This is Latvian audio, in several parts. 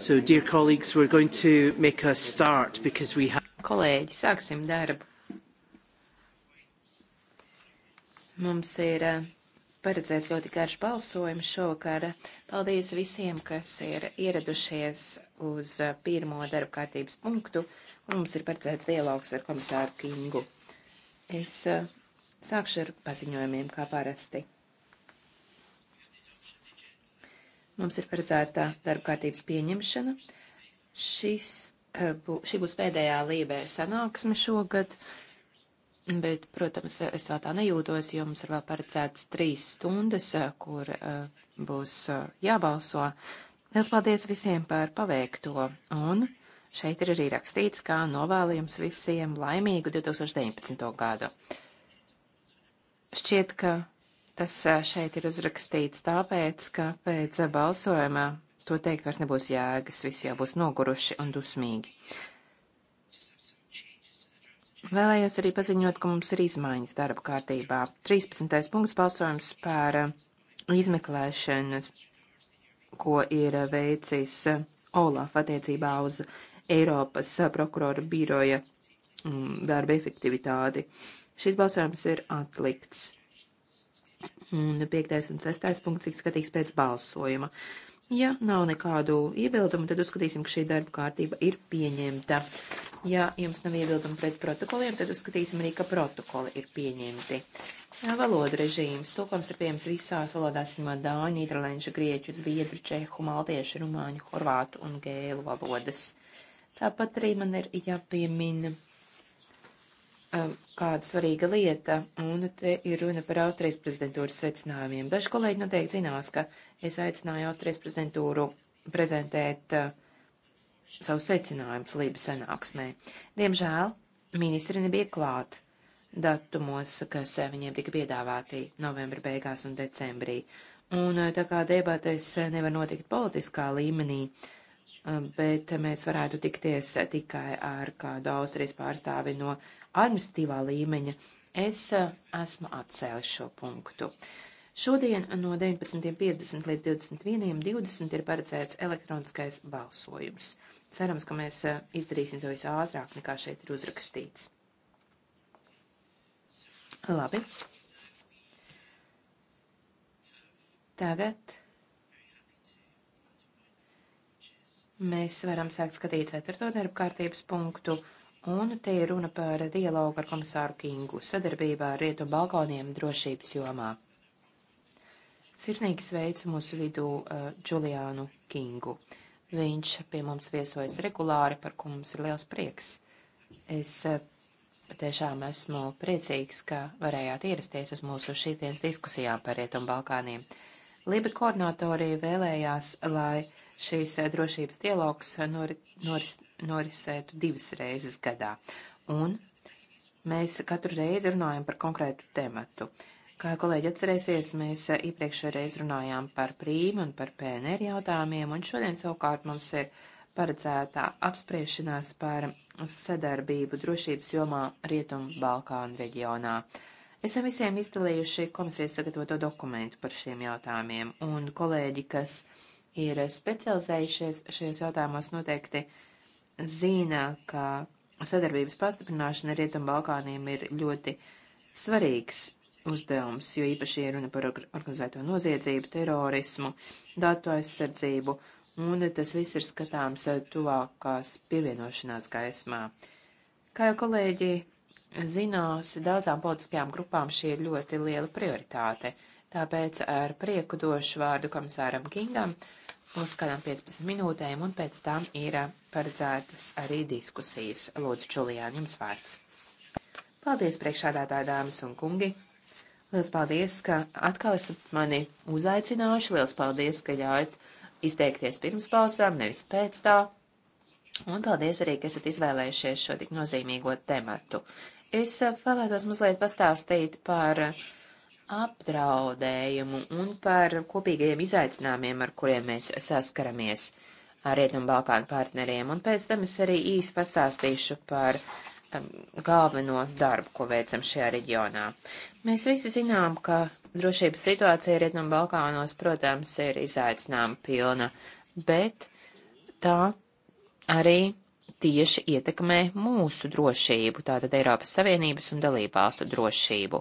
So, dear colleagues, we're going to make a start because we have... Kolēģi, sāksim darbu. Mums ir eh, paredzēts ļoti garš balsojums šovakar. Paldies visiem, kas ir ieradušies uz eh, pirmo darba kārtības punktu, un mums ir paredzēts dialogs ar komisāru Kingu. Es eh, sākšu ar paziņojumiem, kā parasti. Mums ir paredzēta darba kārtības pieņemšana. Šis, eh, bū, šī būs pēdējā lībē sanāksme šogad, bet, protams, es vēl tā nejūtos, jo mums ir vēl paredzētas trīs stundas, eh, kur eh, būs jābalso. Liels paldies visiem par paveikto! Un Šeit ir arī rakstīts, kā novēlījums visiem laimīgu 2019. gadu. Šķiet, ka Tas šeit ir uzrakstīts tāpēc, ka pēc balsojuma to teikt vairs nebūs jēgas, visi jau būs noguruši un dusmīgi. Vēlējos arī paziņot, ka mums ir izmaiņas darba kārtībā. 13. punkts balsojums par izmeklēšanu, ko ir veicis Olaf attiecībā uz Eiropas prokurora biroja mm, darba efektivitāti. Šis balsojums ir atlikts. Un piektais un sestais punkts tiks skatīts pēc balsojuma. Ja nav nekādu iebildumu, tad uzskatīsim, ka šī darba kārtība ir pieņemta. Ja jums nav iebildumu pret protokoliem, tad uzskatīsim arī, ka protokoli ir pieņemti. Jā, valodu režīms. Tūkojums ir pieejams visās valodās,ņemot dāņu, nīderlēņu, grieķu, zviedru, čehu, maltiešu, rumāņu, horvātu un gēlu valodas. Tāpat arī man ir jāpiemina Um, kāda svarīga lieta, un te ir runa par Austrijas prezidentūras secinājumiem. Daži kolēģi noteikti zinās, ka es aicināju Austrijas prezidentūru prezentēt uh, savus secinājumus Lībijas sanāksmē. Diemžēl ministri nebija klāt datumos, kas uh, viņiem tika piedāvāti novembra beigās un decembrī. Un uh, tā kā debatēs uh, nevar notikt politiskā līmenī, um, bet mēs varētu tikties tikai ar kādu Austrijas pārstāvi no administratīvā līmeņa, es eh, esmu atcēlis šo punktu. Šodien no 19.50 līdz 21.20 ir paredzēts elektroniskais balsojums. Cerams, ka mēs eh, izdarīsim to visu ātrāk nekā šeit ir uzrakstīts. Labi. Tagad mēs varam sākt skatīt ceturto darba kārtības punktu Un te ir runa par dialogu ar komisāru Kingu sadarbībā ar Rietu Balkoniem drošības jomā. Sirsnīgi sveicu mūsu vidū uh, Juliānu Kingu. Viņš pie mums viesojas regulāri, par ko mums ir liels prieks. Es uh, patiešām esmu priecīgs, ka varējāt ierasties uz mūsu šīsdienas diskusijām par Rietumu Balkāniem. Libi koordinatori vēlējās, lai uh, šīs eh, drošības dialogs eh, nori, noris, norisētu divas reizes gadā. Un mēs katru reizi runājam par konkrētu tematu. Kā kolēģi atcerēsies, mēs eh, iepriekšējā reizē runājām par prīmu un par PNR jautājumiem, un šodien savukārt mums ir paredzētā apspriešanās par sadarbību drošības jomā Rietumu Balkānu reģionā. Esam visiem izdalījuši komisijas sagatavoto dokumentu par šiem jautājumiem, un kolēģi, kas uh, ir specializējušies šajos jautājumos, noteikti zina, ka sadarbības pastiprināšana Rietumbalkāniem ir ļoti svarīgs uzdevums, jo īpaši ir runa par organizēto noziedzību, terorismu, datu aizsardzību, un tas viss ir skatāms tuvākās pievienošanās gaismā. Kā jau kolēģi zinās, daudzām politiskajām grupām šī ir ļoti liela prioritāte. Tāpēc ar prieku došu vārdu komisāram Kingam uz kādām 15 minūtēm, un pēc tam ir paredzētas arī diskusijas. Lūdzu, Čulijāni, jums vārds. Paldies, priekšādātāji dāmas un kungi! Liels paldies, ka atkal esat mani uzaicinājuši. Liels paldies, ka ļaujat izteikties pirms balsām, nevis pēc tā. Un paldies arī, ka esat izvēlējušies šo tik nozīmīgo tematu. Es eh, vēlētos mazliet pastāstīt par uh, apdraudējumu un par kopīgajiem izaicinājumiem, ar kuriem mēs saskaramies ar Rietumbalkānu partneriem, un pēc tam es arī īsi pastāstīšu par um, galveno darbu, ko veicam šajā reģionā. Mēs visi zinām, ka drošības situācija Rietumbalkānos, protams, ir izaicinājuma pilna, bet tā arī tieši ietekmē mūsu drošību, tātad Eiropas Savienības un dalībvalstu drošību.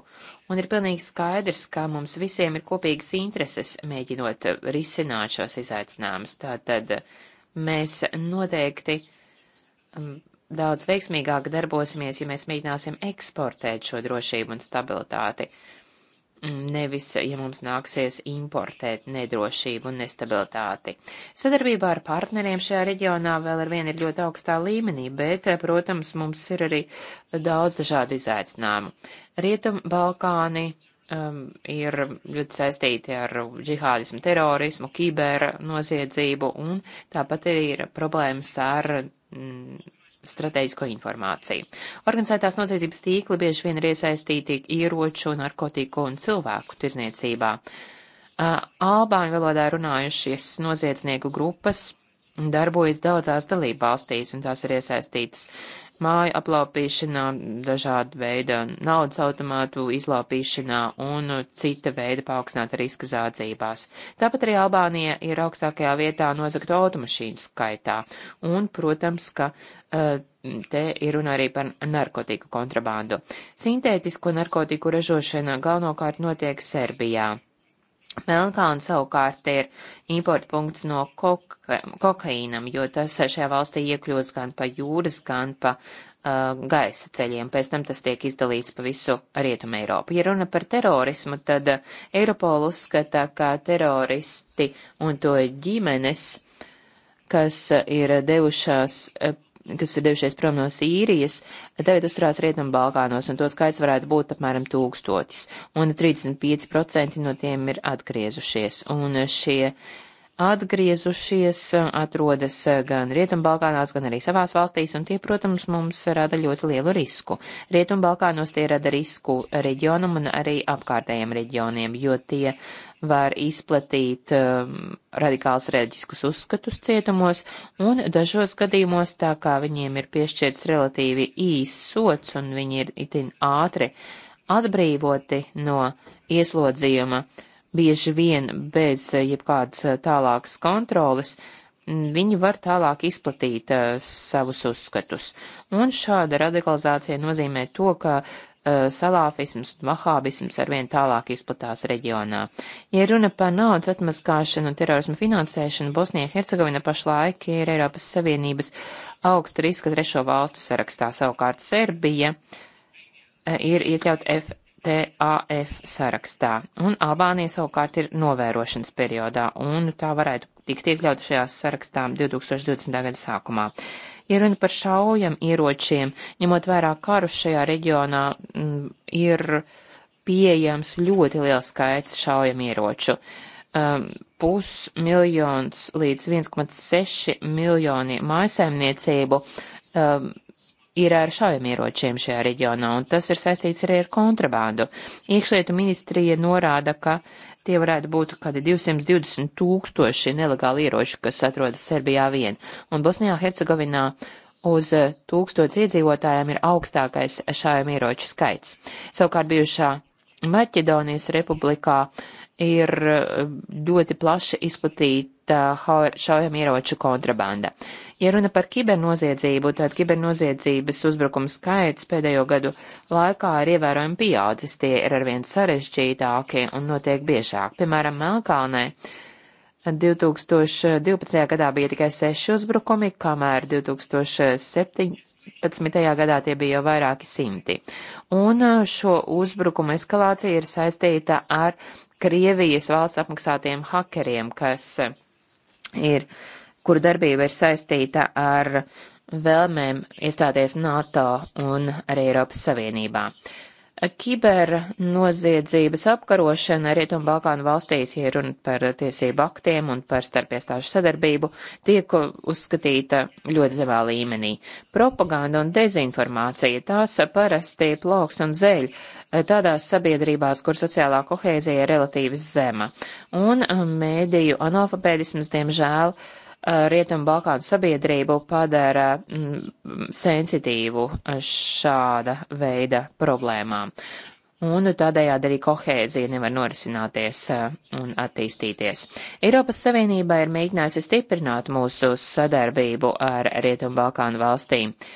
Un ir pilnīgi skaidrs, ka mums visiem ir kopīgas intereses mēģinot risināt šos izaicinājumus. Tātad mēs noteikti um, daudz veiksmīgāk darbosimies, ja mēs mēģināsim eksportēt šo drošību un stabilitāti. Uh, nevis, ja mums nāksies importēt nedrošību un nestabilitāti. Sadarbībā ar partneriem šajā reģionā vēl ar vienu ir ļoti augstā līmenī, bet, protams, mums ir arī daudz dažādu izaicinājumu. Rietum Balkāni um, ir ļoti saistīti ar džihādismu, terorismu, kiber noziedzību un tāpat arī ir problēmas ar mm, stratēģisko informāciju. Organizētās noziedzības tīkli bieži vien ir iesaistīti ieroču, narkotiku un cilvēku tirzniecībā. Albāņu valodā runājušies noziedznieku grupas darbojas daudzās dalībvalstīs, un tās ir iesaistītas māju aplaupīšanā, dažāda veida naudas automātu izlaupīšanā un cita veida paaugstināta riska zādzībās. Tāpat arī Albānija ir augstākajā vietā nozagto automašīnu skaitā. Un, protams, ka eh, te ir runa arī par narkotiku kontrabandu. Sintētisko narkotiku ražošana galvenokārt notiek Serbijā. Melnkalne savukārt ir importpunkts no koka, kokaīnam, jo tas šajā valstī iekļūst gan pa jūras, gan pa uh, gaisa ceļiem. Pēc tam tas tiek izdalīts pa visu Rietumu Eiropu. Ja runa par terorismu, tad uh, Eiropola uzskata, ka teroristi un to ģimenes, kas ir devušās uh, kas ir devušies prom no Sīrijas, tagad uzturās Rietumbalkānos, un to skaits varētu būt apmēram tūkstotis. Un 35% no tiem ir atgriezušies. Un šie uh, atgriezušies, atrodas gan Rietumbalkānās, gan arī savās valstīs, un tie, protams, mums rada ļoti lielu risku. Rietumbalkānos tie rada risku reģionam un arī apkārtējiem reģioniem, jo tie var izplatīt um, radikāls reliģiskus uzskatus cietumos, un dažos gadījumos, tā kā viņiem ir piešķirts relatīvi īs sots un viņi ir itin ātri atbrīvoti no ieslodzījuma, uh, bieži vien bez eh, jebkādas eh, tālākas kontroles, mm, viņi var tālāk izplatīt uh, savus uzskatus. Un šāda radikalizācija nozīmē to, ka uh, salāfisms un vahābisms arvien tālāk izplatās reģionā. Ja runa par naudas atmaskāšanu un terorismu finansēšanu, Bosnija Hercegovina pašlaik ir Eiropas Savienības augsta riska trešo valstu sarakstā, savukārt Serbija uh, ir iekļaut F TAF sarakstā, un Albānija savukārt ir novērošanas periodā, un tā varētu tikt iekļauta šajā sarakstā 2020. gada sākumā. Ja runa par šaujam ieročiem, ņemot vērā karus šajā reģionā, m, mm, ir pieejams ļoti liels skaits šaujam ieroču. Um, pusmiljons līdz 1,6 miljoni mājasēmniecību um, ir ar šaujamieročiem šajā reģionā, un tas ir saistīts arī ar kontrabandu. Iekšlietu ministrija norāda, ka tie varētu būt kādi 220 tūkstoši nelegāli ieroči, kas atrodas Serbijā vien, un Bosnijā Hercegovinā uz tūkstots iedzīvotājiem ir augstākais šaujamieroču skaits. Savukārt bijušā Maķedonijas republikā ir eh, ļoti plaši izplatīta šaujamieroču kontrabanda. Ja runa par kibernoziedzību, tad kibernoziedzības uzbrukums skaits pēdējo gadu laikā ir ievērojami pieaudzis, tie ir arvien sarežģītākie un notiek biežāk. Piemēram, Melkalnē 2012. gadā bija tikai seši uzbrukumi, kamēr 2017. gadā tie bija jau vairāki simti. Un uh, šo uzbrukumu eskalācija ir saistīta ar Krievijas valsts apmaksātiem hakeriem, kas uh, ir uh, kuru darbība ir saistīta ar vēlmēm iestāties NATO un arī Eiropas Savienībā. Kibernoziedzības apkarošana Rietumbalkānu valstīs, ja runa par tiesību aktiem un par starpiestāžu sadarbību, tiek uzskatīta ļoti zemā līmenī. Propaganda un dezinformācija tās parasti plauks un zeļ tādās sabiedrībās, kur sociālā kohēzija ir relatīvi zema. Un um, mēdīju analfabētisms, diemžēl, uh, Eh, Rietumu Balkānu sabiedrību padara mm, sensitīvu eh, šāda veida problēmām. Un tādējādi arī kohēzija nevar norisināties eh, un attīstīties. Eiropas Savienība ir mēģinājusi stiprināt mūsu sadarbību ar Rietumu Balkānu valstīm. Uh,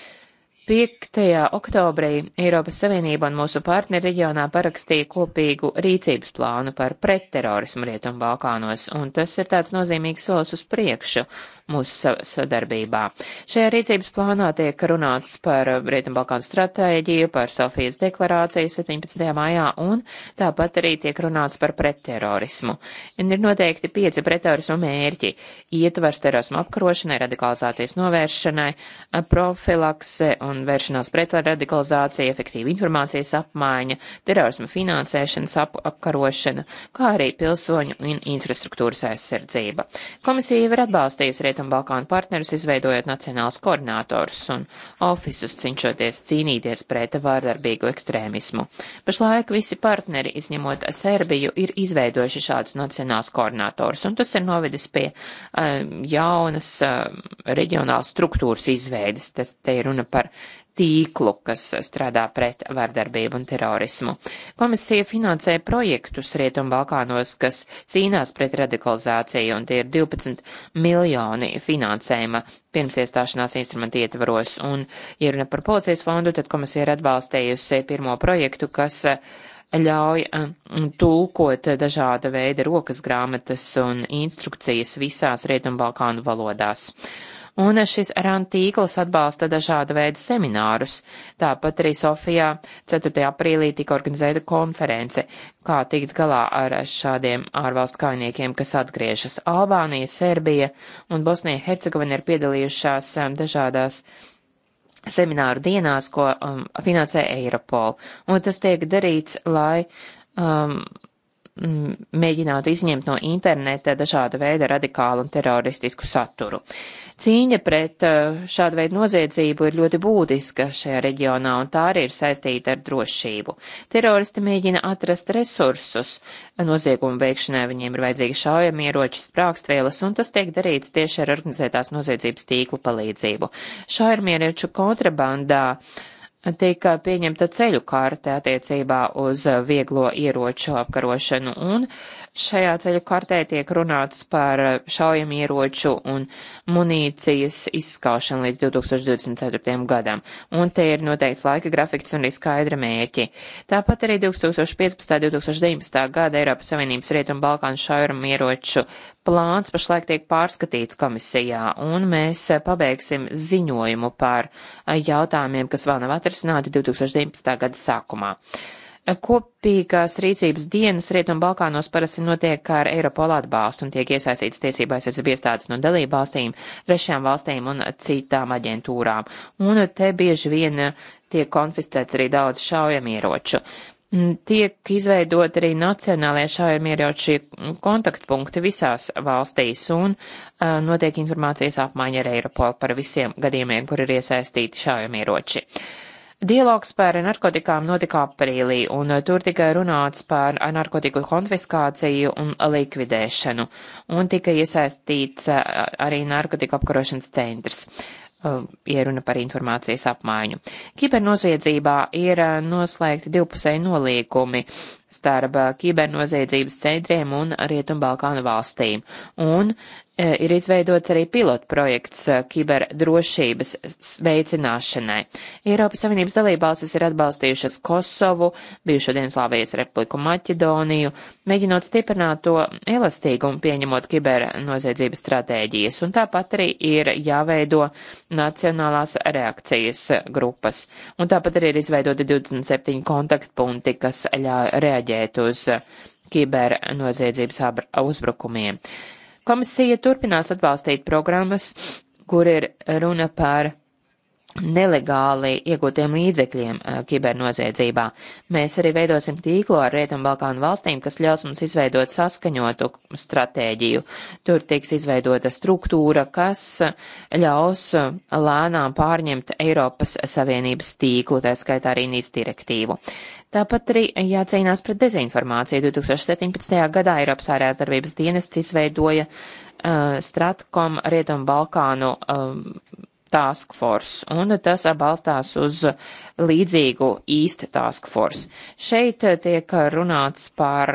5. oktobrī Eiropas Savienība un mūsu partneri reģionā parakstīja kopīgu rīcības plānu par pretterorismu Rietumbalkānos, un tas ir tāds nozīmīgs solis uz priekšu mūsu sadarbībā. Šajā rīcības plānā tiek runāts par Rietumbalkānu stratēģiju, par Sofijas deklarāciju 17. maijā un tāpat arī tiek runāts par pretterorismu. Un ir noteikti pieci pretterorismu mērķi - ietvars terorismu apkarošanai, radikalizācijas novēršanai, profilakse un vēršanās pret radikalizāciju, efektīva informācijas apmaiņa, terorismu finansēšanas ap apkarošana, kā arī pilsoņu un infrastruktūras aizsardzība. Komisija var atbalstījusi Rietumbalkānu partnerus, izveidojot nacionālus koordinātorus un ofisus cenšoties cīnīties pret vārdarbīgu ekstrēmismu. Pašlaik visi partneri, izņemot Serbiju, ir izveidojuši šādus nacionālus koordinātorus, un tas ir novedis pie uh, jaunas uh, reģionālas struktūras izveides. Tas te ir runa par tīklu, kas strādā pret vardarbību un terorismu. Komisija finansē projektus Rietumbalkānos, kas cīnās pret radikalizāciju, un tie ir 12 miljoni finansējuma pirms iestāšanās instrumenta ietvaros. Un, ja runa par policijas fondu, tad komisija ir atbalstējusi pirmo projektu, kas eh, ļauj eh, tulkot dažāda veida rokas grāmatas un instrukcijas visās Rietumbalkānu valodās un šis RAN tīkls atbalsta dažādu veidu seminārus. Tāpat arī Sofijā 4. aprīlī tika organizēta konference, kā tikt galā ar šādiem ārvalstu kaujiniekiem, kas atgriežas. Albānija, Serbija un Bosnija Hercegovina ir piedalījušās um, dažādās semināru dienās, ko um, finansē Eiropol. Un tas tiek darīts, lai um, mēģinātu izņemt no interneta dažāda veida radikālu un teroristisku saturu. Cīņa pret uh, šādu veidu noziedzību ir ļoti būtiska šajā reģionā, un tā arī ir saistīta ar drošību. Teroristi mēģina atrast resursus. Noziegumu veikšanai viņiem ir vajadzīgi šaujamieroči, sprākstvielas, un tas tiek darīts tieši ar organizētās noziedzības tīklu palīdzību. Šaujamieroču kontrabandā uh, tika pieņemta ceļu karte attiecībā uz vieglo ieroču apkarošanu, un Šajā ceļu kartē tiek runāts par eh, šaujamieroču un munīcijas izskaušanu līdz 2024. gadam, un te ir noteikts laika grafiks un ir skaidra mērķi. Tāpat arī 2015. un 2019. gada Eiropas Savienības Rietumu Balkānu šaujamieroču plāns pašlaik tiek pārskatīts komisijā, un mēs eh, pabeigsim ziņojumu par eh, jautājumiem, kas vēl nav atrisināti 2019. gada sākumā. Kopīgās rīcības dienas Rietumbalkānos parasti notiek ar Eiropola atbalstu un tiek iesaistīts tiesībās aizsardzību iestādes no dalību valstīm, trešajām valstīm un citām aģentūrām. Un te bieži vien tiek konfiscēts arī daudz šaujamieroču. Mm, tiek izveidot arī nacionālajie šaujamieroči kontaktpunkti visās valstīs un uh, notiek informācijas apmaiņa ar Eiropolu par visiem gadījumiem, kur ir iesaistīti šaujamieroči. Uh, Dialogs par narkotikām notika aprīlī, un eh, tur tikai runāts par narkotiku konfiskāciju un likvidēšanu, un tika iesaistīts eh, arī narkotiku apkarošanas centrs. Ieruna eh, par informācijas apmaiņu. Kibernoziedzībā ir noslēgti divpusēji nolīgumi starp eh, kibernoziedzības centriem un Rietumbalkānu valstīm. Un eh, ir izveidots arī pilotprojekts eh, kiberdrošības veicināšanai. Eiropas Savienības dalībvalstis ir atbalstījušas Kosovu, bijušo Dienslāvijas republiku Maķedoniju, mēģinot stiprināt to elastīgumu pieņemot kibernoziedzības stratēģijas, un tāpat arī ir jāveido nacionālās reakcijas grupas. Un tāpat arī ir izveidoti 27 kontaktpunkti, kas ļauj reaģēt reaģēt uz eh, kibernoziedzības uzbrukumiem. Komisija turpinās atbalstīt programmas, kur ir runa par nelegāli iegūtiem līdzekļiem eh, kibernoziedzībā. Mēs arī veidosim tīklu ar Rietumbalkānu valstīm, kas ļaus mums izveidot saskaņotu stratēģiju. Tur tiks izveidota struktūra, kas ļaus eh, lēnām pārņemt Eiropas Savienības tīklu, tā skaitā arī NIS direktīvu. Tāpat arī jācīnās pret dezinformāciju. 2017. gadā Eiropas ārējās darbības dienests izveidoja uh, eh, Stratkom Rietumbalkānu uh, Task Force, un tas balstās uz līdzīgu īsta Task Force. Šeit eh, tiek runāts par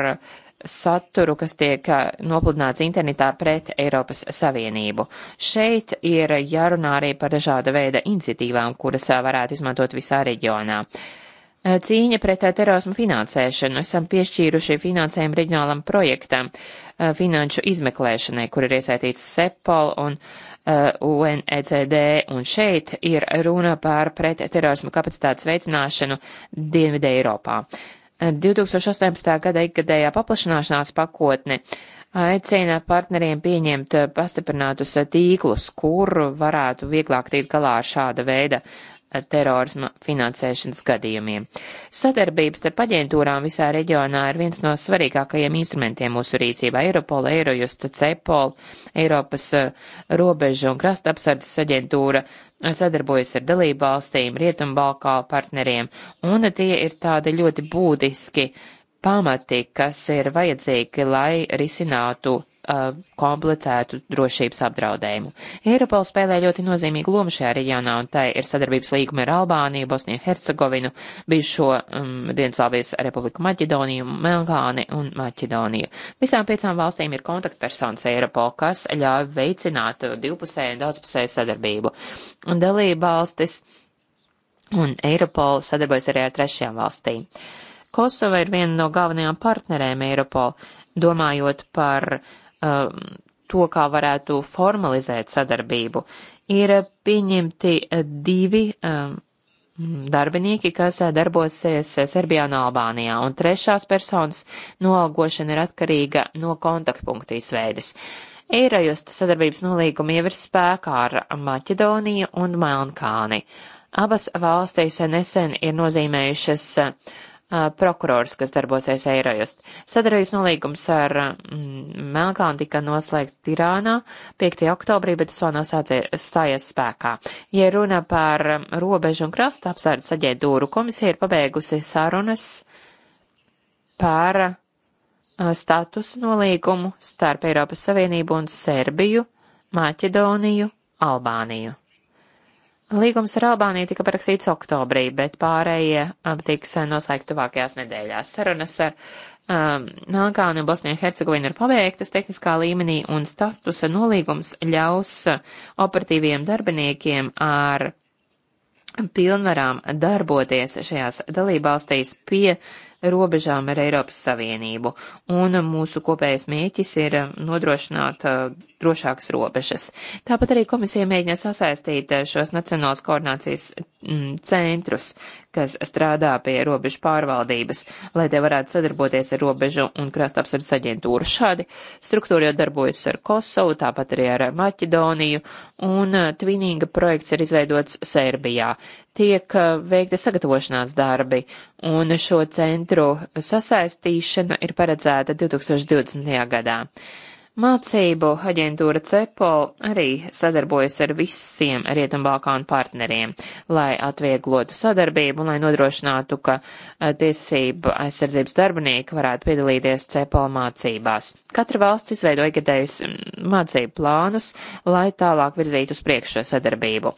saturu, kas tiek eh, nopludināts internetā pret Eiropas Savienību. Šeit ir jārunā arī par dažāda veida iniciatīvām, kuras eh, varētu izmantot visā reģionā. Cīņa pret terorismu finansēšanu. Esam piešķīruši finansējumu reģionālam projektam finanšu izmeklēšanai, kur ir iesaistīts SEPOL un uh, UNECD, uh, un šeit ir runa par pretterorismu kapacitātes veicināšanu Dienvidē Eiropā. 2018. Uh, gada ikgadējā paplašanāšanās pakotne aicina partneriem pieņemt pastiprinātus tīklus, kur varētu vieglāk tikt galā ar šāda veida terorisma finansēšanas gadījumiem. Sadarbības ar paģentūrām visā reģionā ir viens no svarīgākajiem instrumentiem mūsu rīcībā - Eiropola, Eirojusta, Cepol, Eiropas eh, robežu un krasta apsardzes aģentūra eh, sadarbojas ar dalību valstīm, Rietumbalkālu partneriem, un tie ir tādi ļoti būtiski pamati, kas ir vajadzīgi, lai risinātu Uh, komplicētu drošības apdraudējumu. Eiropola spēlē ļoti nozīmīgu lomu šajā reģionā, un tai ir sadarbības līguma ar Albāniju, Bosniju, Hercegovinu, bijušo um, Dienaslāvijas Republiku Maķedoniju, Melkāni un Maķedoniju. Visām piecām valstīm ir kontaktpersonas Eiropola, kas ļauj veicināt divpusēju un daudzpusēju sadarbību. Un dalība valstis un Eiropola sadarbojas arī ar trešajām valstīm. Kosova ir viena no galvenajām partnerēm Eiropola, domājot par uh, um, to, kā varētu formalizēt sadarbību, ir pieņemti uh, divi um, darbinieki, kas uh, darbosies uh, Serbijā un Albānijā, un trešās personas noalgošana ir atkarīga no kontaktpunktu izveides. Eirajust sadarbības nolīgumi jau ir spēkā ar Maķedoniju un Melnkāni. Abas valstīs nesen ir nozīmējušas uh, prokurors, kas darbosies Eirojust. Sadarījus nolīgums ar mm, Melkānu tika noslēgts Tirānā 5. oktobrī, bet tas vēl nav stājies spēkā. Ja runa par robežu un krasta apsardzes aģentūru, komisija ir pabeigusi sarunas par statusu nolīgumu starp Eiropas Savienību un Serbiju, Maķedoniju, Albāniju. Līgums ar Albāniju tika parakstīts oktobrī, bet pārējie um, tiks uh, noslēgt tuvākajās nedēļās. Sarunas ar um, Melnkalnu un Bosniju un Hercegovinu ir paveiktas tehniskā līmenī, un statusa nolīgums ļaus uh, operatīviem darbiniekiem ar pilnvarām darboties šajās dalībvalstīs pie uh, robežām ar Eiropas Savienību, un mūsu kopējais mērķis ir eh, nodrošināt uh, drošākas robežas. Tāpat arī komisija mēģina sasaistīt eh, šos nacionālas koordinācijas mm, centrus, kas strādā pie robežu pārvaldības, lai tie varētu sadarboties ar robežu un krasta apsardzes aģentūru. Šādi struktūri jau darbojas ar Kosovu, tāpat arī ar Maķedoniju, un eh, Tvinīga projekts ir izveidots Serbijā. Tiek eh, veikta sagatavošanās darbi, un šo centru sasaistīšana ir paredzēta 2020. gadā. Mācību aģentūra CEPOL arī sadarbojas ar visiem Rietumbalkānu partneriem, lai atvieglotu sadarbību un lai nodrošinātu, ka eh, tiesība aizsardzības darbinieki varētu piedalīties CEPOL mācībās. Katra valsts izveido ikgadējus mm, mācību plānus, lai tālāk virzītu uz priekšu šo sadarbību.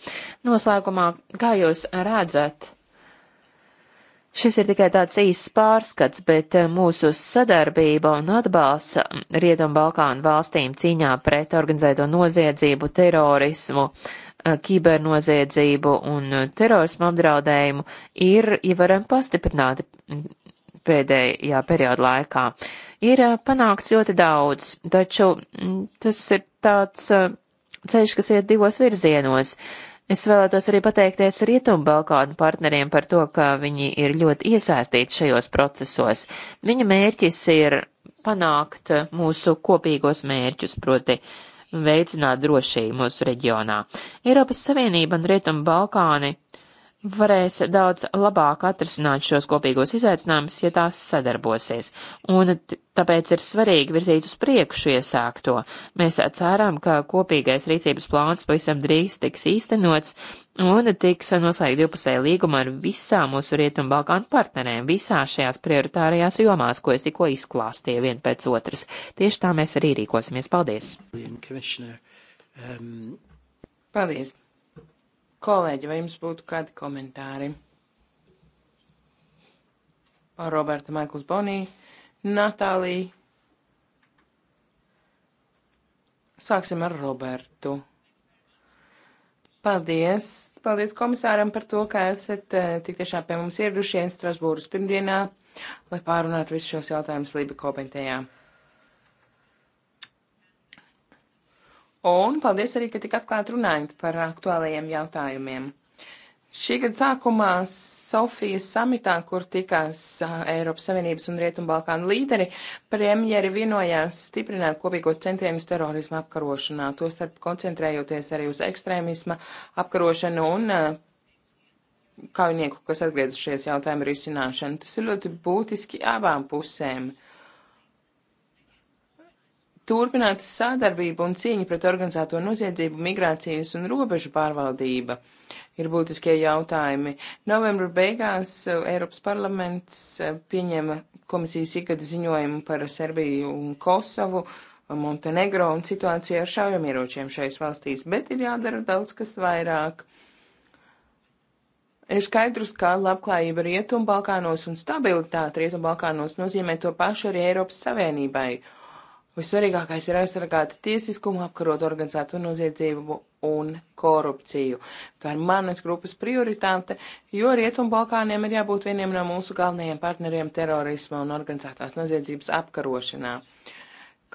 Noslēgumā, kā jūs redzat, Šis ir tikai tāds īsts pārskats, bet eh, mūsu sadarbība un atbalsts Rietumbalkānu valstīm cīņā pret organizēto noziedzību, terorismu, eh, kibernoziedzību un eh, terorismu apdraudējumu ir ievērojami ja pastiprināti pēdējā perioda laikā. Ir panākts ļoti daudz, taču tas ir tāds ceļš, kas iet divos virzienos. Es vēlētos arī pateikties Rietumbalkānu partneriem par to, ka viņi ir ļoti iesaistīti šajos procesos. Viņa mērķis ir panākt mūsu kopīgos mērķus, proti veicināt drošību mūsu reģionā. Eiropas Savienība un Rietumbalkāni uh, varēs daudz labāk atrisināt šos kopīgos izaicinājumus, ja tās sadarbosies, un tāpēc ir svarīgi virzīt uz priekšu iesākto. Mēs ceram, ka kopīgais rīcības plāns pavisam drīz tiks īstenots, un tiks noslēgt divpusēja līguma ar visām mūsu Rietumu Balkānu partnerēm visās šajās prioritārajās jomās, ko es tikko izklāstīju vien pēc otras. Tieši tā mēs arī rīkosimies. Paldies! Um, Paldies! Kolēģi, vai jums būtu kādi komentāri? Roberta Maikls Bonī, Natālija. Sāksim ar Robertu. Paldies! Paldies komisāram par to, ka esat eh, tik tiešām pie mums ieradušies Strasbūras pirmdienā, lai pārunātu visus šos jautājumus Lība komentējā. Un paldies arī, ka tik atklāti runājat par aktuālajiem jautājumiem. Šī gada sākumā Sofijas samitā, kur tikās Eiropas Savienības un Rietumbalkānu līderi, premjeri vienojās stiprināt kopīgos centienus terorisma apkarošanā, tostarp koncentrējoties arī uz ekstrēmisma apkarošanu un kaujinieku, kas atgriezušies jautājumu risināšanu. Tas ir ļoti būtiski abām pusēm turpināt sadarbību un cīņa pret organizēto noziedzību, migrācijas un robežu pārvaldība ir būtiskie jautājumi. Novembra beigās Eiropas parlaments eh, pieņēma komisijas ikgada ziņojumu par Serbiju un Kosovu, Montenegro un situāciju ar šaujamieročiem šajās valstīs, bet ir jādara daudz kas vairāk. Ir skaidrs, ka labklājība Rietumbalkānos un stabilitāte Rietumbalkānos nozīmē to pašu arī Eiropas Savienībai. Vissvarīgākais ir aizsargāt tiesiskumu, apkarot organizēto noziedzību un korupciju. Tā ir manas grupas prioritāte, jo Rietumbalkāniem ir jābūt vieniem no mūsu galvenajiem partneriem terorisma un organizētās noziedzības apkarošanā.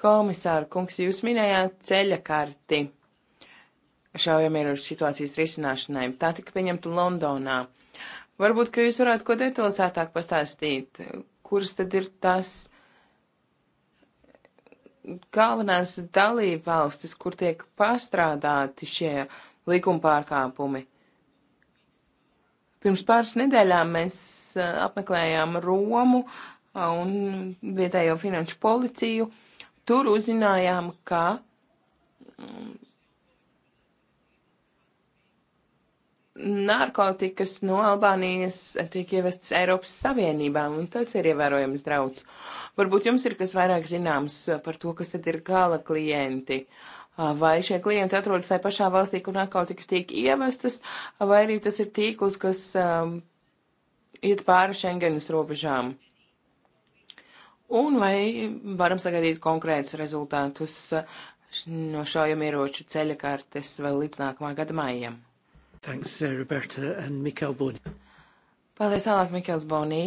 Komisāra kungs, jūs minējāt ceļa karti šaujamieroču situācijas risināšanai. Tā tika pieņemta Londonā. Varbūt, ka jūs varētu ko detalizētāk pastāstīt, kuras tad ir tas galvenās dalība valstis, kur tiek pastrādāti šie likuma pārkāpumi. Pirms pāris nedēļām mēs apmeklējām Romu un vietējo finanšu policiju. Tur uzzinājām, ka narkotikas no Albānijas tiek ievestas Eiropas Savienībā, un tas ir ievērojams draudz. Varbūt jums ir kas vairāk zināms par to, kas tad ir gala klienti. Vai šie klienti atrodas tajā pašā valstī, kur narkotikas tiek ievestas, vai arī tas ir tīkls, kas um, iet pāri Schengenas robežām? Un vai varam sagaidīt konkrētus rezultātus no šaujamieroču ceļa kartes vēl līdz nākamā gada maijam? Thanks, uh, Roberta and Mikael Bonī. Paldies, tālāk, Mikels Bonī.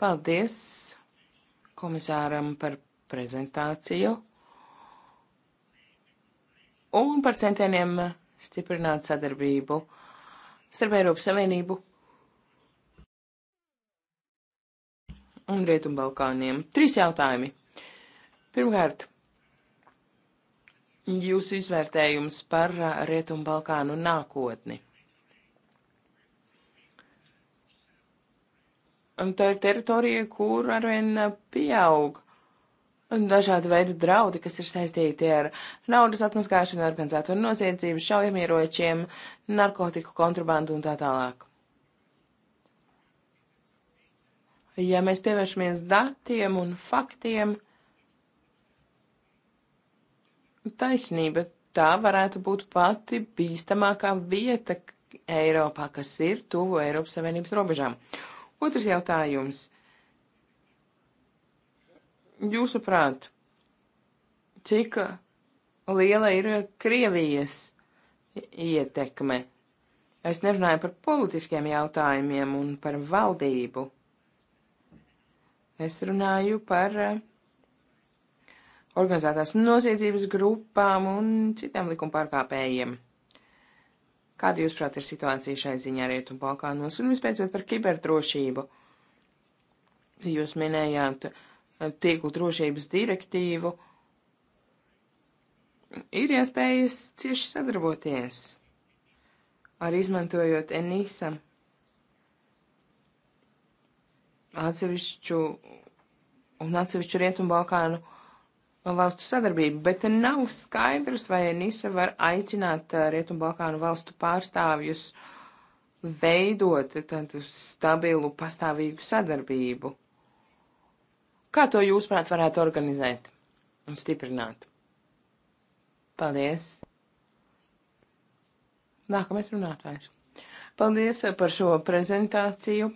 Paldies komisāram par prezentāciju un par centieniem stiprināt sadarbību starp Eiropas Savienību un Rietumbalkāniem. Trīs jautājumi. Pirmkārt, jūsu izvērtējums par Rietumu Balkānu nākotni? Un tā ir teritorija, kur arvien pieaug dažādi veidi draudi, kas ir saistīti ar naudas atmaskāšanu, organizēto noziedzību, šaujamieročiem, narkotiku kontrabandu un tā tālāk. Ja mēs pievēršamies datiem un faktiem, Taisnība, tā varētu būt pati bīstamākā vieta Eiropā, kas ir tuvu Eiropas Savienības robežām. Otrs jautājums. Jūsuprāt, cik liela ir Krievijas ietekme? Es nerunāju par politiskiem jautājumiem un par valdību. Es runāju par uh, organizētās noziedzības grupām un citiem likumpārkāpējiem. Kāda, jūsuprāt, ir situācija šai ziņā Rietumbalkānos un vispēcot par kiberdrošību? Jūs minējāt eh, tīklu drošības direktīvu. Ir iespējas cieši sadarboties ar izmantojot Enisa atsevišķu un atsevišķu Rietumbalkānu valstu sadarbību, bet nav skaidrs, vai Nisa var aicināt Rietumbalkānu valstu pārstāvjus veidot tādu stabilu, pastāvīgu sadarbību. Kā to jūs, prāt, varētu organizēt un stiprināt? Paldies! Nākamais runātājs. Paldies par šo prezentāciju.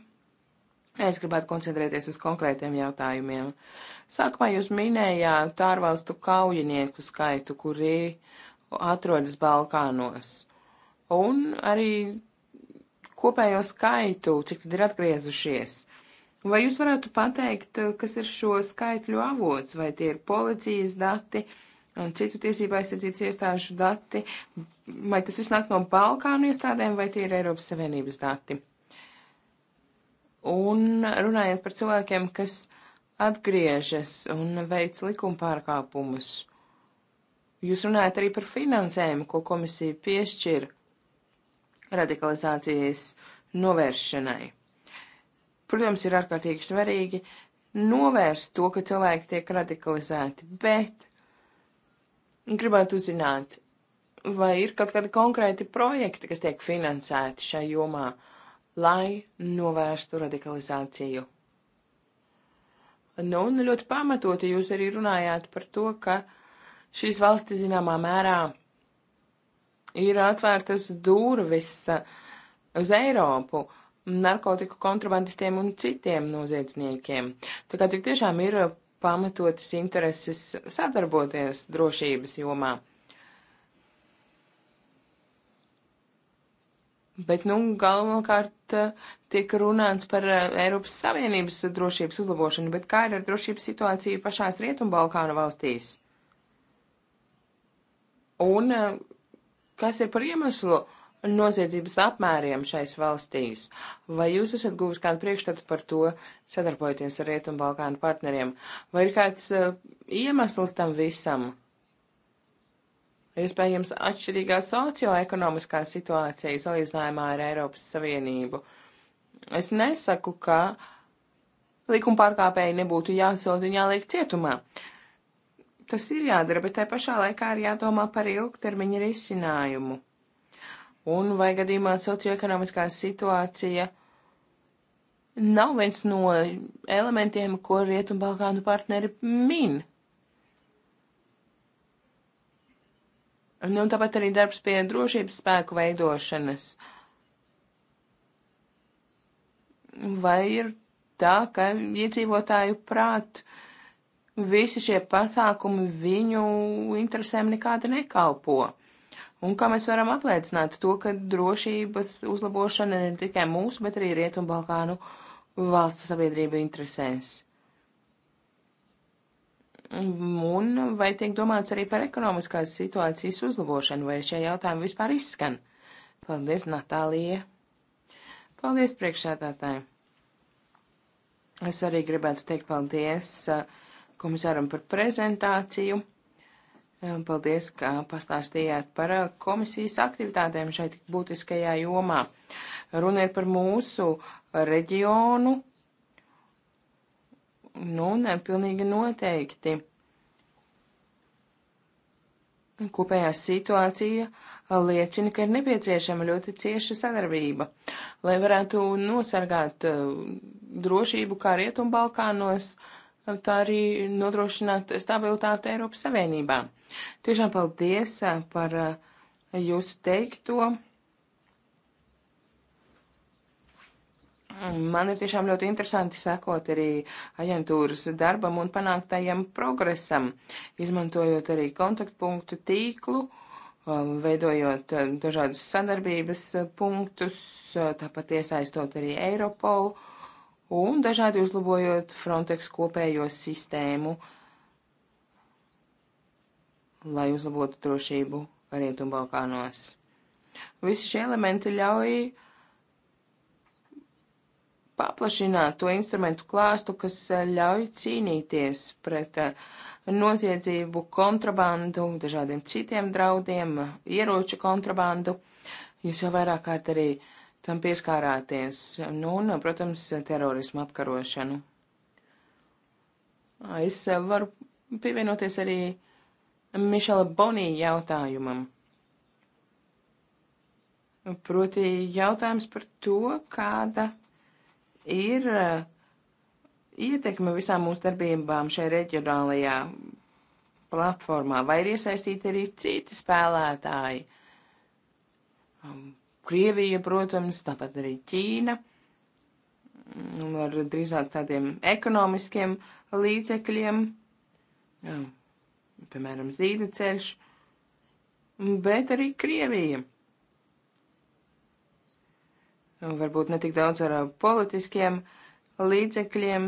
Es gribētu koncentrēties uz konkrētiem jautājumiem. Uh, Sākumā jūs minējāt ārvalstu kaujinieku skaitu, kuri atrodas Balkānos, un arī kopējo skaitu, cik tad ir atgriezušies. Vai jūs varētu pateikt, kas ir šo skaitļu avots, vai tie ir policijas dati? un citu tiesību aizsardzības iestāžu dati, vai tas viss nāk no Balkānu iestādēm, vai tie ir Eiropas Savienības dati. Un runājot par cilvēkiem, kas atgriežas un veic likuma pārkāpumus. Jūs runājat arī par finansējumu, ko komisija piešķir radikalizācijas novēršanai. Protams, ir ārkārtīgi svarīgi novērst to, ka cilvēki tiek radikalizēti, bet gribētu uzzināt, vai ir kaut kādi konkrēti projekti, kas tiek finansēti šai jomā, lai novērstu radikalizāciju. Nu, un ļoti pamatoti jūs arī runājāt par to, ka šīs valstis zināmā mērā ir atvērtas durvis uz Eiropu narkotiku kontrabandistiem un citiem noziedzniekiem. Tā kā tik tiešām ir pamatotas intereses sadarboties drošības jomā. Bet, nu, galvenokārt eh, tiek runāts par eh, Eiropas Savienības drošības uzlabošanu, bet kā ir ar drošības situāciju pašās Rietumbalkānu valstīs? Un eh, kas ir par iemeslu noziedzības apmēriem šais valstīs? Vai jūs esat guvis kādu priekšstatu par to, sadarbojoties ar Rietumbalkānu partneriem? Vai ir kāds iemesls tam visam? iespējams atšķirīgā socioekonomiskā situācija salīdzinājumā ar Eiropas Savienību. Es nesaku, ka likuma pārkāpēji nebūtu jāsod un jāliek cietumā. Tas ir jādara, bet tai pašā laikā ir jādomā par ilgtermiņa risinājumu. Un vai gadījumā socioekonomiskā situācija nav viens no elementiem, ko Rietumbalkānu partneri min? Nu, tāpat arī darbs pie drošības spēku veidošanas. Vai ir tā, ka iedzīvotāju prāt visi šie pasākumi viņu interesēm nekāda nekalpo? Un kā mēs varam apliecināt to, ka drošības uzlabošana ne tikai mūsu, bet arī Rietumbalkānu valstu sabiedrību interesēs? Un vai tiek domāts arī par ekonomiskās situācijas uzlabošanu, vai šie jautājumi vispār izskan? Paldies, Natālija! Paldies, priekšsētātāji! Es arī gribētu teikt paldies komisāram par prezentāciju. Paldies, ka pastāstījāt par komisijas aktivitātēm šeit būtiskajā jomā. Runiet par mūsu reģionu Nu, ne, pilnīgi noteikti. Kopējā situācija liecina, ka ir nepieciešama ļoti cieša sadarbība, lai varētu nosargāt drošību kā Rietumbalkānos, tā arī nodrošināt stabilitāti Eiropas Savienībā. Tiešām paldies par jūsu teikto. Man ir tiešām ļoti interesanti sekot arī aģentūras darbam un panāktajam progresam, izmantojot arī kontaktpunktu tīklu, um, veidojot uh, dažādus sadarbības uh, punktus, uh, tāpat iesaistot arī Eiropolu un dažādi uzlabojot Frontex kopējo sistēmu, lai uzlabotu drošību Rietumbalkānos. Visi šie elementi ļauj uh, paplašināt to instrumentu klāstu, kas eh, ļauj cīnīties pret eh, noziedzību, kontrabandu, dažādiem citiem draudiem, ieroču kontrabandu. Jūs jau vairāk kārt arī tam pieskārāties, nu un, protams, terorismu apkarošanu. Es eh, varu pievienoties arī Mišela Bonī jautājumam. Proti jautājums par to, kāda ir e, ietekme visām mūsu darbībām šajā reģionālajā platformā, vai ir iesaistīti arī citi spēlētāji? Um, Krievija, protams, tāpat arī Ķīna mm, ar drīzāk tādiem ekonomiskiem līdzekļiem, jā, um, piemēram, zīda ceļš, bet arī Krievija varbūt netik daudz ar uh, politiskiem līdzekļiem.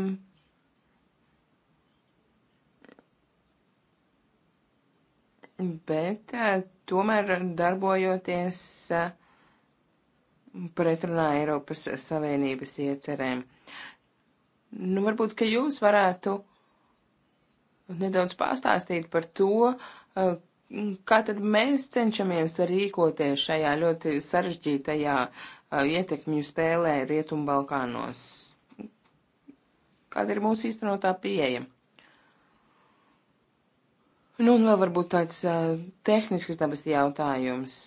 Bet uh, tomēr darbojoties uh, pretrunā Eiropas Savienības iecerēm. Nu, varbūt, ka jūs varētu nedaudz pastāstīt par to, kā tad mēs cenšamies rīkoties šajā ļoti sarežģītajā Uh, ietekmju spēlē Rietumbalkānos? Kāda ir mūsu īstenotā pieeja? Nu, un vēl varbūt tāds uh, tehnisks dabas jautājums.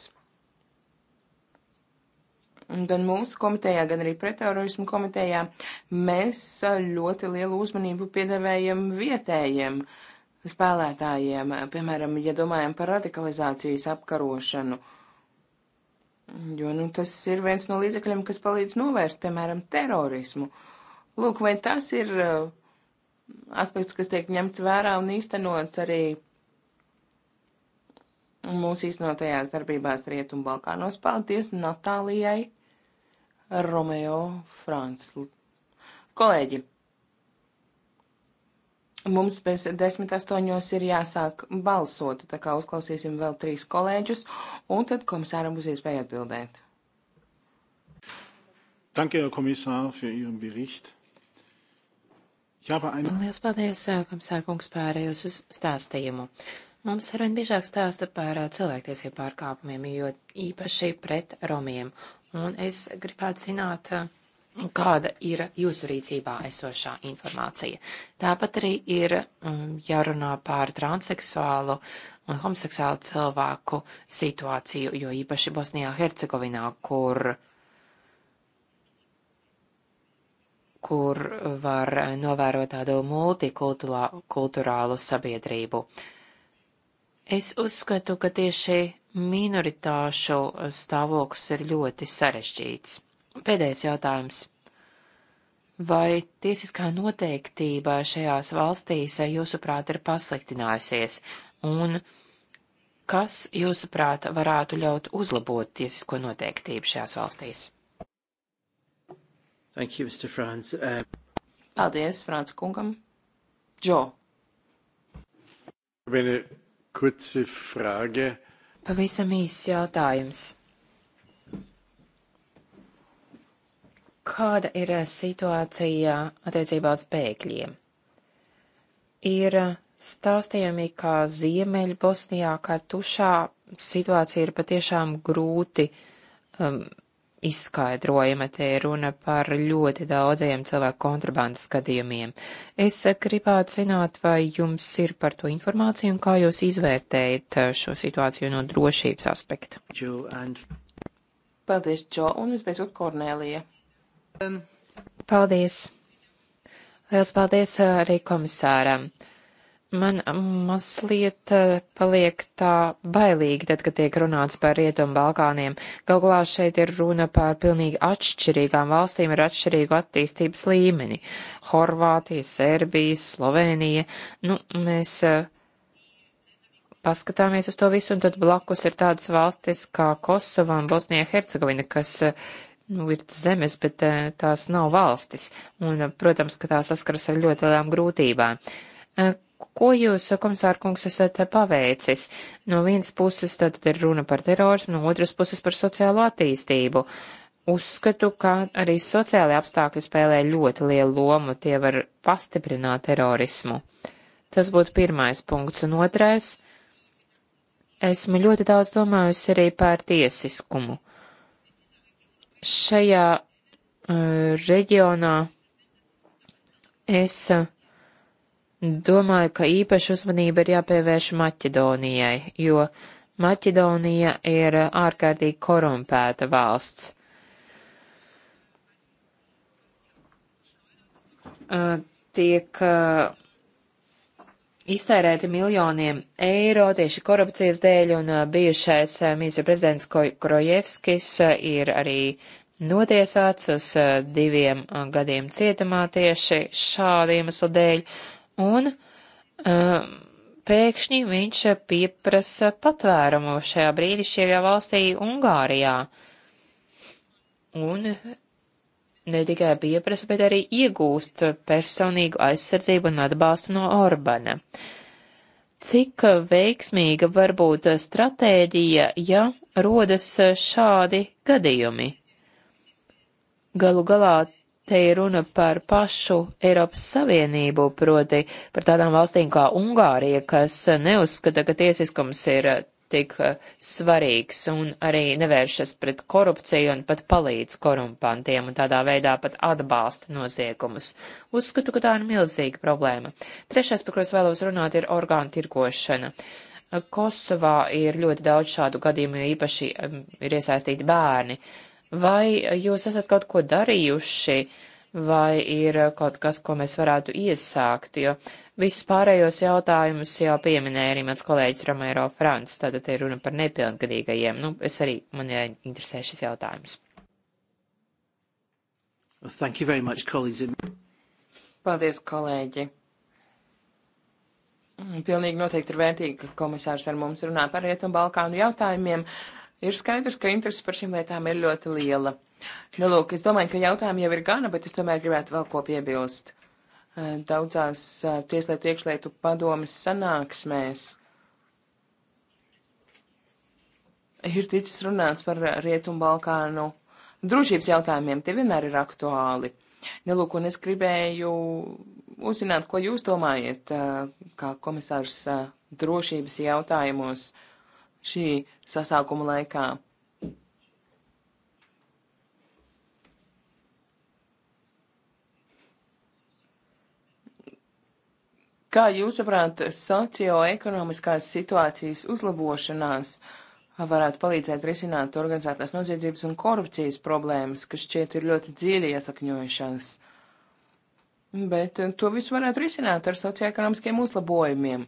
Gan mūsu komitejā, gan arī pretterorismu komitejā mēs uh, ļoti lielu uzmanību piedevējam vietējiem spēlētājiem. Piemēram, ja domājam par radikalizācijas apkarošanu. Uh, Jo nu, tas ir viens no līdzekļiem, kas palīdz novērst, piemēram, terorismu. Lūk, vai tas ir uh, aspekts, kas tiek ņemts vērā un īstenots arī mūsu īstenotajās darbībās Rietumbalkānos. Paldies Natālijai Romeo Franslu. Kolēģi! Mums pēc 10.8. ir jāsāk balsot, tā kā uzklausīsim vēl trīs kolēģus, un tad komisāram būs iespēja atbildēt. Danke, Herr Kommissar, für Ihren Bericht. Ich habe eine... Lielas paldies, eh, komisār kungs, par jūsu stāstījumu. Mums arvien biežāk stāsta par eh, cilvēktiesību pārkāpumiem, jo īpaši pret romiem. Un es gribētu zināt, uh, kāda ir jūsu rīcībā esošā informācija. Tāpat arī ir um, jārunā pār transseksuālu un homoseksuālu cilvēku situāciju, jo īpaši Bosnijā Hercegovinā, kur, kur var novērot tādu multikulturālu sabiedrību. Es uzskatu, ka tieši minoritāšu stāvoklis ir ļoti sarežģīts. Pēdējais jautājums. Vai tiesiskā noteiktība šajās valstīs, eh, jūsuprāt, ir pasliktinājusies, un kas, jūsuprāt, varētu ļaut uzlabot tiesisko noteiktību šajās valstīs? Thank you, Mr. Franz. Um... Paldies, Franz kungam. Džo. Viena kurci frāge. Pavisam īsts jautājums. Kāda ir eh, situācija attiecībā uz bēgļiem? Ir eh, stāstījumi, ka Ziemeļa Bosnijā, kā tušā, situācija ir patiešām grūti um, izskaidrojama. Te ir runa par ļoti daudziem cilvēku kontrabandas gadījumiem. Es eh, gribētu zināt, vai jums ir par to informācija un kā jūs izvērtējat šo situāciju no drošības aspekta. Paldies, Džo, un visbeidzot Kornēlija. Paldies! Liels paldies eh, arī komisāram! Man mazliet eh, paliek tā bailīgi, tad, kad tiek runāts par Rietumu Balkāniem. Galgulā šeit ir runa par pilnīgi atšķirīgām valstīm ar atšķirīgu attīstības līmeni. Horvātija, Serbija, Slovenija. Nu, mēs eh, paskatāmies uz to visu, un tad blakus ir tādas valstis kā Kosova un Bosnija Hercegovina, kas nu, ir zemes, bet eh, tās nav valstis, un, eh, protams, ka tās saskaras ar ļoti lielām grūtībām. Eh, ko jūs, komisāra kungs, esat paveicis? No vienas puses tad ir runa par terorismu, no otras puses par sociālo attīstību. Uzskatu, ka arī sociālai apstākļi spēlē ļoti lielu lomu, tie var pastiprināt terorismu. Tas būtu pirmais punkts, un otrais. Esmu ļoti daudz domājusi arī par tiesiskumu. Uh, šajā uh, reģionā es uh, domāju, ka īpaši uzmanība ir jāpievērš Maķedonijai, jo Maķedonija ir ārkārtīgi korumpēta valsts. Uh, tiek uh, iztērēti miljoniem eiro tieši korupcijas dēļ, un bijušais ministra prezidents Krojevskis ir arī notiesāts uz diviem gadiem cietumā tieši šādu iemeslu dēļ, un um, pēkšņi viņš pieprasa patvērumu šajā brīdī šajā valstī Ungārijā. Un ne tikai pieprasa, bet arī iegūst personīgu aizsardzību un atbalstu no Orbana. Cik veiksmīga var būt stratēģija, ja rodas šādi gadījumi? Galu galā te ir runa par pašu Eiropas Savienību, proti par tādām valstīm kā Ungārija, kas neuzskata, ka tiesiskums ir tik eh, svarīgs un arī nevēršas pret korupciju un pat palīdz korumpantiem un tādā veidā pat atbalsta noziegumus. Uzskatu, ka tā ir milzīga problēma. Trešais, par ko es vēlos runāt, ir orgānu tirgošana. Kosovā ir ļoti daudz šādu gadījumu, jo īpaši ir iesaistīti bērni. Vai jūs esat kaut ko darījuši, vai ir kaut kas, ko mēs varētu iesākt, jo Visus pārējos jautājumus jau pieminēja arī mans kolēģis Romero Frants, tātad ir runa par nepilngadīgajiem. Nu, es arī, man interesē šis jautājums. Thank you very much, colleagues. Paldies, kolēģi. Mm, pilnīgi noteikti ir vērtīgi, ka komisārs ar mums runā par Rietumu Balkānu jautājumiem. Ir skaidrs, ka interesi par šīm lietām ir ļoti liela. Nu, lūk, es domāju, ka jautājumi jau ir gana, bet es tomēr gribētu vēl ko piebilst. Eh, daudzās eh, tieslietu iekšlietu padomes sanāksmēs ir ticis runāts par Rietumbalkānu drošības jautājumiem. Tie vienmēr ir aktuāli. Nelūk, nu, un es gribēju uzzināt, ko jūs domājat, eh, kā komisārs drošības jautājumos šī sasākuma laikā. Kā jūsuprāt, socioekonomiskās situācijas uzlabošanās varētu palīdzēt risināt organizētās noziedzības un korupcijas problēmas, kas šķiet ir ļoti dziļi iesakņojušās? Bet eh, to visu varētu risināt ar socioekonomiskiem uzlabojumiem.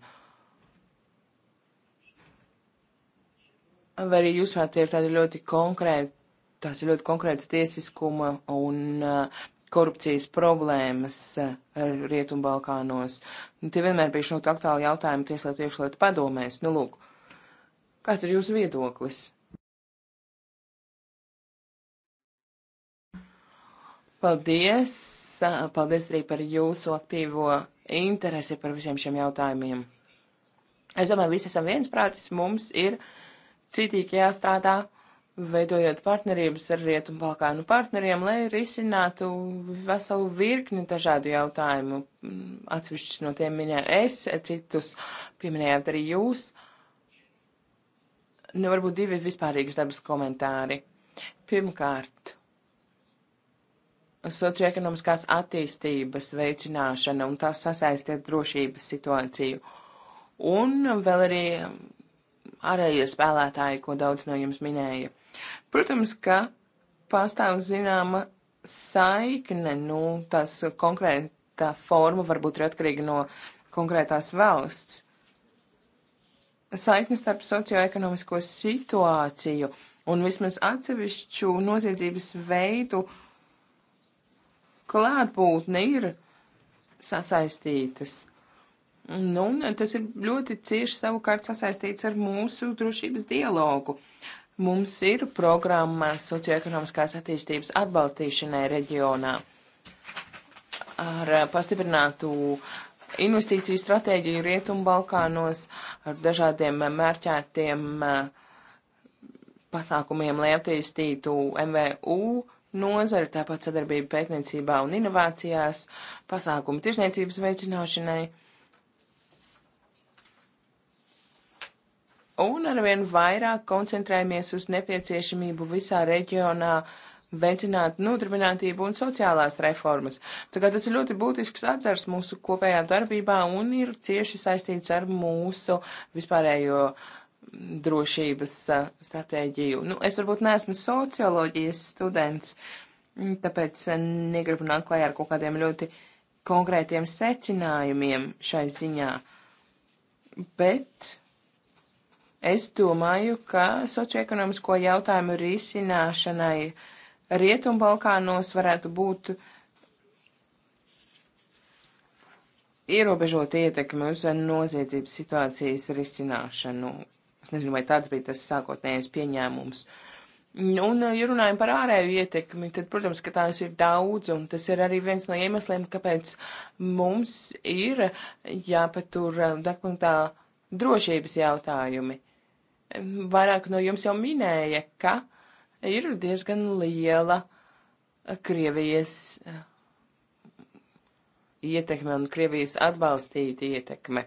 Vai arī jūs varētu tie ir tādi ļoti konkrēti tās ir ļoti konkrētas tiesiskuma un uh, korupcijas problēmas eh, Rietumbalkānos. Nu, tie vienmēr bija šūta aktuāli jautājumi tieslietu iekšlietu padomēs. Nu, lūk, kāds ir jūsu viedoklis? Paldies! Eh, paldies arī par jūsu aktīvo interesi par visiem šiem jautājumiem. Es domāju, visi esam viensprātis, mums ir citīgi jāstrādā veidojot partnerības ar Rietumu Balkānu partneriem, lai risinātu veselu virkni dažādu jautājumu. Mm, atsevišķus no tiem minēju es, citus pieminējāt arī jūs. Nu, varbūt divi vispārīgas dabas komentāri. Pirmkārt, socioekonomiskās attīstības veicināšana un tās sasaistiet drošības situāciju. Un vēl arī ārējie spēlētāji, ko daudz no jums minēja. Protams, ka pastāv zināma saikne, nu, tas konkrētā forma varbūt ir atkarīga no konkrētās valsts. Saikne starp socioekonomisko situāciju un vismaz atsevišķu noziedzības veidu klātbūtne ir sasaistītas. Nu, tas ir ļoti cieši savukārt sasaistīts ar mūsu drošības dialogu. Mums ir programma socioekonomiskās attīstības atbalstīšanai reģionā ar pastiprinātu investīciju stratēģiju Rietumbalkānos ar dažādiem mērķētiem eh, pasākumiem, lai attīstītu MVU nozari, tāpat sadarbību pētniecībā un inovācijās, pasākumu tirzniecības veicināšanai. un arvien vairāk koncentrējamies uz nepieciešamību visā reģionā veicināt nodarbinātību un sociālās reformas. Tā kā tas ir ļoti būtisks atzars mūsu kopējā darbībā un ir cieši saistīts ar mūsu vispārējo mm, drošības stratēģiju. Nu, es varbūt neesmu socioloģijas students, mm, tāpēc negribu nākt klajā ar kaut kādiem ļoti konkrētiem secinājumiem šai ziņā. Bet Es domāju, ka socioekonomisko jautājumu risināšanai Rietumbalkānos varētu būt ierobežota ietekme uz noziedzības situācijas risināšanu. Es nezinu, vai tāds bija tas sākotnējais pieņēmums. Un, ja runājam par ārēju ietekmi, tad, protams, ka tās ir daudz, un tas ir arī viens no iemesliem, kāpēc mums ir jāpatur eh, dekpuntā drošības jautājumi vairāk no jums jau minēja, ka ir diezgan liela Krievijas eh, ietekme un Krievijas atbalstīta ietekme.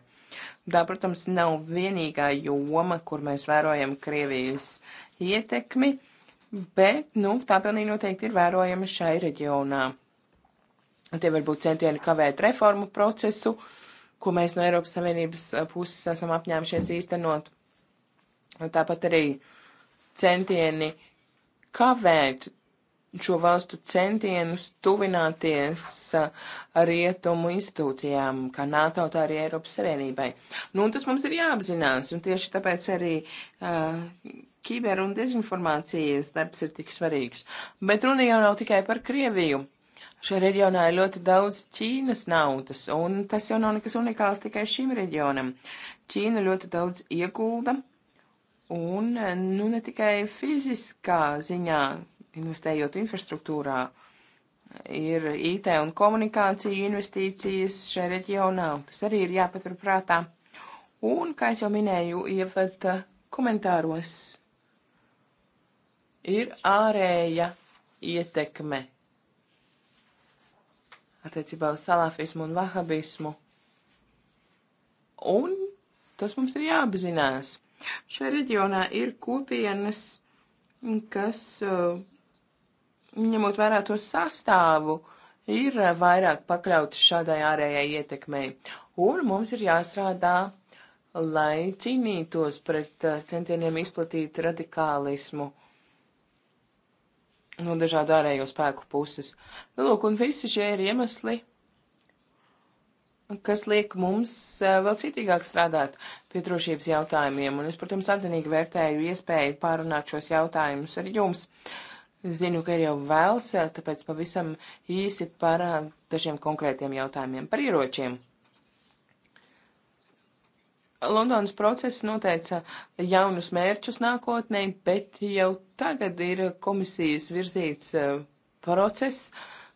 Tā, protams, nav vienīgā joma, kur mēs vērojam Krievijas ietekmi, bet, nu, tā pilnīgi noteikti ir vērojama šai reģionā. Tie var būt centieni kavēt reformu procesu, ko mēs no Eiropas Savienības puses esam apņēmušies īstenot. Tāpat arī centieni kavēt šo valstu centienus tuvināties uh, rietumu institūcijām, kā NATO, tā arī Eiropas Savienībai. Nu, un tas mums ir jāapzinās, un tieši tāpēc arī uh, kiber un dezinformācijas darbs ir tik svarīgs. Bet runa jau nav tikai par Krieviju. Šajā reģionā ir ļoti daudz Ķīnas naudas, un tas jau nav nekas unikāls tikai šim reģionam. Ķīna ļoti daudz iegulda Un nu, ne tikai fiziskā ziņā, investējot infrastruktūrā, ir IT un komunikāciju investīcijas šajā reģionā. Tas arī ir jāpaturprātā. Un, kā jau minēju, ievad komentāros ir ārēja ietekme attiecībā uz salafismu un vahabismu. Un tas mums ir jāapzinās. Šajā reģionā ir kopienas, kas, uh, ņemot vērā to sastāvu, ir vairāk pakļautas šādai ārējai ietekmei. Un mums ir jāstrādā, lai cīnītos pret uh, centieniem izplatīt radikālismu no dažādu ārējo spēku puses. Nu, lūk, un visi šie ir iemesli, kas liek mums eh, vēl citīgāk strādāt pie drošības jautājumiem. Un es, protams, atzinīgi vērtēju iespēju pārunāt šos jautājumus ar jums. Zinu, ka ir jau vēls, eh, tāpēc pavisam īsi par eh, dažiem konkrētiem jautājumiem par ieročiem. Londonas process noteica jaunus mērķus nākotnē, bet jau tagad ir komisijas virzīts process.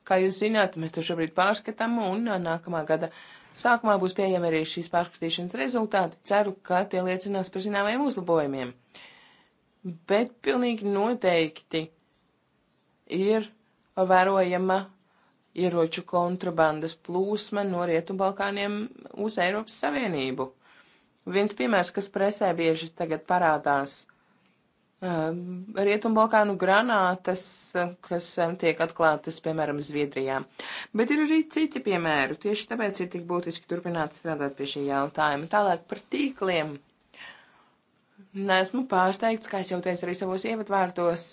Kā jūs zināt, mēs to šobrīd pārskatām un nākamā gada uh, Sākumā būs pieejami arī šīs pārskatīšanas rezultāti. Ceru, ka tie liecinās par zināmajiem uzlabojumiem. Bet pilnīgi noteikti ir vērojama ieroču kontrabandas plūsma no Rietumbalkāniem uz Eiropas Savienību. Viens piemērs, kas presē bieži tagad parādās Ehm, Rietumbalkānu granātas, eh, kas eh, tiek atklātas, piemēram, Zviedrijā. Bet ir arī citi piemēri, tieši tāpēc ir tik būtiski turpināt strādāt pie šī jautājuma. Tālāk par tīkliem. Nesmu pārsteigts, kā es jau teicu arī savos ievadvārdos,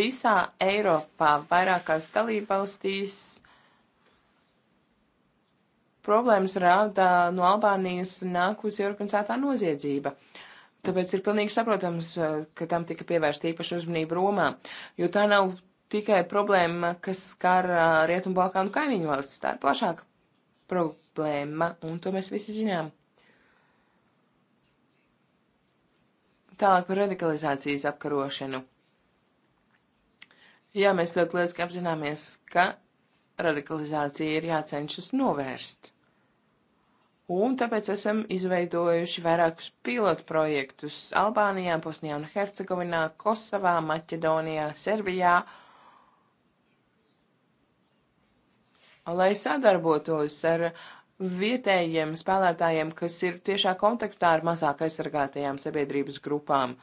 visā Eiropā, vairākās dalībvalstīs problēmas rāda no Albānijas nākusi organizētā noziedzība. Tāpēc ir pilnīgi saprotams, eh, ka tam tika pievērsta īpaša uzmanība Romā, jo tā nav tikai problēma, kas skar eh, Rietumbalkānu kaimiņu valstis, tā ir plašāka problēma, un to mēs visi zinām. Tālāk par radikalizācijas apkarošanu. Jā, mēs ļoti lieliski apzināmies, ka radikalizācija ir jācenšas novērst. Un tāpēc esam izveidojuši vairākus pilotprojektus Albānijā, Bosnijā un Hercegovinā, Kosovā, Maķedonijā, Servijā, lai sadarbotos ar vietējiem spēlētājiem, kas ir tiešā kontaktā ar mazāk aizsargātajām sabiedrības grupām.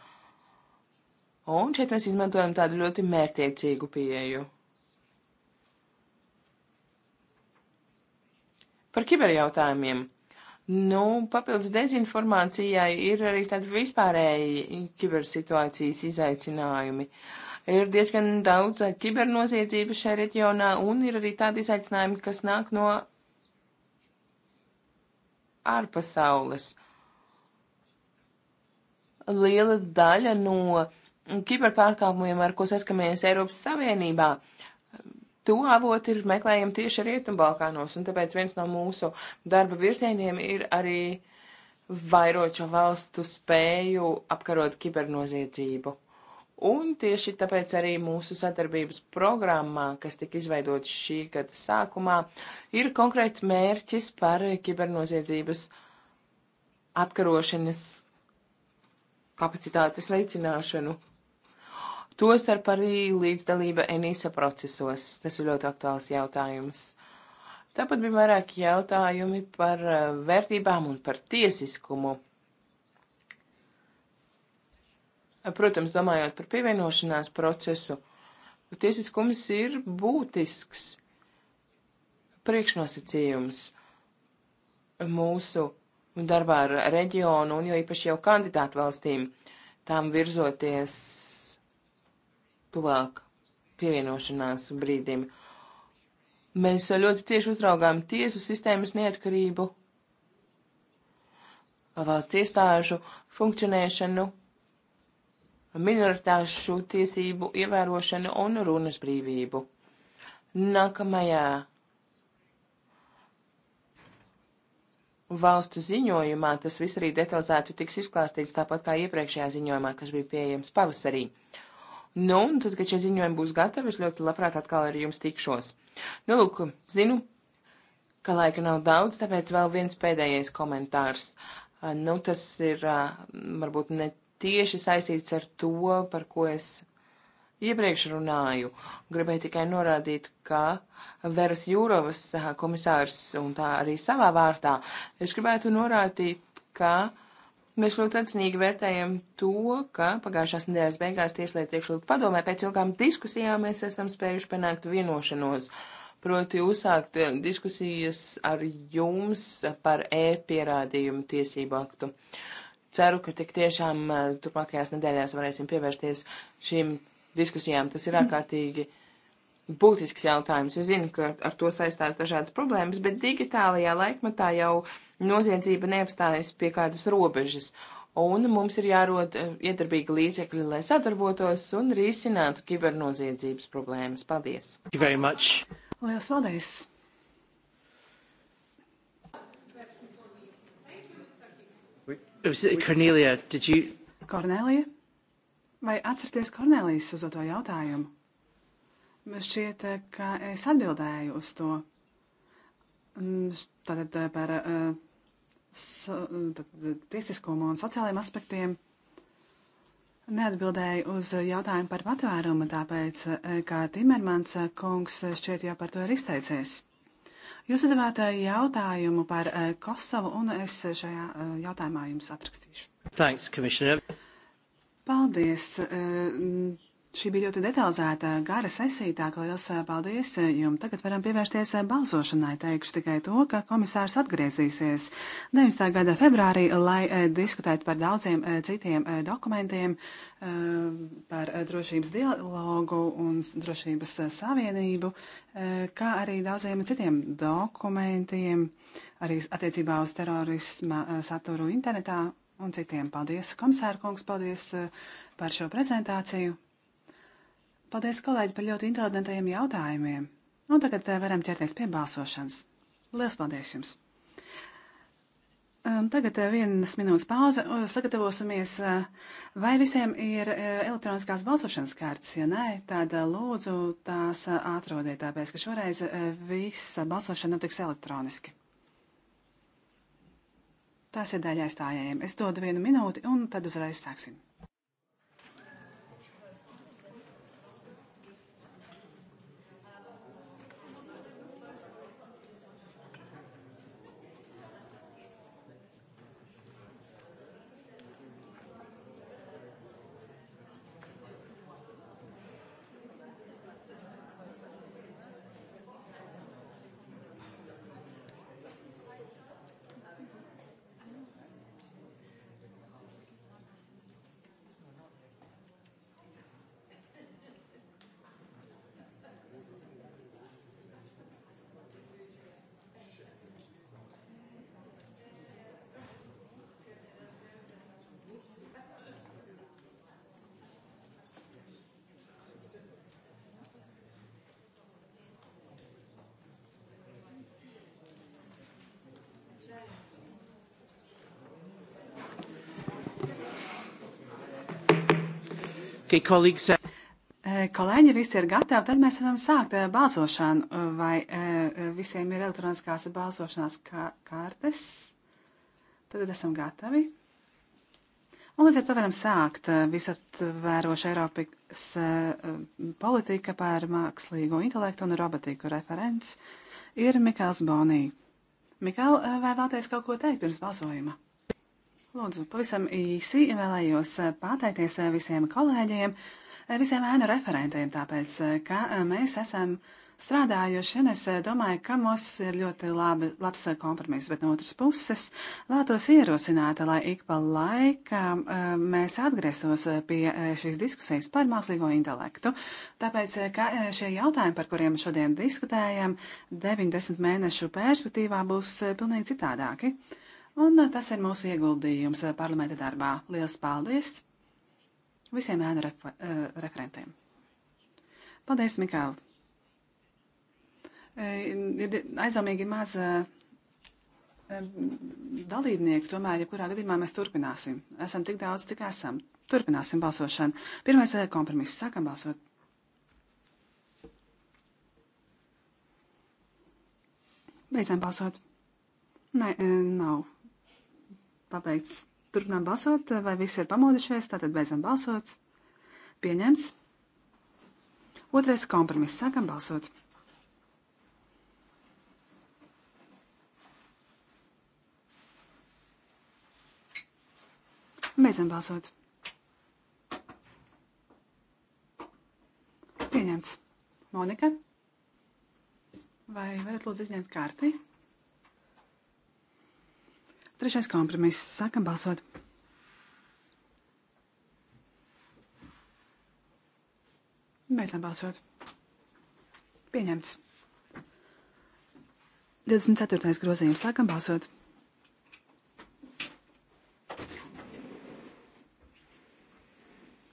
Un šeit mēs izmantojam tādu ļoti mērtiecīgu pieeju. Par kiberjautājumiem. jautājumiem. Nu, papildus dezinformācijai ir arī tādi vispārēji kibersituācijas izaicinājumi. Ir diezgan daudz kibernoziedzība šajā reģionā, un ir arī tādi izaicinājumi, kas nāk no ārpasaules. Liela daļa no kiberpārkāpumiem, ar ko saskamies Eiropas Savienībā, uh, to avoti ir meklējami tieši Rietumbalkānos, un tāpēc viens no mūsu darba virzieniem ir arī vairot šo valstu spēju apkarot kibernoziedzību. Un tieši tāpēc arī mūsu sadarbības programmā, kas tika izveidota šī gada sākumā, ir konkrēts mērķis par kibernoziedzības apkarošanas kapacitātes veicināšanu. Tostarp arī līdzdalība Enisa procesos. Tas ir ļoti aktuāls jautājums. Tāpat bija vairāki jautājumi par eh, vērtībām un par tiesiskumu. Protams, domājot par pievienošanās procesu, tiesiskums ir būtisks priekšnosacījums mūsu darbā ar reģionu un jo īpaši jau kandidātu valstīm tām virzoties tuvāk pievienošanās brīdim. Mēs ļoti cieši uzraugām tiesu sistēmas neatkarību, valsts iestāžu funkcionēšanu, minoritāšu tiesību ievērošanu un runas brīvību. Nākamajā valstu ziņojumā tas viss arī detalizēti tiks izklāstīts tāpat kā iepriekšējā ziņojumā, kas bija pieejams pavasarī. Uh, Nu, un tad, kad šie ziņojumi būs gatavi, es ļoti labprāt atkal ar jums tikšos. Nu, lūk, zinu, ka laika nav daudz, tāpēc vēl viens pēdējais komentārs. Nu, tas ir varbūt ne tieši saistīts ar to, par ko es iepriekš runāju. Gribēju tikai norādīt, ka Veras Jūrovas komisārs un tā arī savā vārtā es gribētu norādīt, ka uh, Mēs ļoti atcinīgi vērtējam to, ka pagājušās nedēļas beigās tieslietu iekšlietu padomē pēc ilgām diskusijām mēs esam spējuši panākt vienošanos, proti uzsākt eh, diskusijas ar jums par e-pierādījumu tiesību aktu. Ceru, ka tik tiešām eh, turpmākajās nedēļās varēsim pievērsties šīm diskusijām. Tas ir ārkārtīgi būtisks jautājums. Es zinu, ka ar to saistās dažādas problēmas, bet digitālajā laikmatā jau noziedzība neapstājas pie kādas robežas. Un mums ir jārod eh, iedarbīgi līdzekļi, lai sadarbotos un risinātu kibernoziedzības problēmas. Paldies! Lielas paldies! Kornelija, uh, did you... Kornelija? Vai atcerieties Kornelijas uzdoto jautājumu? Man šķiet, eh, ka es atbildēju uz to. Tātad eh, par eh, mm, tātad, tiesiskumu un sociālajiem aspektiem neatbildēju uz jautājumu par patvērumu, tāpēc, kā Timermans kungs šķiet jau par to ir izteicies. Jūs uzdevāt jautājumu par Kosovu, un es šajā jautājumā jums atrakstīšu. Thanks, Paldies! Mm, Šī bija ļoti detalizēta, gara sesītāka. Lielas eh, paldies jums. Tagad varam pievērsties eh, balsošanai. Teikšu tikai to, ka komisārs atgriezīsies 19. gada februārī, lai eh, diskutētu par daudziem citiem dokumentiem, par drošības dialogu un drošības savienību, kā arī daudziem citiem dokumentiem, arī attiecībā uz terorisma saturu internetā un citiem. Paldies, komisāra kungs, paldies par šo prezentāciju. Paldies, kolēģi, par ļoti inteliģentajiem jautājumiem. Un nu, tagad eh, varam ķerties pie balsošanas. Lielas paldies jums! Um, tagad eh, vienas minūtes pauze. Sagatavosimies, eh, vai visiem ir elektroniskās balsošanas kārtas. Ja nē, tad lūdzu tās atrodiet, tāpēc ka šoreiz visa balsošana notiks elektroniski. Tās ir daļa aizstājējiem. Es dodu vienu minūti un tad uzreiz sāksim. Okay, colleagues. Uh, eh, kolēģi visi ir gatavi, tad mēs varam sākt eh, balsošanu. Eh, vai visiem ir elektroniskās balsošanās kārtas? Tad esam gatavi. Un līdz ar to varam sākt visaptvērošu Eiropas politika par mākslīgo intelektu un robotiku referents ir Mikāls Bonī. Mikāl, vai vēlties kaut ko teikt pirms balsojuma? Lūdzu, pavisam īsi vēlējos eh, pateikties eh, visiem kolēģiem, eh, visiem ēnu referentiem, tāpēc, ka mēs esam strādājuši, un es domāju, ka mums ir ļoti labi, labs kompromiss, bet no otras puses vēlētos ierosināt, lai ik pa laikam mēs atgrieztos pie šīs diskusijas par mākslīgo intelektu, tāpēc, ka šie jautājumi, par kuriem šodien diskutējam, 90 mēnešu perspektīvā būs pilnīgi citādāki. Un eh, tas ir mūsu ieguldījums eh, parlamenta darbā. Lielas paldies visiem ēnu refer eh, referentiem. Paldies, Mikāli! Ir aizdomīgi maz dalībnieku, tomēr, ja kurā gadījumā mēs turpināsim. Esam tik daudz, cik esam. Turpināsim balsošanu. Pirmais kompromiss. Sākam balsot. Beidzam balsot. Nē, nav pabeigts. Turpinām balsot, vai visi ir pamodušies, tātad beidzam balsot. Pieņems. Otrais kompromiss. Sākam balsot. Beidzam balsot. Pieņemts. Monika, vai varat lūdzu izņemt kārtiņu? Trešais kompromiss. Sākam balsot. Beidzam balsot. Pieņemts. 24. grozījums. Sākam balsot.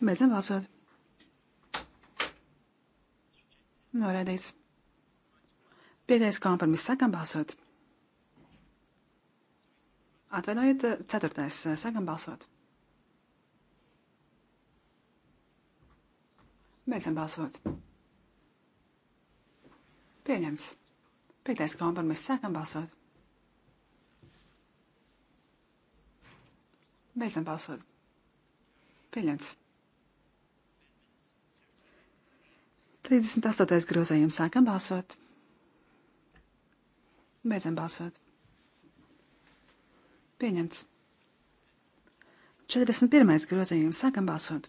Beidzam balsot. Noraidīts. Pietais kompromiss. Sākam balsot. Atvainojiet, ceturtais. Sākam balsot. Beidzam balsot. Pieņems. Piektais kompromiss. Sākam balsot. Beidzam balsot. Pieņems. 38. grozējums. Sākam balsot. Beidzam balsot. Pieņemts. 41. grozījums. Sākam balsot.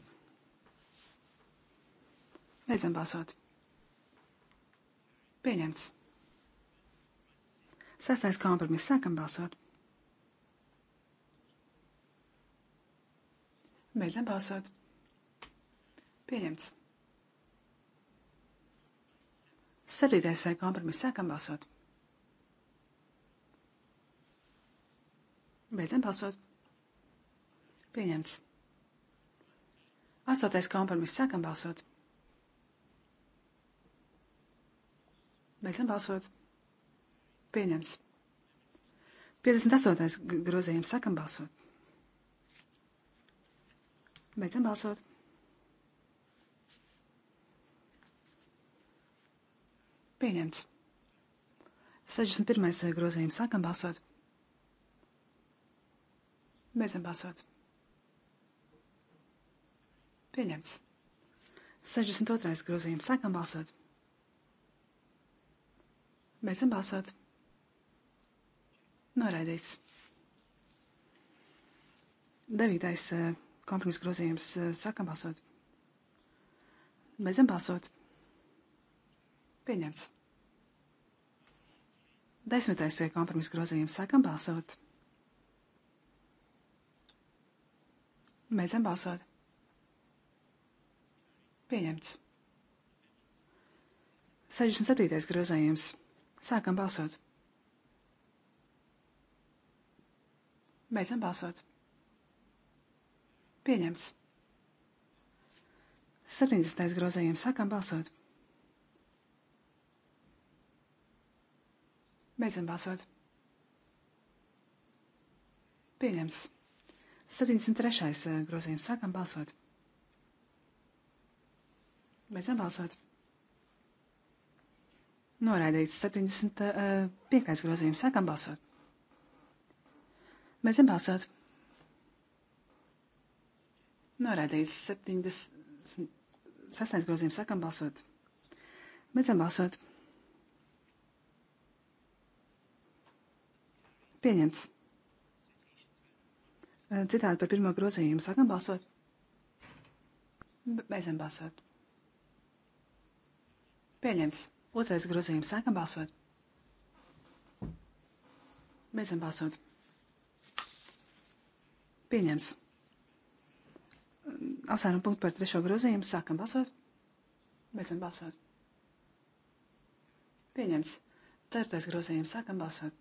Beidzam balsot. Pieņemts. Sastais kompromiss. Sākam balsot. Beidzam balsot. Pieņemts. Sadītais kompromiss. Sākam balsot. Beidzam balsot. Pieņemts. Astotais kompromiss. Sākam balsot. Beidzam balsot. Pieņemts. 58. grozījums. Sākam balsot. Beidzam balsot. Pieņemts. 61. Eh, grozījums. Sākam balsot. Beidzam balsot. Pieņemts. 62. grozījums. Sākam balsot. Beidzam balsot. Noraidīts. 9. Eh, kompromisa grozījums. Eh, sākam balsot. Beidzam balsot. Pieņemts. 10. Eh, kompromisa grozījums. Sākam balsot. Beidzam balsot. Pieņemts. 67. grozējums. Sākam balsot. Beidzam balsot. Pieņemts. 70. grozējums. Sākam balsot. Beidzam balsot. Pieņems. 73. Eh, grozījums. Sākam balsot. Beidzam balsot. Noraidīts 75. Eh, grozījums. Sākam balsot. Beidzam balsot. Noraidīts 76. grozījums. Sākam balsot. Beidzam balsot. Pieņemts. Eh, citādi par pirmo grozījumu sākam balsot. Beidzam balsot. Pieņemts. Otrais grozījums sākam balsot. Beidzam balsot. Pieņems. Eh, apsvērumu punktu par trešo grozījumu sākam balsot. Beidzam balsot. Pieņems. Ceturtais grozījums sākam balsot.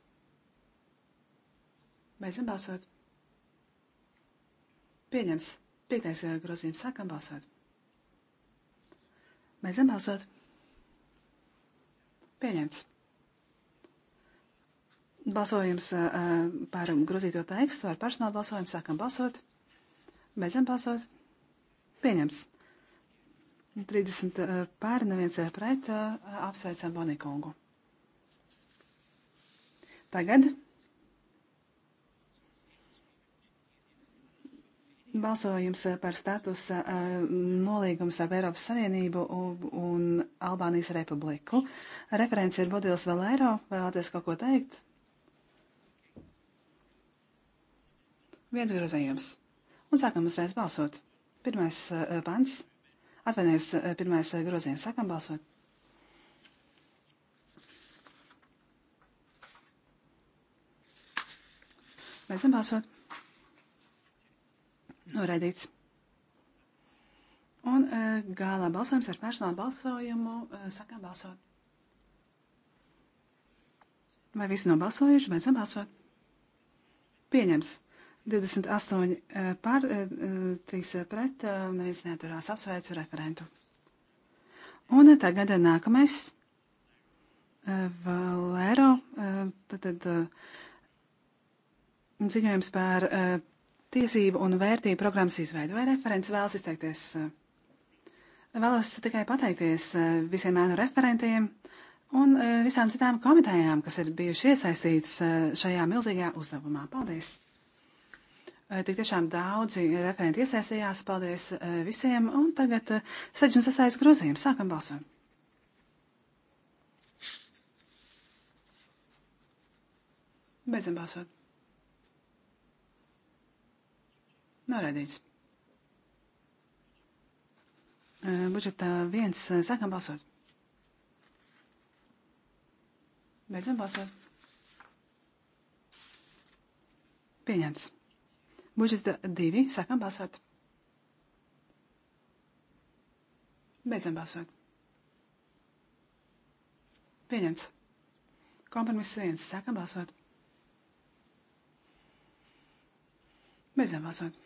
Beidzam balsot. Pieņems. Piektais eh, grozījums. Sākam balsot. Beidzam balsot. Pieņemts. Balsojums eh, eh, par grozīto tekstu ar personālu balsojumu. Sākam balsot. Beidzam balsot. Pieņems. 30 pāri, neviens pret. Apsveicam Bonikungu. Tagad Balsojums eh, par statusa eh, nolīgums ar Eiropas Savienību un Albānijas republiku. Referents ir Bodils Valēro. Vēlaties kaut ko teikt? Viens grozējums. Un sākam uzreiz balsot. Pirmais eh, pants. Atvainojos, pirmais grozījums. Sākam balsot. Beidzam balsot. Noraidīts. Un eh, gālā balsojums ar personālu balsojumu eh, sākām balsot. Vai visi nobalsojuši? Beidzam balsot. Pieņems. 28 pār, 3 pret, eh, neviens neaturās apsveicu referentu. Un tagad nākamais. Valero, tad, tad ziņojums par tiesību un vērtību programmas izveidu. Vai referents vēlas izteikties? Vēlos tikai pateikties eh, visiem ēnu referentiem un eh, visām citām komitējām, kas ir bijuši iesaistītas eh, šajā milzīgajā uzdevumā. Paldies! Tik tiešām daudzi referenti iesaistījās. Paldies visiem! Un tagad 66. grozījums. Sākam balsot! Beidzam balsot! Noraidīts. Budžetā viens. Sākam balsot. Beidzam balsot. Pieņemts. Budžeta divi. Sākam balsot. Beidzam balsot. Pieņemts. Kompromiss viens. Sākam balsot. Beidzam balsot.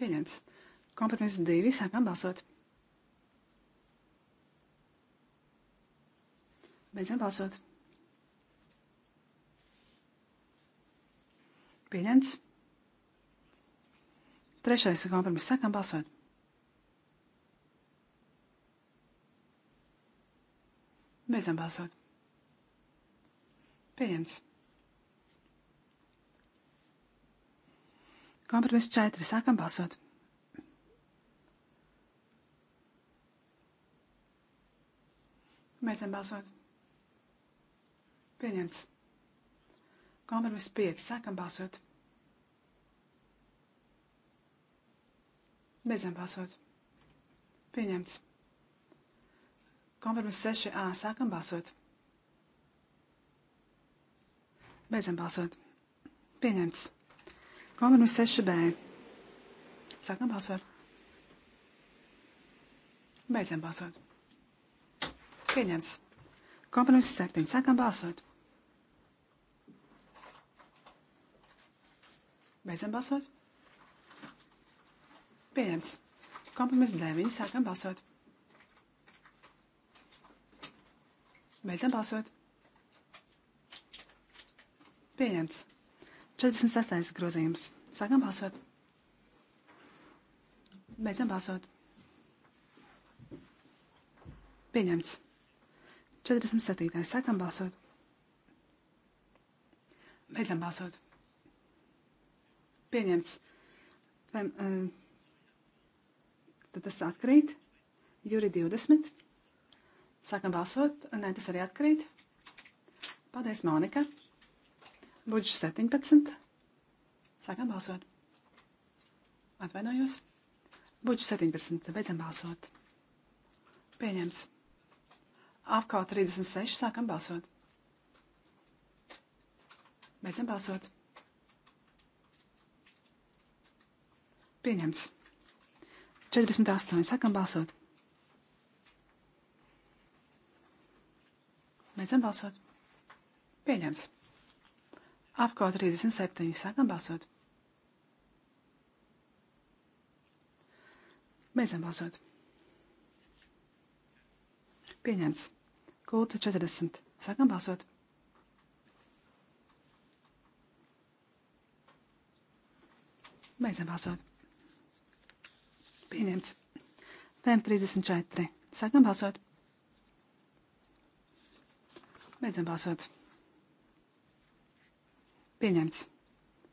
Pieņemts. Kompromiss divi. Sākam balsot. Beidzam balsot. Pieņemts. Trešais kompromiss. Sākam balsot. Beidzam balsot. Pieņemts. Kompromiss 4. Sākam balsot. Beidzam balsot. Pieņemts. Kompromiss 5. Sākam balsot. Beidzam balsot. Pieņemts. Kompromiss 6a. Sākam balsot. Beidzam balsot. Pieņemts. Kompromiss 6B. Sākam balsot. Beidzam balsot. Pieņems. Kompromiss 7. Sākam balsot. Beidzam balsot. Pieņems. Kompromiss 9. Sākam balsot. Beidzam balsot. Pieņems. 46. grozījums. Sākam balsot. Beidzam balsot. Pieņemts. 47. Sākam balsot. Beidzam balsot. Pieņemts. Pem, uh, tad tas atkrīt. Juri 20. Sākam balsot. Nē, tas arī atkrīt. Paldies, Monika. Budžs 17. Sākam balsot. Atvainojos. Budžs 17. Beidzam balsot. Pieņems. Apkā 36. Sākam balsot. Beidzam balsot. Pieņemts. 48. Sākam balsot. Beidzam balsot. Pieņemts. Apko 37. Sākam balsot. Beidzam balsot. Pieņemts. Kulta 40. Sākam balsot. Beidzam balsot. Pieņemts. PM 34. Sākam balsot. Beidzam balsot. Pieņemts.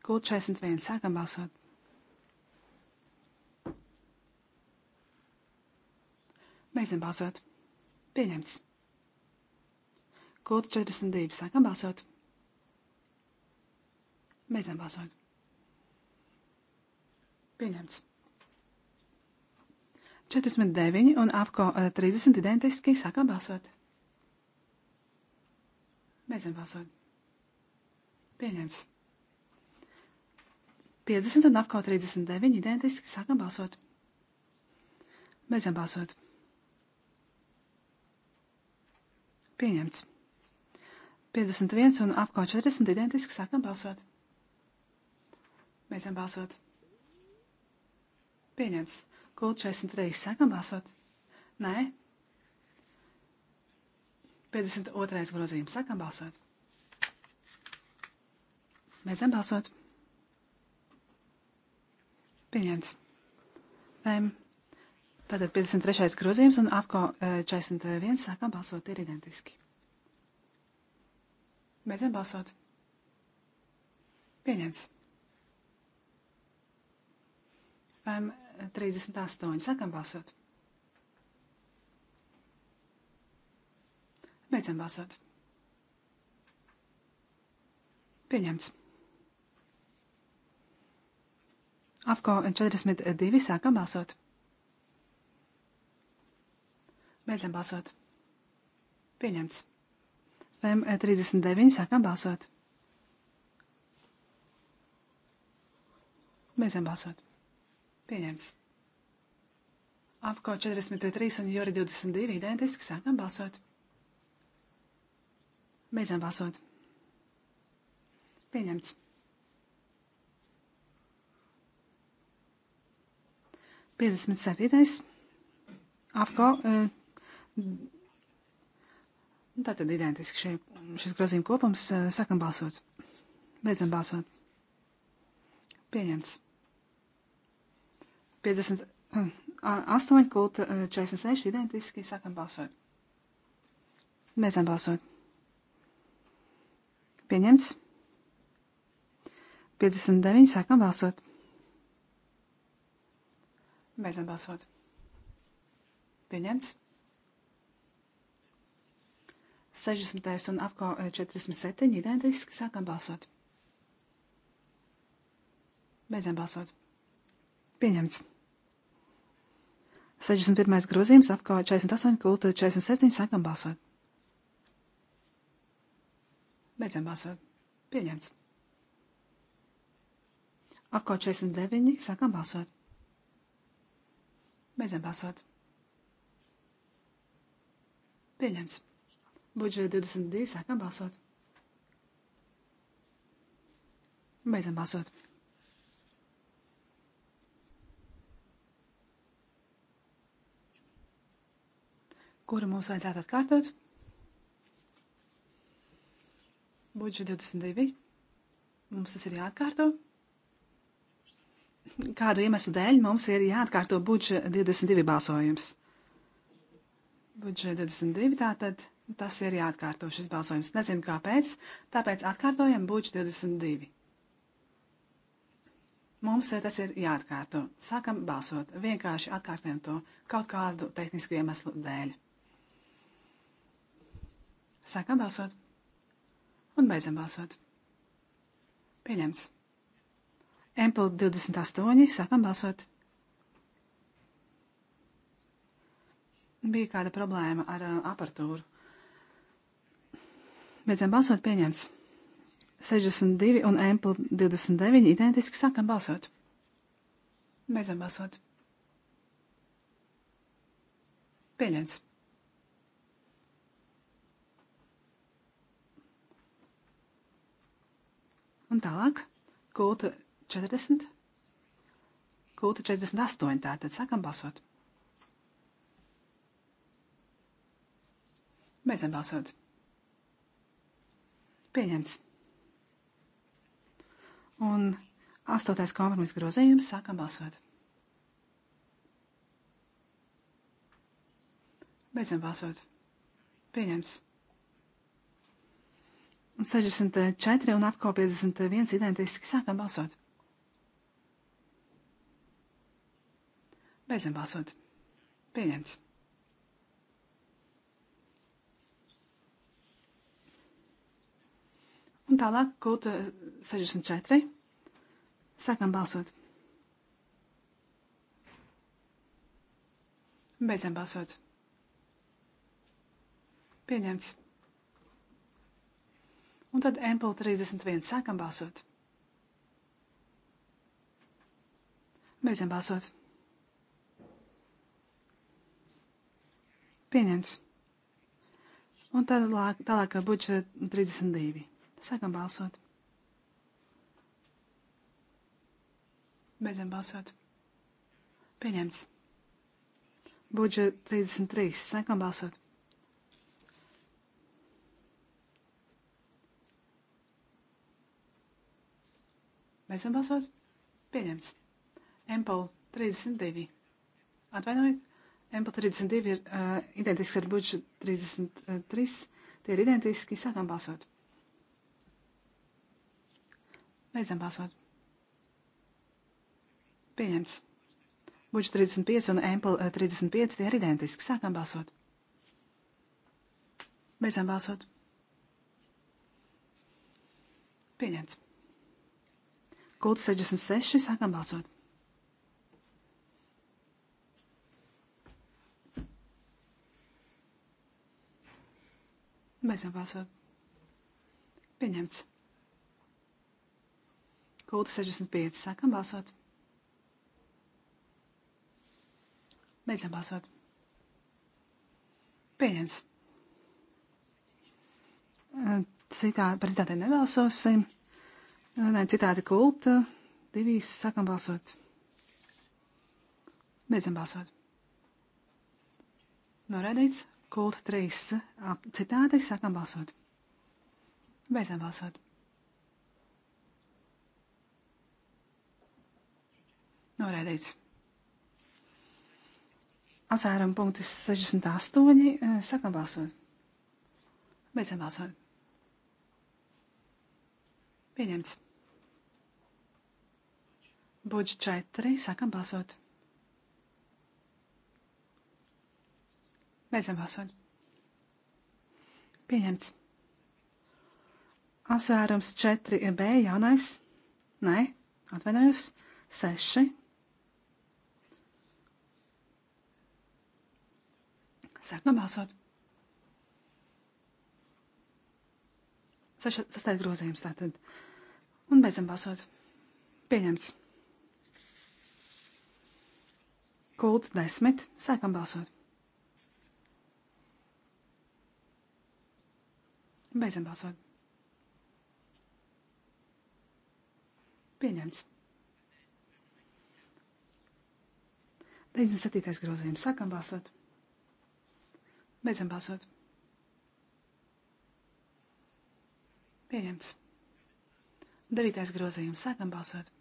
Kult 61. Sākam balsot. Beidzam balsot. Pieņemts. Kult 42. Sākam balsot. Beidzam balsot. Pieņemts. 49 un AFCO 30 eh, identiski. Sākam balsot. Beidzam balsot. Pieņemts. 50 un apkaut 39 identiski sākam balsot. Beidzam balsot. Pieņemts. 51 un apkaut 40 identiski sākam balsot. Beidzam balsot. Pieņemts. Kult 43 sākam balsot. Nē. 52. grozījums sākam balsot. Beidzam balsot. Pieņemts. Vēm. Tātad 53. grozījums un AFCO 41 eh, sākam balsot ir identiski. Beidzam balsot. Pieņemts. Vēm 38. Sākam balsot. Beidzam balsot. Pieņemts. AFCO 42 sākam balsot. Beidzam balsot. Pieņemts. FEM 39 sākam balsot. Beidzam balsot. Pieņemts. Apko 43 un Jori 22 identiski sākam balsot. Beidzam balsot. Pieņemts. 57. Afko. E, nu, tā tad identiski šie, šis grozījuma kopums. E, sākam balsot. Beidzam balsot. Pieņemts. 58, hm, kulta 46 e, identiski. Sākam balsot. Beidzam balsot. Pieņemts. 59. Sākam balsot. Beidzam balsot. Pieņemts. 60. un apko 47 eh, identiski sākam balsot. Beidzam balsot. Pieņemts. 61. grozījums apko 48, kulta 47 sākam balsot. Beidzam balsot. Pieņemts. Apko 49 sākam balsot. Beidzam balsot. Pieņemts. Budžeta 22. Sākam balsot. Beidzam balsot. Kuru mums vajadzētu atkārtot? Budžeta 22. Mums tas ir jāatkārto kādu iemeslu dēļ mums ir jāatkārto budžeta 22 balsojums. Budžeta 22 tātad tas ir jāatkārto šis balsojums. Nezinu kāpēc, tāpēc atkārtojam budžeta 22. Mums tas ir jāatkārto. Sākam balsot. Vienkārši atkārtojam to kaut kādu tehnisku iemeslu dēļ. Sākam balsot un beidzam balsot. Pieņemts. Empel 28. Sākam balsot. Bija kāda problēma ar uh, aparatūru. Beidzam balsot pieņemts. 62 un Empel 29 identiski sākam balsot. Beidzam balsot. Pieņemts. Un tālāk, kulta 40. Kulta 48. Tātad sākam balsot. Beidzam balsot. Pieņemts. Un astotais kompromiss grozījums sākam balsot. Beidzam balsot. Pieņems. Un 64 un apkopā 51 identiski sākam balsot. Beidzam balsot. Pieņemts. Un tālāk kulta 64. Sākam balsot. Beidzam balsot. Pieņemts. Un tad Ample 31. Sākam balsot. Beidzam balsot. Pieņems. Un tad tālāk, tālāk budžeta 32. Sākam balsot. Beidzam balsot. Pieņemts. Budžeta 33. Sākam balsot. Beidzam balsot. Pieņemts. Empel 32. Atvainojiet. MP32 ir uh, identiski ar budžetu 33. Tie ir identiski. Sākam balsot. Beidzam balsot. Pieņemts. Budžets 35 un MP35 tie ir identiski. Sākam balsot. Beidzam balsot. Pieņemts. Kults 66. Sākam balsot. Beidzam balsot. Pieņemts. Kulta 65. Sākam balsot. Beidzam balsot. Pieņemts. Citādi, par citātiem nebalsosim. Nē, citādi kulta. Divīs sākam balsot. Beidzam balsot. Noraidīts. Kult 3 citāti sākam balsot. Beidzam balsot. Norēdīts. Apsvērumu punkts 68. Eh, sākam balsot. Beidzam balsot. Pieņemts. Budžets 4. Sākam balsot. Beidzam balsot. Pieņemts. Apsvērums 4b jaunais. Nē, atvainojos. 6. 6 nobalsot. sastais grozījums tātad. Un beidzam balsot. Pieņemts. Kult desmit. Sākam balsot. Beidzam balsot. Pieņemts. 97. grozījums. Sākam balsot. Beidzam balsot. Pieņemts. 9. grozījums. Sākam balsot.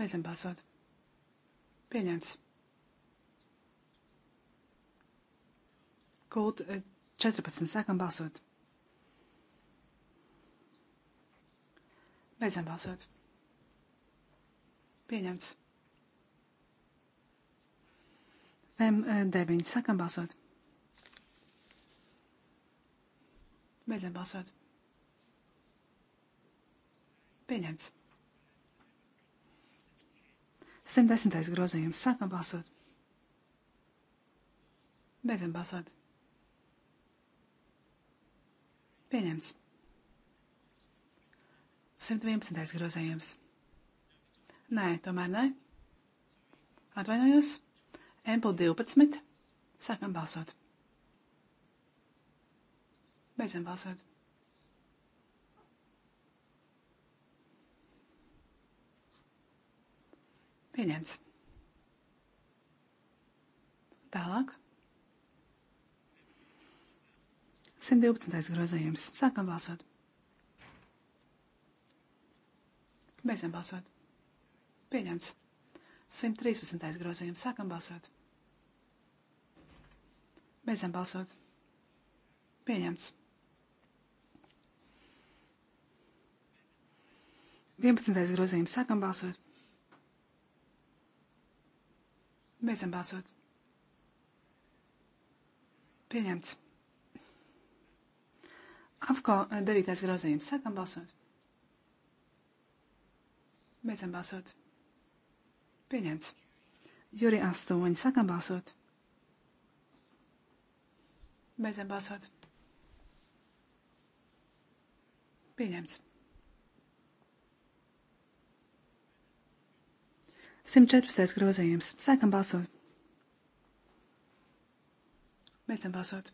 Beidzam balsot. Pieņemts. Kult 14. Eh, Sākam balsot. Beidzam balsot. Pieņemts. Fem 9. Eh, Sākam balsot. Beidzam balsot. Pieņemts. 110. grozījums. Sākam balsot. Beidzam balsot. Pieņemts. 111. grozējums. Nē, tomēr nē. Atvainojos. Ample 12. Sākam balsot. Beidzam balsot. Pieņemts. Tālāk. 112. grozījums. Sākam balsot. Beidzam balsot. Pieņemts. 113. grozījums. Sākam balsot. Beidzam balsot. Pieņemts. 11. grozījums. Sākam balsot. Beidzam balsot. Pieņemts. Apko eh, devītais grozījums. Sākam balsot. Beidzam balsot. Pieņemts. Juri astoņi. Sākam balsot. Beidzam balsot. Pieņemts. 114. grozījums. Sākam balsot. Beidzam balsot.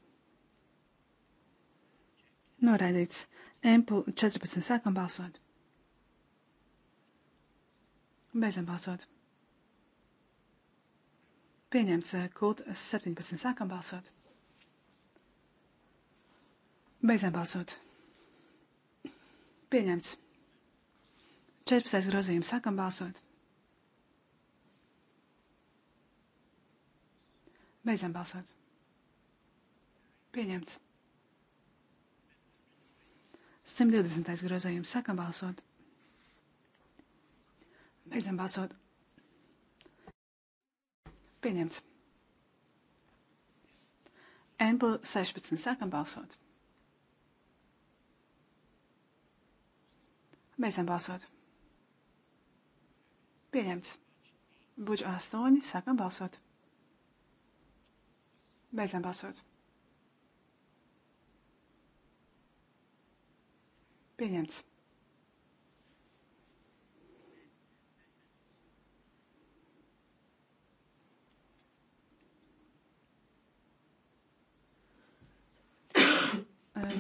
Noraidīts. Empul 14. Sākam balsot. Beidzam balsot. Pieņemts eh, kult 17. Sākam balsot. Beidzam balsot. Pieņemts. 14. grozījums. Sākam balsot. Beidzam balsot. Pieņemts. 120. grozējums. Sākam balsot. Beidzam balsot. Pieņemts. Ample 16. Sākam balsot. Beidzam balsot. Pieņemts. Budžets 8. Sākam balsot. Beidzam balsot. Pieņemts.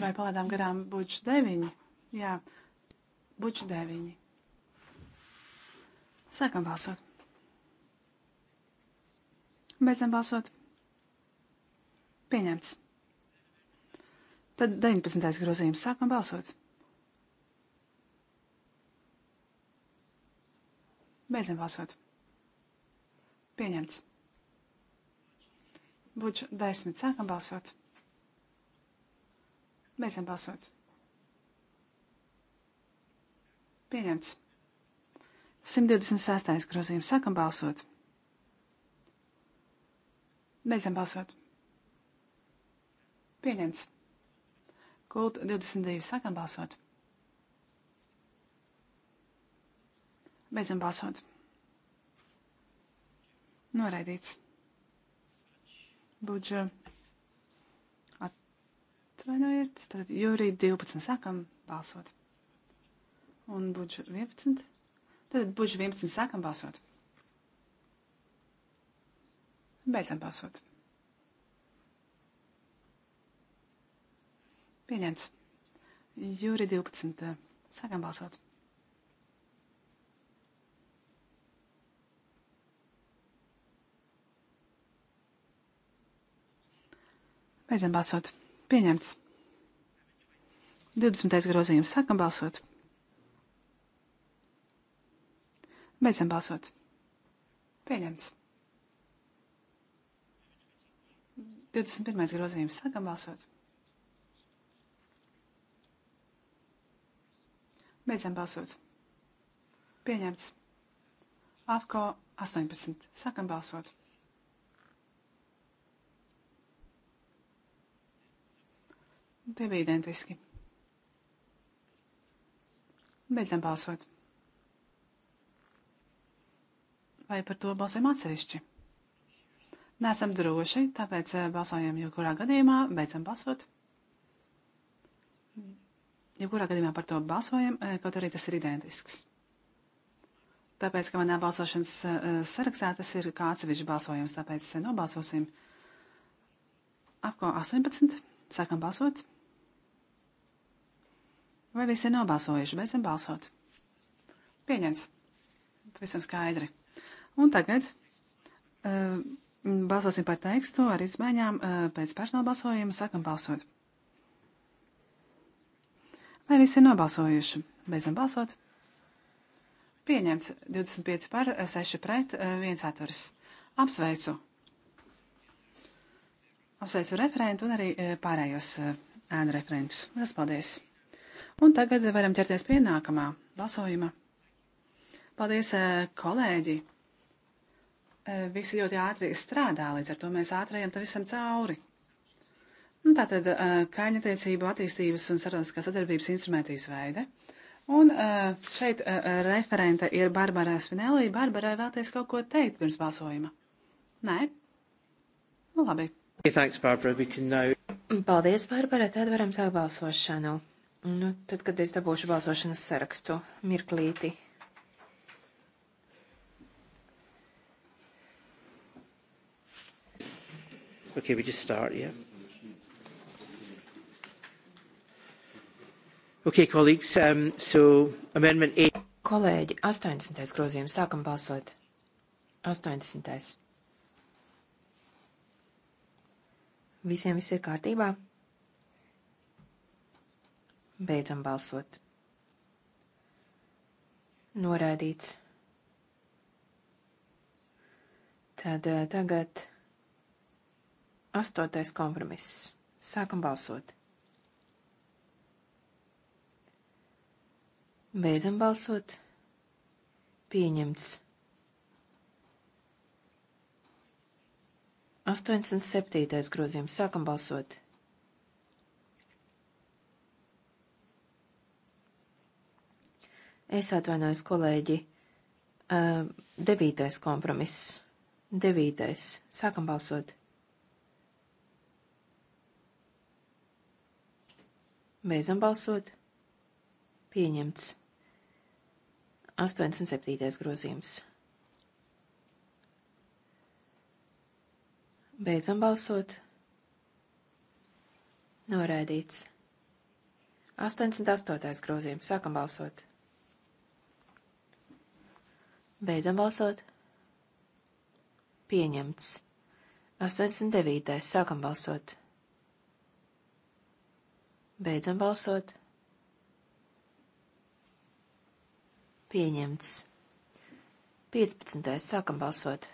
Vai palaidām garām budžets 9? Jā, budžets 9. Sākam balsot. Beidzam balsot. Pieņemts. Tad 19. grozījums. Sākam balsot. Beidzam balsot. Pieņemts. Budžu 10. Sākam balsot. Beidzam balsot. Pieņemts. 126. grozījums. Sākam balsot. Beidzam balsot. Pieņemts. Kult 22. Sākam balsot. Beidzam balsot. Noraidīts. Budža. Atvainojiet. Tad jūrī 12 sākam balsot. Un budža 11. Tad budža 11 sākam balsot. Beidzam balsot. Pieņemts. Jūri 12. Sākam balsot. Beidzam balsot. Pieņemts. 20. grozījums. Sākam balsot. Beidzam balsot. Pieņemts. 21. grozījums. Sākam balsot. Beidzam balsot. Pieņemts. Afko 18. Sākam balsot. Te bija identiski. Beidzam balsot. Vai par to balsojam atsevišķi? Nesam droši, tāpēc eh, balsojam jebkurā gadījumā, beidzam balsot. Jebkurā gadījumā par to balsojam, eh, kaut arī tas ir identisks. Tāpēc, ka manā balsošanas eh, sarakstā tas ir kā atsevišķi balsojums, tāpēc nobalsosim. Apko 18, sākam balsot. Vai visi ir nobalsojuši? Beidzam balsot. Pieņems. Pavisam skaidri. Un tagad uh, balsosim par tekstu ar izmaiņām uh, pēc personāla balsojuma. Sākam balsot. Vai visi ir nobalsojuši? Beidzam balsot. Pieņemts 25 par 6 pret 1 eh, atturs. Apsveicu. Apsveicu referentu un arī pārējos ēnu referentus. Lielas paldies! Un tagad varam ķerties pie nākamā balsojuma. Paldies, eh, kolēģi! Eh, visi ļoti ātri strādā, līdz ar to mēs ātrējam tam visam cauri. Un nu, tātad eh, kaimiņtiecību attīstības un starptautiskās sadarbības instrumenti izveide. Un šeit referente ir Barbara Svinelī. Barbarai vēlties kaut ko teikt pirms balsojuma? Nē? Nu, labi. Hey, thanks, Barbara. Now... Paldies, Barbara. Tad varam sākt balsošanu. Nu, tad, kad es dabūšu balsošanas sarakstu, mirklīti. Okay, we just start, yeah. Okay, colleagues, um, so amendment 8. Kolēģi, 80. grozījums, sākam balsot. 80. Visiem viss ir kārtībā? Beidzam balsot. Noraidīts. Tad eh, tagad astotais kompromiss. Sākam balsot. Beidzam balsot. Pieņemts. 87. grozījums. Sākam balsot. Es atvainojos, kolēģi. Uh, devītais kompromiss. Devītais. Sākam balsot. Beidzam balsot. Pieņemts. 87. grozījums. Beidzam balsot. Noraidīts. 88. grozījums. Sākam balsot. Beidzam balsot. Pieņemts. 89. Sākam balsot. Beidzam balsot. Pieņemts. 15. Sākam balsot.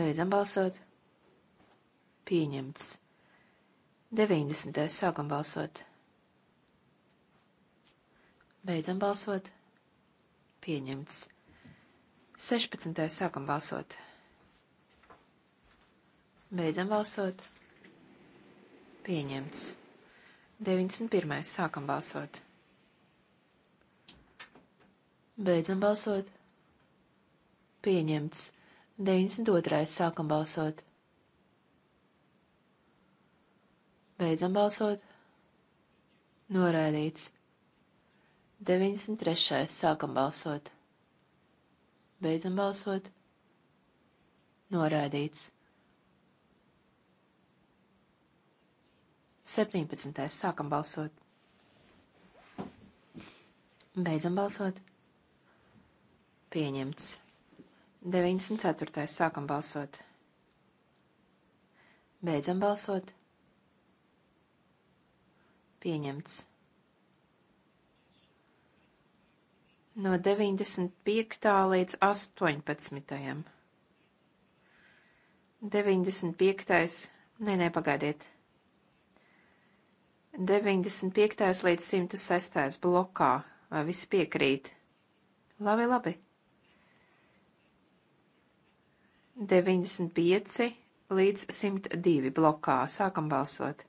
Beidzam balsot. Pieņemts. 90. Sākam balsot. Beidzam balsot. Pieņemts. 16. sākam balsot. Beidzam balsot. Pieņemts. 91. sākam balsot. Beidzam balsot. Pieņemts. 92. sākam balsot. Beidzam balsot. Noraidīts. 93. Sākam balsot. Beidzam balsot. Noraidīts. 17. Sākam balsot. Beidzam balsot. Pieņemts. 94. Sākam balsot. Beidzam balsot. Pieņemts. no 95. līdz 18. 95. Nē, nē, pagaidiet. 95. līdz 106. blokā. Vai visi piekrīt? Labi, labi. 95 līdz 102 blokā. Sākam balsot.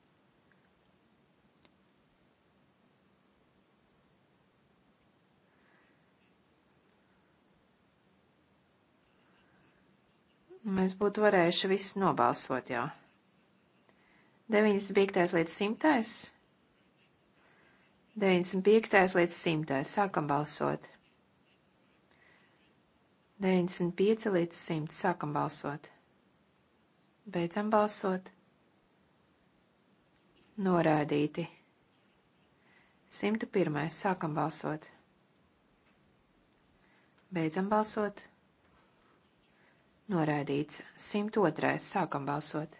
Mēs būtu varējuši visu nobalsot jau. 95. līdz 100. 95. līdz 100. Sākam balsot. 95 līdz 100. Sākam balsot. Beidzam balsot. Norādīti. 101. Sākam balsot. Beidzam balsot. Noraidīts. 102. Sākam balsot.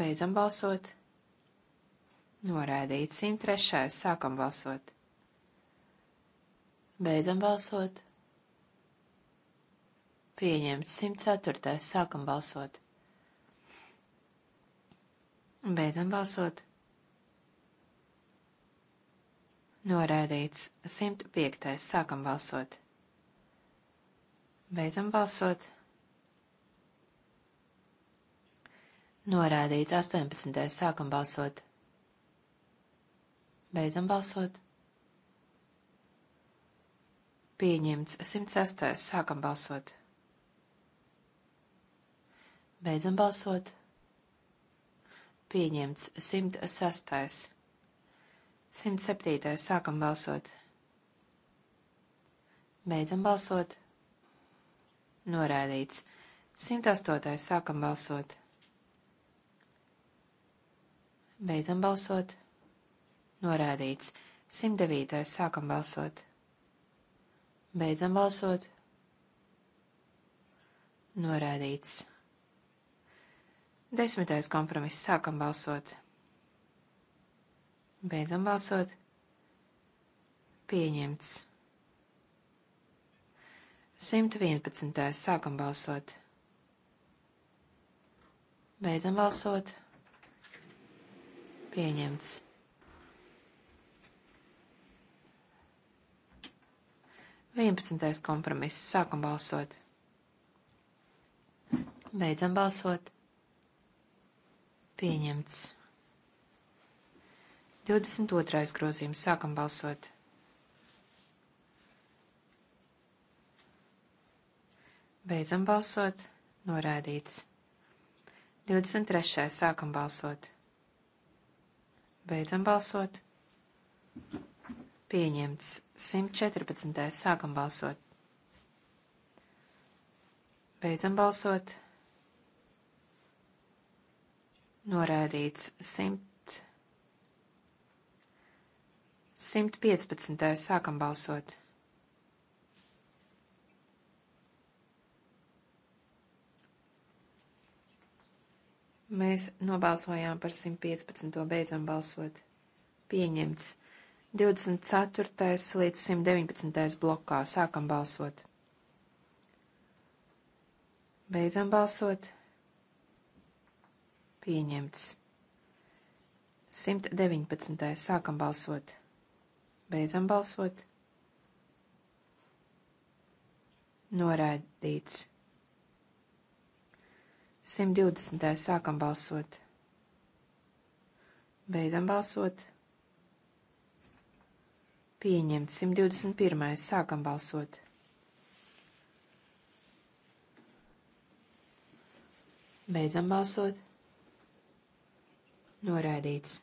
Beidzam balsot. Noraidīts. 103. Sākam balsot. Beidzam balsot. Pieņemts. 104. Sākam balsot. Beidzam balsot. Noraidīts. 105. Sākam balsot. Beidzam balsot. Norādīts 18. Sākam balsot. Beidzam balsot. Pieņemts 106. Sākam balsot. Beidzam balsot. Pieņemts 106. 107. Sākam balsot. Beidzam balsot. Norādīts. 108. Sākam balsot. Beidzam balsot. Norādīts. 109. Sākam balsot. Beidzam balsot. Norādīts. Desmitais kompromiss. Sākam balsot. Beidzam balsot. Pieņemts. 111. Sākam balsot. Beidzam balsot. Pieņemts. Vienpadsmitais kompromiss. Sākam balsot. Beidzam balsot. Pieņemts. 22. grozījums. Sākam balsot. Beidzam balsot. Noraidīts. 23. Sākam balsot. Beidzam balsot. Pieņemts. 114. Sākam balsot. Beidzam balsot. Noraidīts. 100. 115. Sākam balsot. Mēs nobalsojām par 115. beidzam balsot. Pieņemts. 24. līdz 119. blokā sākam balsot. Beidzam balsot. Pieņemts. 119. sākam balsot. Beidzam balsot. Noraidīts. 120. sākam balsot. Beidzam balsot. Pieņemts 121. sākam balsot. Beidzam balsot. Noraidīts.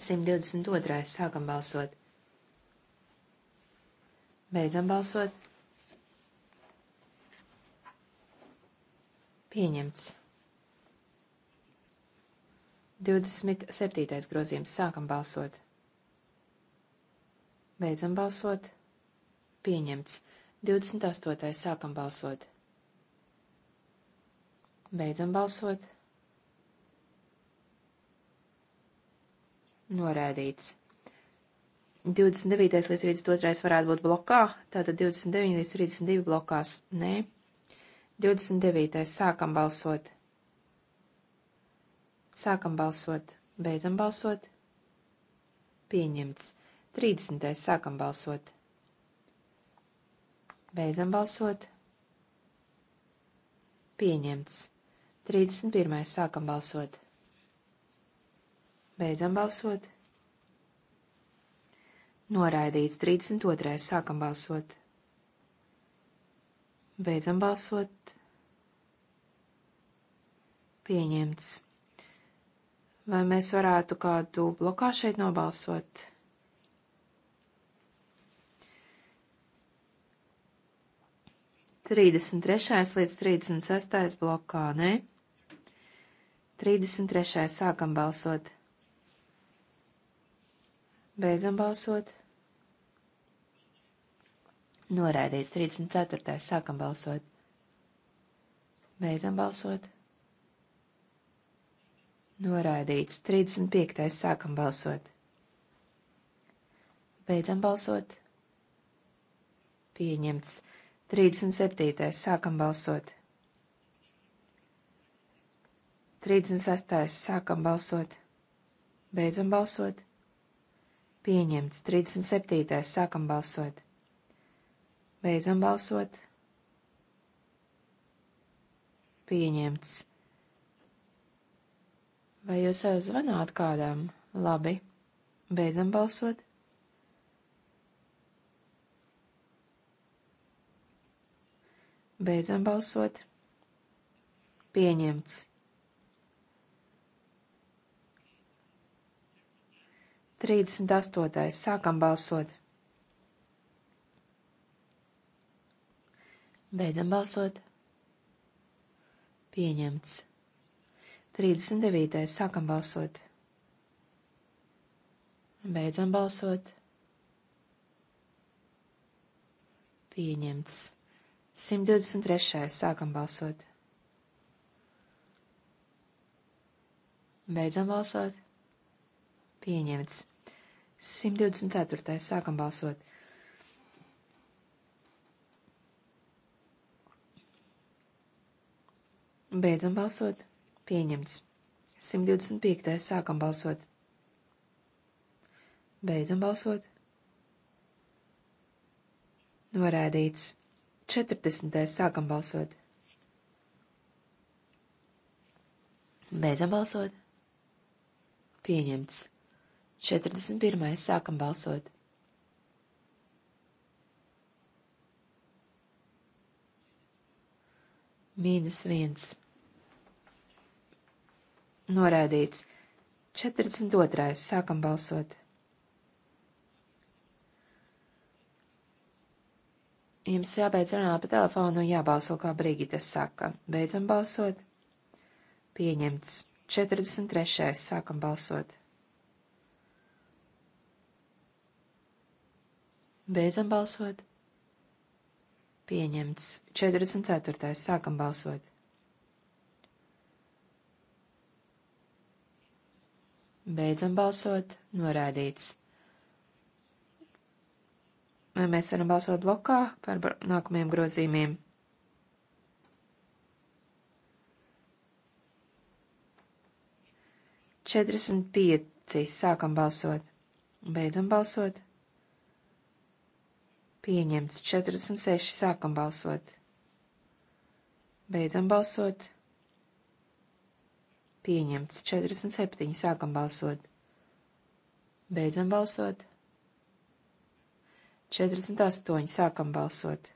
122. sākam balsot. Beidzam balsot. Pieņemts. 27. grozījums. Sākam balsot. Beidzam balsot. Pieņemts. 28. sākam balsot. Beidzam balsot. Norēdīts. 29. līdz 32. varētu būt blokā, tātad 29 līdz 32 blokās. Nē. Divdesmit devītais. Sākam balsot. Sākam balsot. Beidzam balsot. Pieņemts. Trīsdesmitais. Sākam balsot. Beidzam balsot. Pieņemts. 31. Sākam balsot. Beidzam balsot. Noraidīts. 32. Sākam balsot. Beidzam balsot. Pieņemts. Vai mēs varētu kādu blokā šeit nobalsot? Trīsdesmit trešais līdz trīsdesmit sestais blokā, ne? 33. sākam balsot. Beidzam balsot. Noraidīts 34. Sākam balsot. Beidzam balsot. Noraidīts 35. Sākam balsot. Beidzam balsot. Pieņemts 37. Sākam balsot. 36. Sākam balsot. Beidzam balsot. Pieņemts 37. Sākam balsot. Beidzam balsot. Pieņemts. Vai jūs jau zvanāt kādam? Labi. Beidzam balsot. Beidzam balsot. Pieņemts. 38. Sākam balsot. Beidzam balsot. Pieņemts. 39. Sākam balsot. Beidzam balsot. Pieņemts. 123. Sākam balsot. Beidzam balsot. Pieņemts. 124. Sākam balsot. Beidzam balsot. Pieņemts. 125. sākam balsot. Beidzam balsot. Norādīts. 40. sākam balsot. Beidzam balsot. Pieņemts. 41. sākam balsot. Mīnus viens. Norādīts. 42. Sākam balsot. Jums jābeidz runāt pa telefonu un jābalso, kā Brigita saka. Beidzam balsot. Pieņemts. 43. Sākam balsot. Beidzam balsot. Pieņemts. 44. Sākam balsot. Beidzam balsot. Noraidīts. Vai mēs varam balsot blokā par nākamajiem grozījumiem? Četrdesmit pieci. Sākam balsot. Beidzam balsot. Pieņemts. Četrdesmit seši. Sākam balsot. Beidzam balsot. Pieņemts 47. Sākam balsot. Beidzam balsot. 48. Sākam balsot.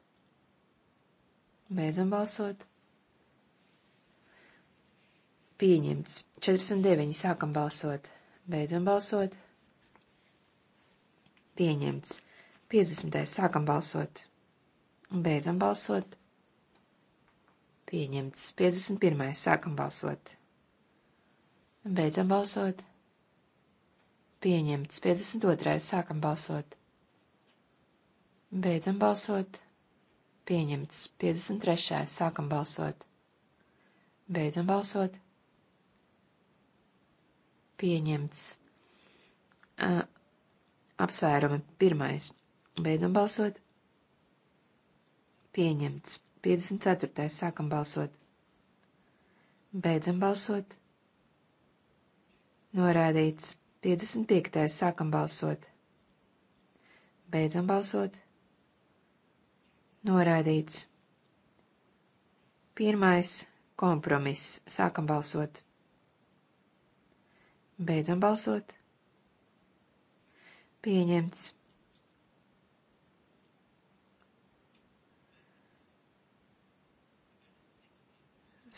Beidzam balsot. Pieņemts 49. Sākam balsot. Beidzam balsot. Pieņemts 50. Sākam balsot. Beidzam balsot. Pieņemts 51. Sākam balsot. Beidzam balsot. Pieņemts. 52. Sākam balsot. Beidzam balsot. Pieņemts. 53. Sākam balsot. Beidzam balsot. Pieņemts. Uh, apsvērumi. Pirmais. Beidzam balsot. Pieņemts. 54. Sākam balsot. Beidzam balsot. Norādīts 55. sākam balsot. Beidzam balsot. Norādīts. Pirmais kompromiss. Sākam balsot. Beidzam balsot. Pieņemts.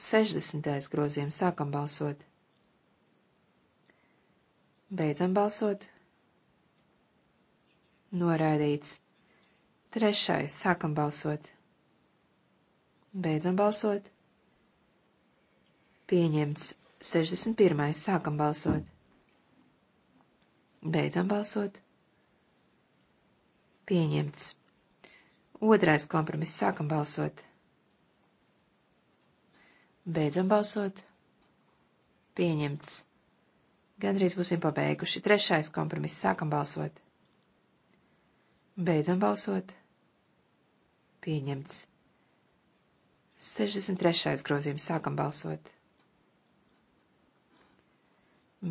Sešdesmitais grozījums. Sākam balsot. Beidzam balsot. Noraidīts. Trešais. Sākam balsot. Beidzam balsot. Pieņemts. 61. Sākam balsot. Beidzam balsot. Pieņemts. Otrais kompromiss. Sākam balsot. Beidzam balsot. Pieņemts. Gandrīz būsim pabeiguši. Trešais kompromiss. Sākam balsot. Beidzam balsot. Pieņemts. 63. grozījums. Sākam balsot.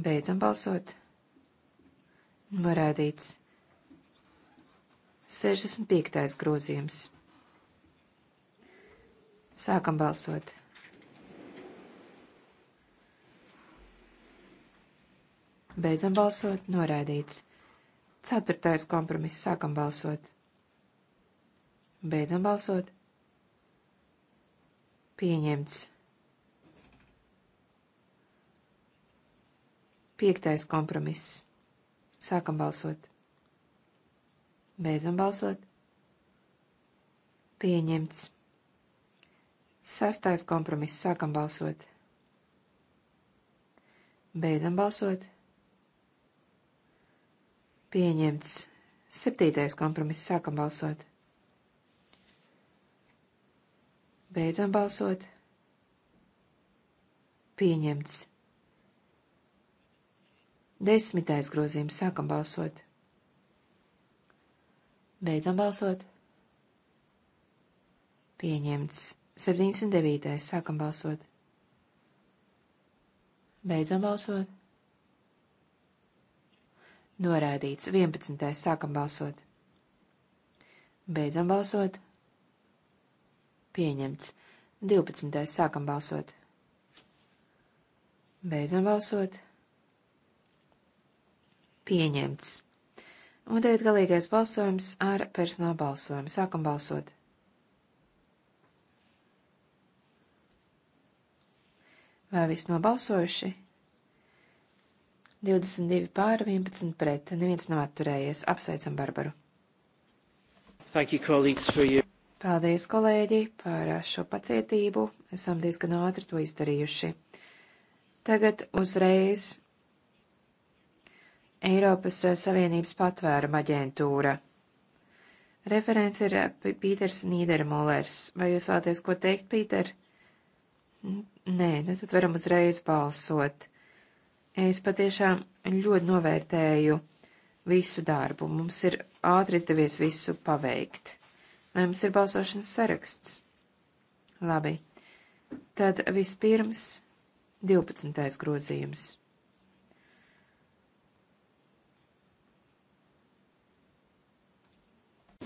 Beidzam balsot. Norādīts. 65. grozījums. Sākam balsot. Beidzam balsot. Noraidīts. Ceturtais kompromiss. Sākam balsot. Beidzam balsot. Pieņemts. Piektais kompromiss. Sākam balsot. Beidzam balsot. Pieņemts. Sastais kompromiss. Sākam balsot. Beidzam balsot. Pieņemts. Septītais kompromiss. Sākam balsot. Beidzam balsot. Pieņemts. Desmitais grozījums. Sākam balsot. Beidzam balsot. Pieņemts. 79. Sākam balsot. Beidzam balsot. Norādīts 11. sākam balsot. Beidzam balsot. Pieņemts 12. sākam balsot. Beidzam balsot. Pieņemts. Un tagad galīgais balsojums ar personālu balsojumu. Sākam balsot. Vai viss nobalsojuši? 22 pār 11 pret. Neviens nav atturējies. Apsveicam Barbaru. Thank you, colleagues, for your... Paldies, kolēģi, par šo pacietību. Esam diezgan ātri to izdarījuši. Tagad uzreiz Eiropas Savienības patvēruma aģentūra. Referents ir Pīters Nīdermolers. Vai jūs vēlaties ko teikt, Pīter? Nē, nu tad varam uzreiz balsot. Es patiešām ļoti novērtēju visu darbu. Mums ir ātri izdevies visu paveikt. Vai mums ir balsošanas saraksts? Labi. Tad vispirms 12. grozījums.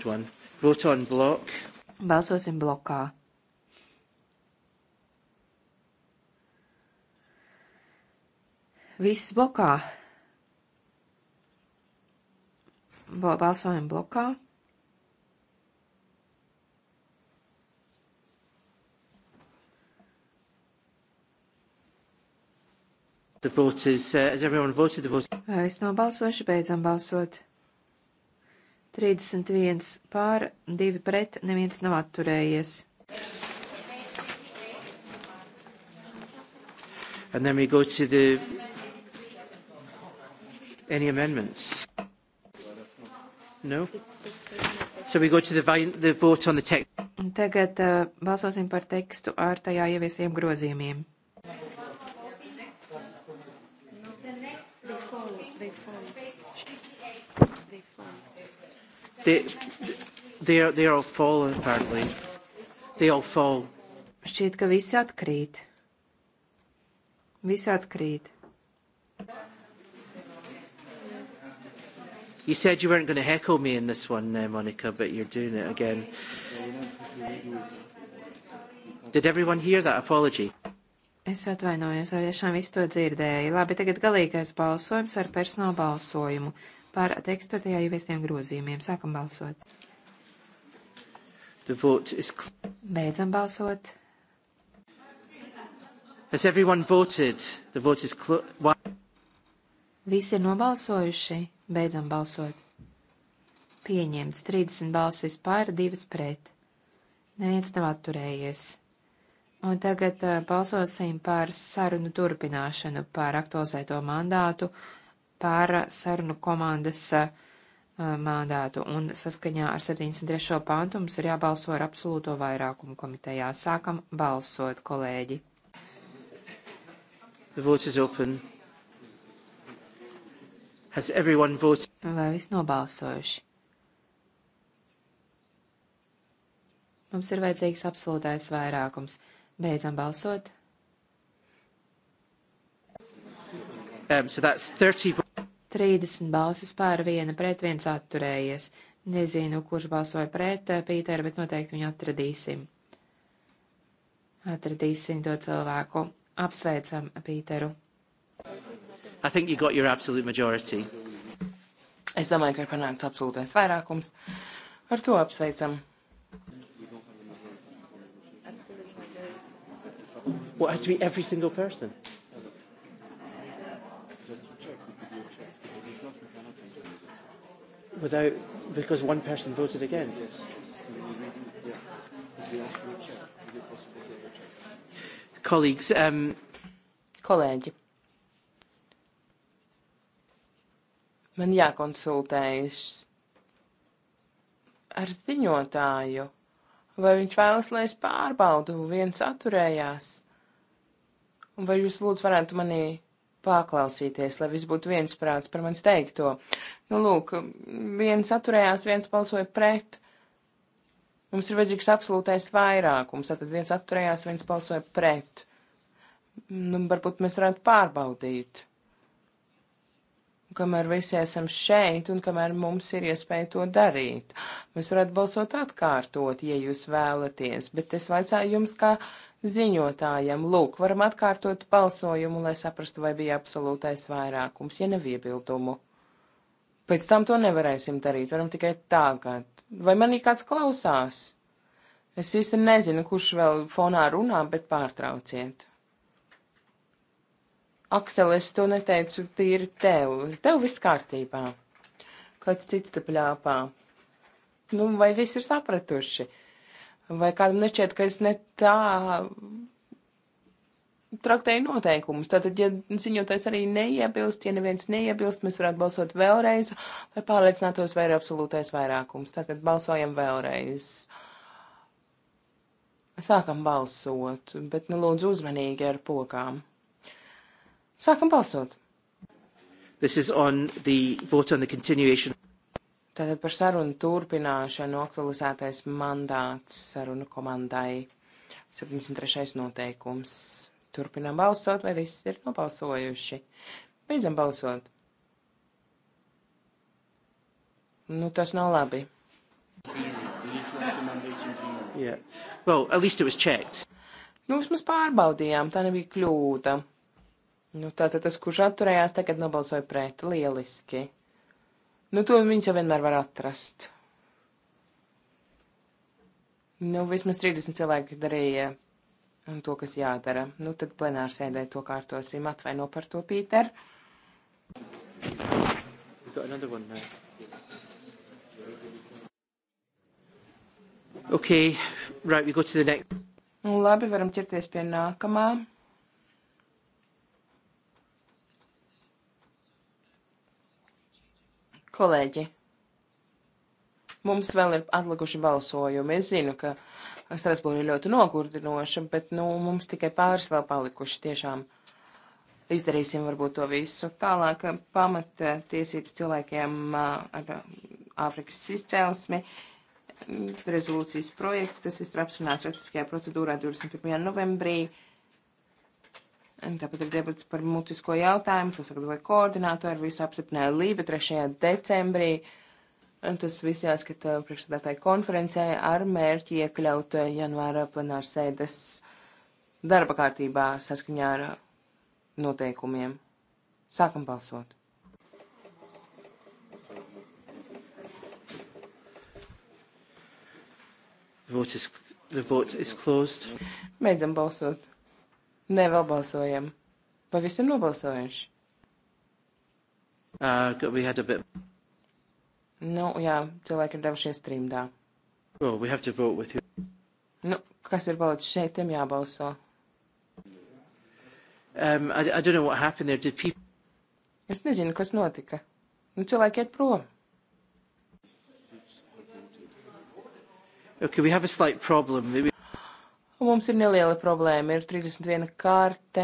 One. Vote on block. Balsosim blokā. Viss blokā. Balsojam blokā. The vote is, uh, has everyone voted? The vote. Vai viss nav balsojuši, beidzam balsot. 31 pār, 2 pret, neviens nav atturējies. And then we go to the Any amendments? No? So we go to the, the vote on the text. Tagad uh, balsosim par tekstu ar tajā ieviesiem grozījumiem. They, they, are, they all fall, apparently. They all fall. Šķiet, ka visi atkrīt. Visi atkrīt. You said you weren't going to heckle me in this one, uh, Monica, but you're doing it again. Did everyone hear that apology? Es atvainojos, vai tiešām visi to dzirdēja. Labi, tagad galīgais balsojums ar personālu balsojumu par tekstu ar tajā ieviestiem grozījumiem. Sākam balsot. Is... Beidzam balsot. Has everyone voted? The vote is closed. Visi ir nobalsojuši, beidzam balsot. Pieņemts 30 balsis pār, 2 pret. Neviens nav atturējies. Un tagad uh, balsosim par sarunu turpināšanu, par aktualizēto mandātu, par sarunu komandas uh, mandātu. Un saskaņā ar 73. pāntu mums ir jābalso ar absolūto vairākumu komitejā. Sākam balsot, kolēģi. The vote is open. Has everyone voted? Vai viss nobalsojuši? Mums ir vajadzīgs absolūtais vairākums. Beidzam balsot. Um, so 30... 30 balsis pār viena pret viens atturējies. Nezinu, kurš balsoja pret eh, Pīteru, bet noteikti viņu atradīsim. Atradīsim to cilvēku. Apsveicam Pīteru. I think you got your absolute majority. Es domāju, ka ir panākts absolūtais vairākums. Ar to apsveicam. What has to be every single person? Without, because one person voted against. Colleagues, um, Kolēģi. Man jākonsultējas ar ziņotāju, vai viņš vēlas, lai es pārbaudu, viens atturējās. Un vai jūs lūdzu varētu manī paklausīties, lai viss būtu viensprāts par manis teikto. Nu, lūk, viens atturējās, viens balsoja pret. Mums ir vajadzīgs absolūtais vairākums, tad viens atturējās, viens balsoja pret. Nu, varbūt mēs varētu pārbaudīt kamēr visi esam šeit un kamēr mums ir iespēja to darīt. Mēs varētu balsot atkārtot, ja jūs vēlaties, bet es vaicāju jums kā ziņotājam, lūk, varam atkārtot balsojumu, lai saprastu, vai bija absolūtais vairākums, ja nav iebildumu. Pēc tam to nevarēsim darīt, varam tikai tagad. Vai manī kāds klausās? Es īsti nezinu, kurš vēl fonā runā, bet pārtrauciet. Aksel, es to neteicu tīri tev. Tev viss kārtībā. Kāds cits te pļāpā. Nu, vai viss ir sapratuši? Vai kādam nešķiet, ka es ne tā traktēju noteikumus. Tātad, ja ziņotājs arī neiebilst, ja neviens neiebilst, mēs varētu balsot vēlreiz, lai pārliecinātos, vai ir absolūtais vairākums. Tātad balsojam vēlreiz. Sākam balsot, bet, nu, lūdzu, uzmanīgi ar pokām. Sākam balsot. This is on the vote on the continuation. Tātad par sarunu turpināšanu aktualizētais mandāts sarunu komandai. 73. noteikums. Turpinām balsot, vai viss ir nobalsojuši? Beidzam balsot. Nu, tas nav labi. Yeah. Well, at least it was checked. Nu, vismaz pārbaudījām, tā nebija kļūda. Nu, tātad tas, kurš atturējās, tagad nobalsoja pret. Lieliski. Nu, to viņš jau vienmēr var atrast. Nu, vismaz 30 cilvēki darīja um, to, kas jādara. Nu, tad plenārsēdē to kārtosim. Atvaino par to, Pīter. We've got another one now. Okay, right, we go to the next. Nu, labi, varam ķerties pie nākamā. Kolēģi, mums vēl ir atlikuši balsojumi. Es zinu, ka Strasbūra ir ļoti nogurdinoša, bet, nu, mums tikai pāris vēl palikuši tiešām. Izdarīsim varbūt to visu. Tālāk pamata tiesības cilvēkiem ar Āfrikas izcēlesmi rezolūcijas projekts, tas viss ir apsprināts praktiskajā procedūrā 21. novembrī. Uh, Tāpat ir debats par mutisko jautājumu, to sagatavoja koordinātori, visu apstiprināja Lība 3. decembrī. Tas viss jāskata priekšstādātāja konferencē ar mērķi iekļaut janvāra plenāra sēdes darba kārtībā saskaņā ar noteikumiem. Sākam balsot! The vote is, the vote is closed. Beidzam balsot. Nē, vēl balsojam. Pavisam nobalsojuši. Uh, bit... Nu, jā, cilvēki ir devušies trimdā. Well, we have to vote with you. Nu, kas ir palicis šeit, tiem jābalso. Um, I, I don't know what happened there. Did people... Es nezinu, kas notika. Nu, cilvēki iet prom. Okay, we have a slight problem. Maybe... Un mums ir neliela problēma, ir 31 kārte.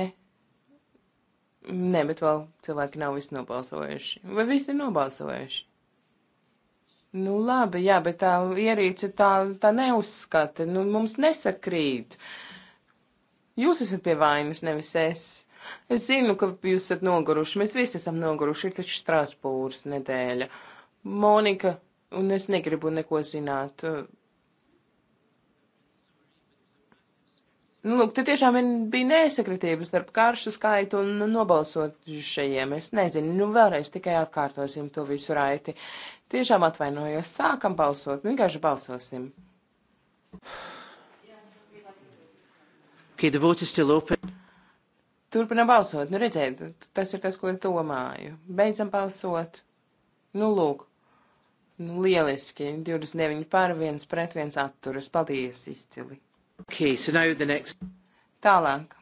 Nē, bet vēl cilvēki nav visi nobalsojuši. Vai visi ir nobalsojuši? Nu, labi, jā, bet tā ierīce tā, tā neuzskata, nu, mums nesakrīt. Jūs esat pie vainas, nevis es. Es zinu, ka jūs esat noguruši, mēs visi esam noguruši, ir taču Strasbūras nedēļa. Monika, un es negribu neko zināt. Uh, Nu, lūk, te tiešām bija nesakritības starp karšu skaitu un nobalsotušajiem. Es nezinu, nu vēlreiz tikai atkārtosim to visu raiti. Tiešām atvainojos, sākam balsot, nu, vienkārši balsosim. Okay, the vote is still open. Turpinam balsot, nu redziet, tas ir tas, ko es domāju. Beidzam balsot. Nu lūk, nu, lieliski, 29 pār 1 pret 1 atturas. Paldies, izcili! Okay, so now the next... Tālāk.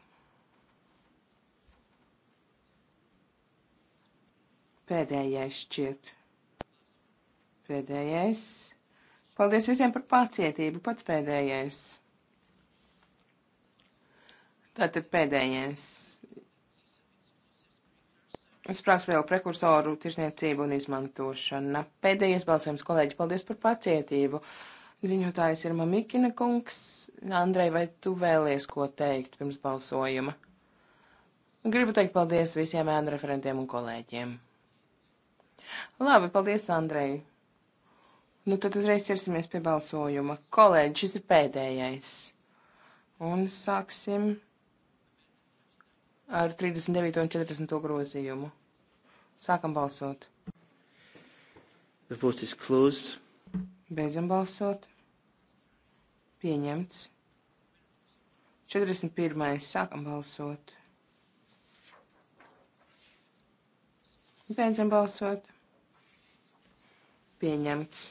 Pēdējais šķiet. Pēdējais. Paldies visiem par pacietību. Pats pēdējais. Tātad pēdējais. Sprāgsvielu prekursoru tirzniecību un izmantošana. Pēdējais balsojums, kolēģi, paldies par pacietību. Uh, Ziņotājs ir Mamikina kungs. Andrei, vai tu vēlies ko teikt pirms balsojuma? Gribu teikt paldies visiem ēnu referentiem un kolēģiem. Labi, paldies, Andrei. Nu, tad uzreiz ķersimies pie balsojuma. Kolēģi, šis ir pēdējais. Un sāksim ar 39 un 40 grozījumu. Sākam balsot. The vote is closed. Beidzam balsot. Pieņemts. 41. Sākam balsot. Beidzam balsot. Pieņemts.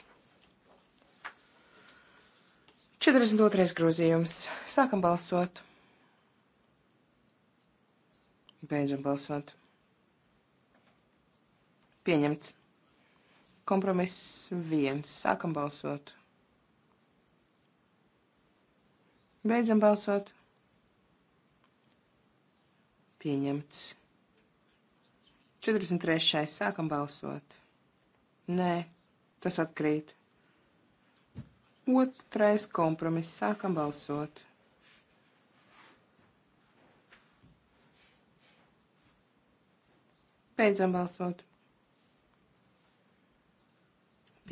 42. grozījums. Sākam balsot. Beidzam balsot. Pieņemts. Kompromiss viens. Sākam balsot. Beidzam balsot. Pieņemts. 43. Sākam balsot. Nē, tas atkrīt. Otrais kompromiss. Sākam balsot. Beidzam balsot.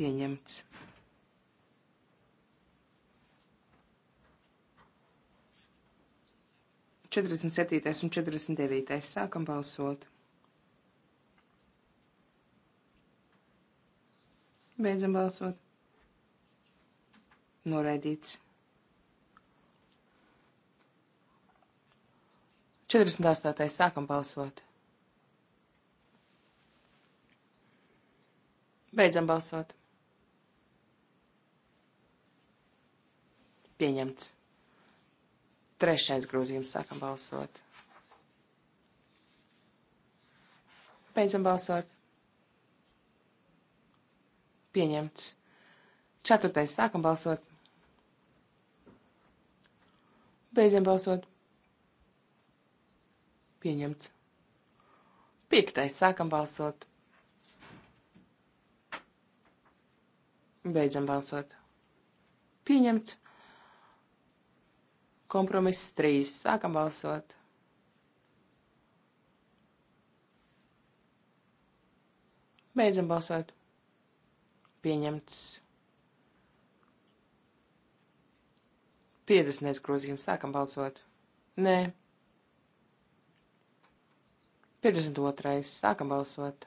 Pieņemts. 47. un 49. sākam balsot. Beidzam balsot. Noraidīts. 48. sākam balsot. Beidzam balsot. Pieņemts. Trešais grozījums sākam balsot. Beidzam balsot. Pieņemts. Ceturtais sākam balsot. Beidzam balsot. Pieņemts. Piektais sākam balsot. Beidzam balsot. Pieņemts. Kompromiss 3. Sākam balsot. Beidzam balsot. Pieņemts. 50. grozījums. Sākam balsot. Nē. 52. Sākam balsot.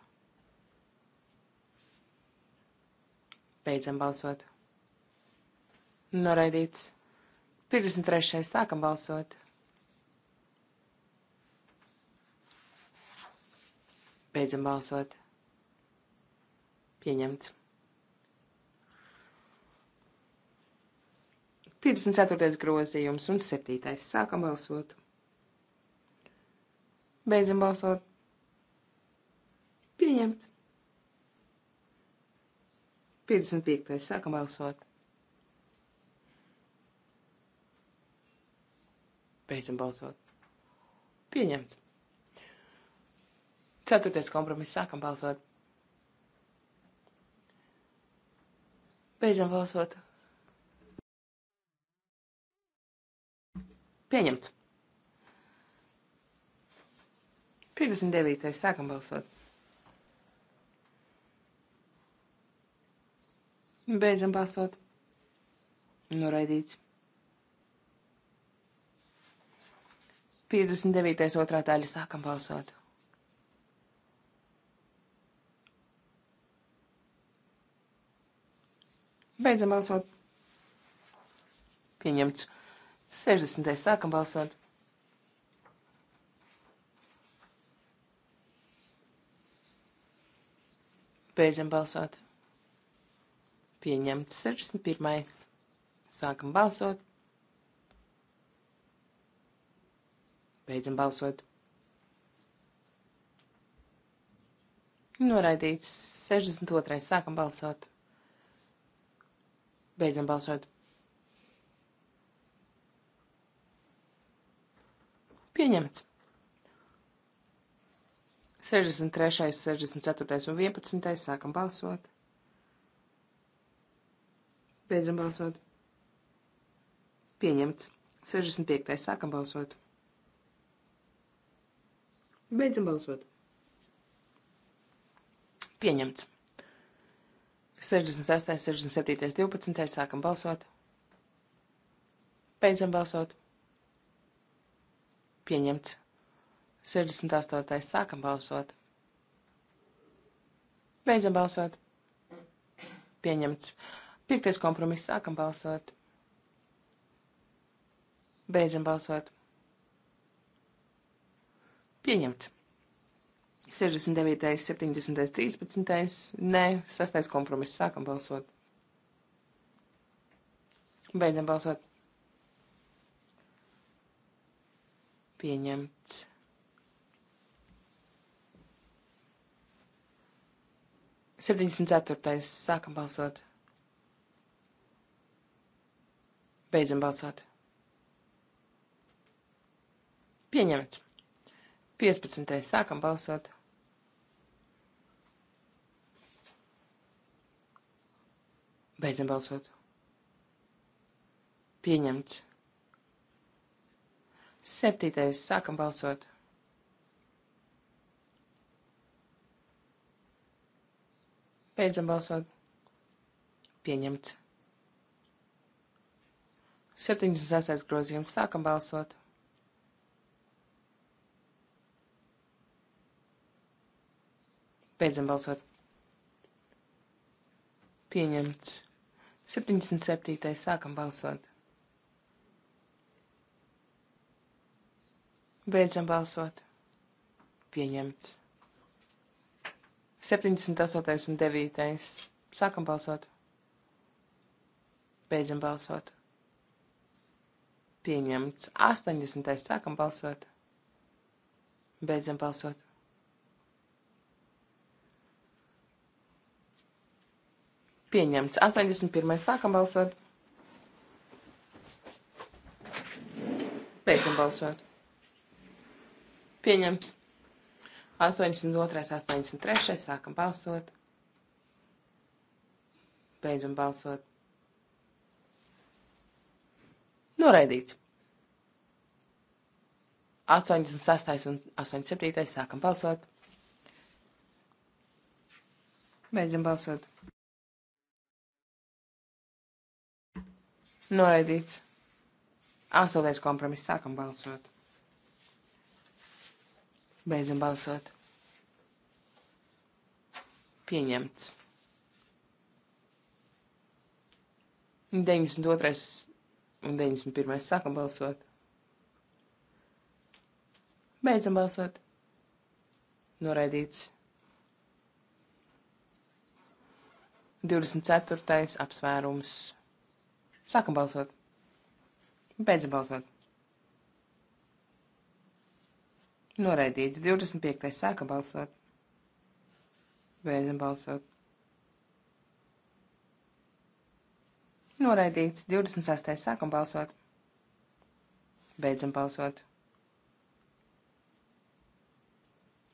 Beidzam balsot. Noraidīts. 53. sākam balsot. Beidzam balsot. Pieņemts. 54. grozījums un 7. sākam balsot. Beidzam balsot. Pieņemts. 55. sākam balsot. Beidzam balsot. Pieņemts. Ceturtais kompromiss. Sākam balsot. Beidzam balsot. Pieņemts. 59. Sākam balsot. Beidzam balsot. Noraidīts. 59. otrā daļa sākam balsot. Beidzam balsot. Pieņemts. 60. sākam balsot. Beidzam balsot. Pieņemts 61. Sākam balsot. Beidzam balsot. Noraidīts 62. Sākam balsot. Beidzam balsot. Pieņemts. 63., 64. un 11. sākam balsot. Beidzam balsot. Pieņemts. 65. sākam balsot. Beidzam balsot. Pieņemts. 66, 67, 12. Sākam balsot. Beidzam balsot. Pieņemts. 68. Sākam balsot. Beidzam balsot. Pieņemts. Piektais kompromiss. Sākam balsot. Beidzam balsot. Pieņemts. 69, 70, 13. Nē, 6. kompromiss. Sākam balsot. Beidzam balsot. Pieņemts. Septiņdesmit ceturtais. Sākam balsot. Beidzam balsot. Pieņemts. 15. Sākam balsot. Beidzam balsot. Pieņemts. 7. Sākam balsot. Beidzam balsot. Pieņemts. 76. grozījums. Sākam balsot. Beidzam balsot. Pieņemts. 77. sākam balsot. Beidzam balsot. Pieņemts. 78. un 9. Sākam balsot. Beidzam balsot. Pieņemts. 80. Sākam balsot. Beidzam balsot. Pieņemts. 81. Sākam balsot. Beidzam balsot. Pieņemts. 82. 83. Sākam balsot. Beidzam balsot. Noraidīts. 86. un 87. sākam balsot. Beidzam balsot. Noraidīts. Astoties kompromiss. Sākam balsot. Beidzam balsot. Pieņemts. 92. un 91. sākam balsot. Beidzam balsot. Noraidīts. 24. apsvērums. Sākam balsot. Beidzam balsot. Noraidīts. 25. Sākam balsot. Beidzam balsot. Noraidīts. 26. Sākam balsot. Beidzam balsot.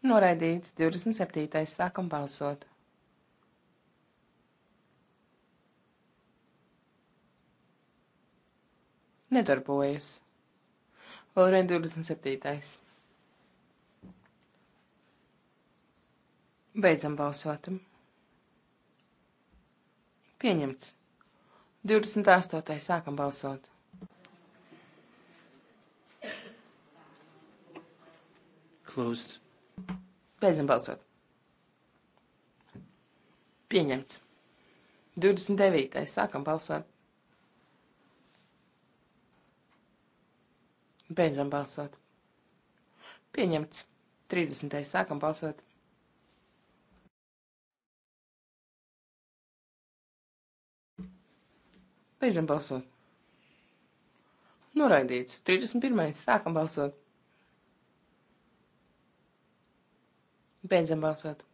Noraidīts. 27. Sākam balsot. Nedarbojas. Vēlreiz 27. Beidzam balsot. Pieņemts. 28. sākam balsot. Closed. Beidzam balsot. Pieņemts. 29. sākam balsot. Beidzam balsot. Pieņemts. 30. sākam balsot. Beidzam balsot. Noraidīts. 31. sākam balsot. Beidzam balsot.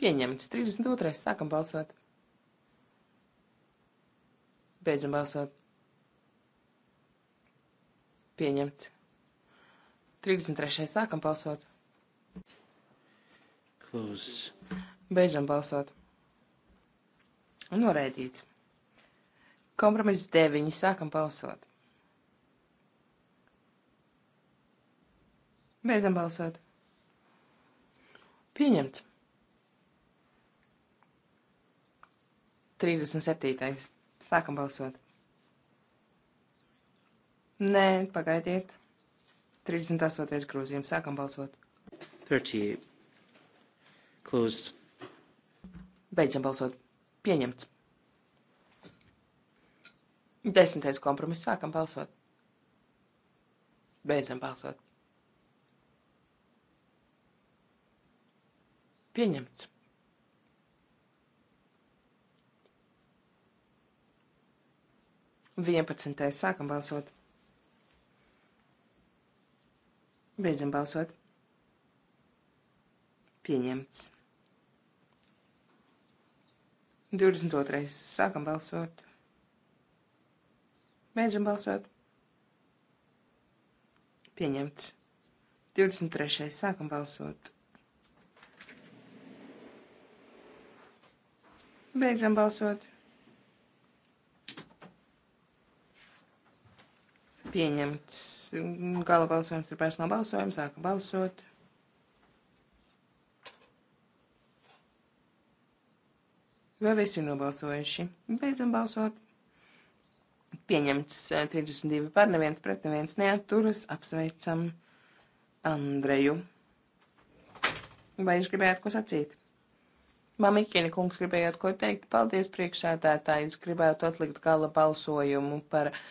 Pieņemts. 32. sākam balsot. Beidzam balsot. Pieņemts. 33. sākam balsot. Close. Beidzam balsot. Noraidīts. Kompromiss 9. Sākam balsot. Beidzam balsot. Pieņemts. 37. Sākam balsot. Nē, pagaidiet. 38. grozījums. Sākam balsot. 38. Closed. Beidzam balsot. Pieņemts. Desmitais kompromiss. Sākam balsot. Beidzam balsot. Pieņemts. Vienpadsmitais. Sākam balsot. Beidzam balsot. Pieņemts. 22. Sākam balsot. Beidzam balsot. Pieņemts. 23. Sākam balsot. Beidzam balsot. Pieņemts. Gala balsojums ir personāla balsojums. Sākam balsot. Vai visi ir nobalsojuši? Beidzam balsot. Pieņemts 32 eh, par, neviens pret, neviens neaturas. Apsveicam Andreju. Vai viņš gribētu ko sacīt? Mamikini kungs gribējāt ko teikt. Paldies priekšētētāji. Es gribētu atlikt gala balsojumu par uh,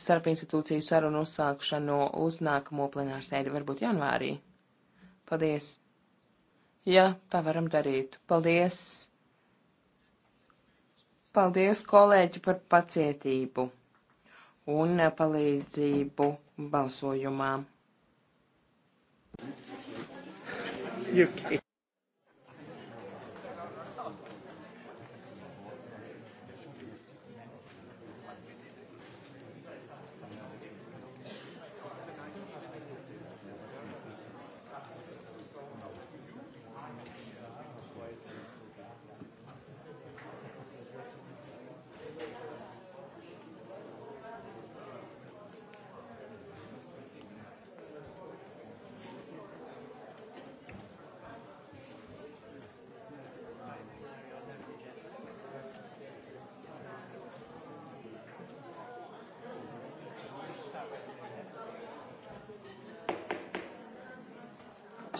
starp institūciju sarunu uzsākšanu uz nākamo plenāru sēdi, varbūt janvārī. Paldies! Jā, tā varam darīt. Paldies! Paldies, kolēģi, par pacietību un palīdzību balsojumā. UK.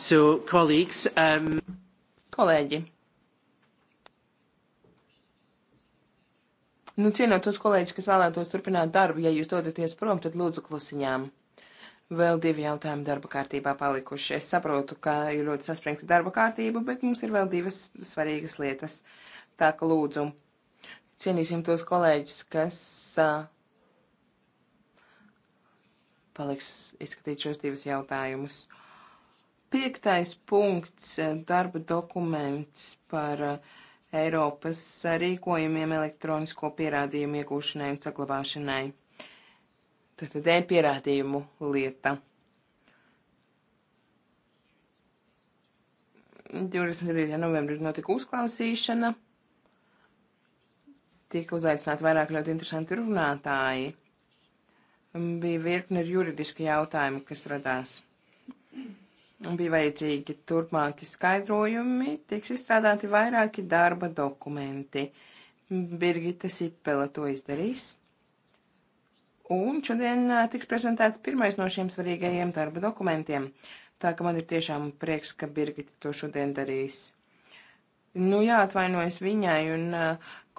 So, colleagues, um... Kolēģi. Nu, cienot tos kolēģis, kas vēlētos turpināt darbu, ja jūs dodaties prom, tad lūdzu klusiņām. Vēl divi jautājumi darba kārtībā palikuši. Es saprotu, ka ir ļoti saspringta darba kārtība, bet mums ir vēl divas svarīgas lietas. Tā ka lūdzu, cienīsim tos kolēģis, kas uh, paliks izskatīt šos divus jautājumus. Uh, Piektais punkts eh, - darba dokuments par eh, Eiropas rīkojumiem elektronisko pierādījumu iegūšanai un saglabāšanai. Tātad e-pierādījumu lieta. novembrī notika uzklausīšana. Tika uzaicināti vairāk ļoti interesanti runātāji. Bija virkne ar juridisku jautājumu, kas radās bija vajadzīgi turpmāki skaidrojumi, tiks izstrādāti vairāki darba dokumenti. Birgita Sipela to izdarīs. Un šodien tiks prezentēts pirmais no šiem svarīgajiem darba dokumentiem. Tā ka man ir tiešām prieks, ka Birgita to šodien darīs. Nu jā, atvainojas viņai un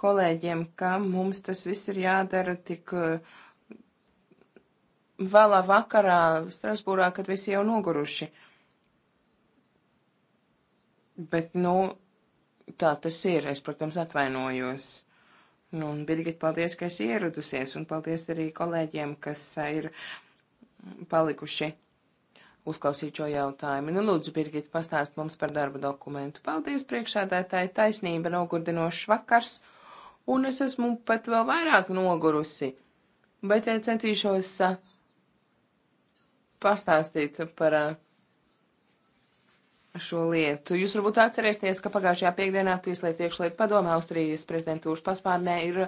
kolēģiem, ka mums tas viss ir jādara tik vēlā vakarā Strasbūrā, kad visi jau noguruši. Bet, nu, tā tas ir. Es, protams, atvainojos. Nu, un, Birgit, paldies, ka esi ieradusies, un paldies arī kolēģiem, kas eh, ir palikuši uzklausīt šo jautājumu. Nu, lūdzu, Birgit, pastāst mums par darba dokumentu. Paldies, priekšādātāji, taisnība, nogurdinošs vakars, un es esmu pat vēl vairāk nogurusi, bet ja eh, centīšos eh, pastāstīt par uh, šo lietu. Jūs varbūt atcerēsieties, ka pagājušajā piekdienā Tieslietu iekšlietu padomē Austrijas prezidentūras paspārnē ir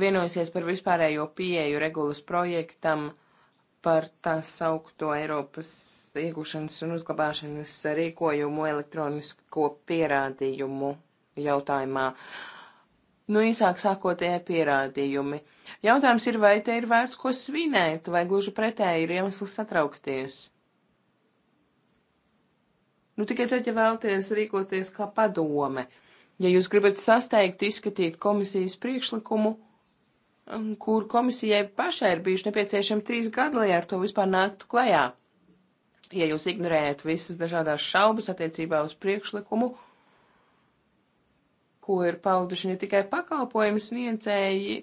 vienojusies par vispārējo pieeju regulas projektam par tā saukto Eiropas iegūšanas un uzglabāšanas rīkojumu elektronisko pierādījumu jautājumā. Nu, īsāk sākot, tie pierādījumi. Jautājums ir, vai te ir vērts ko svinēt, vai gluži pretēji ir iemesls satraukties. Nu, tikai tad, ja vēlaties rīkoties kā padome, ja jūs gribat sasteigt izskatīt komisijas priekšlikumu, um, kur komisijai pašai ir bijuši nepieciešami trīs gadi, lai ar to vispār nāktu klajā. Ja jūs ignorējat visas dažādās šaubas attiecībā uz priekšlikumu, ko ir pauduši ne tikai pakalpojumu sniedzēji,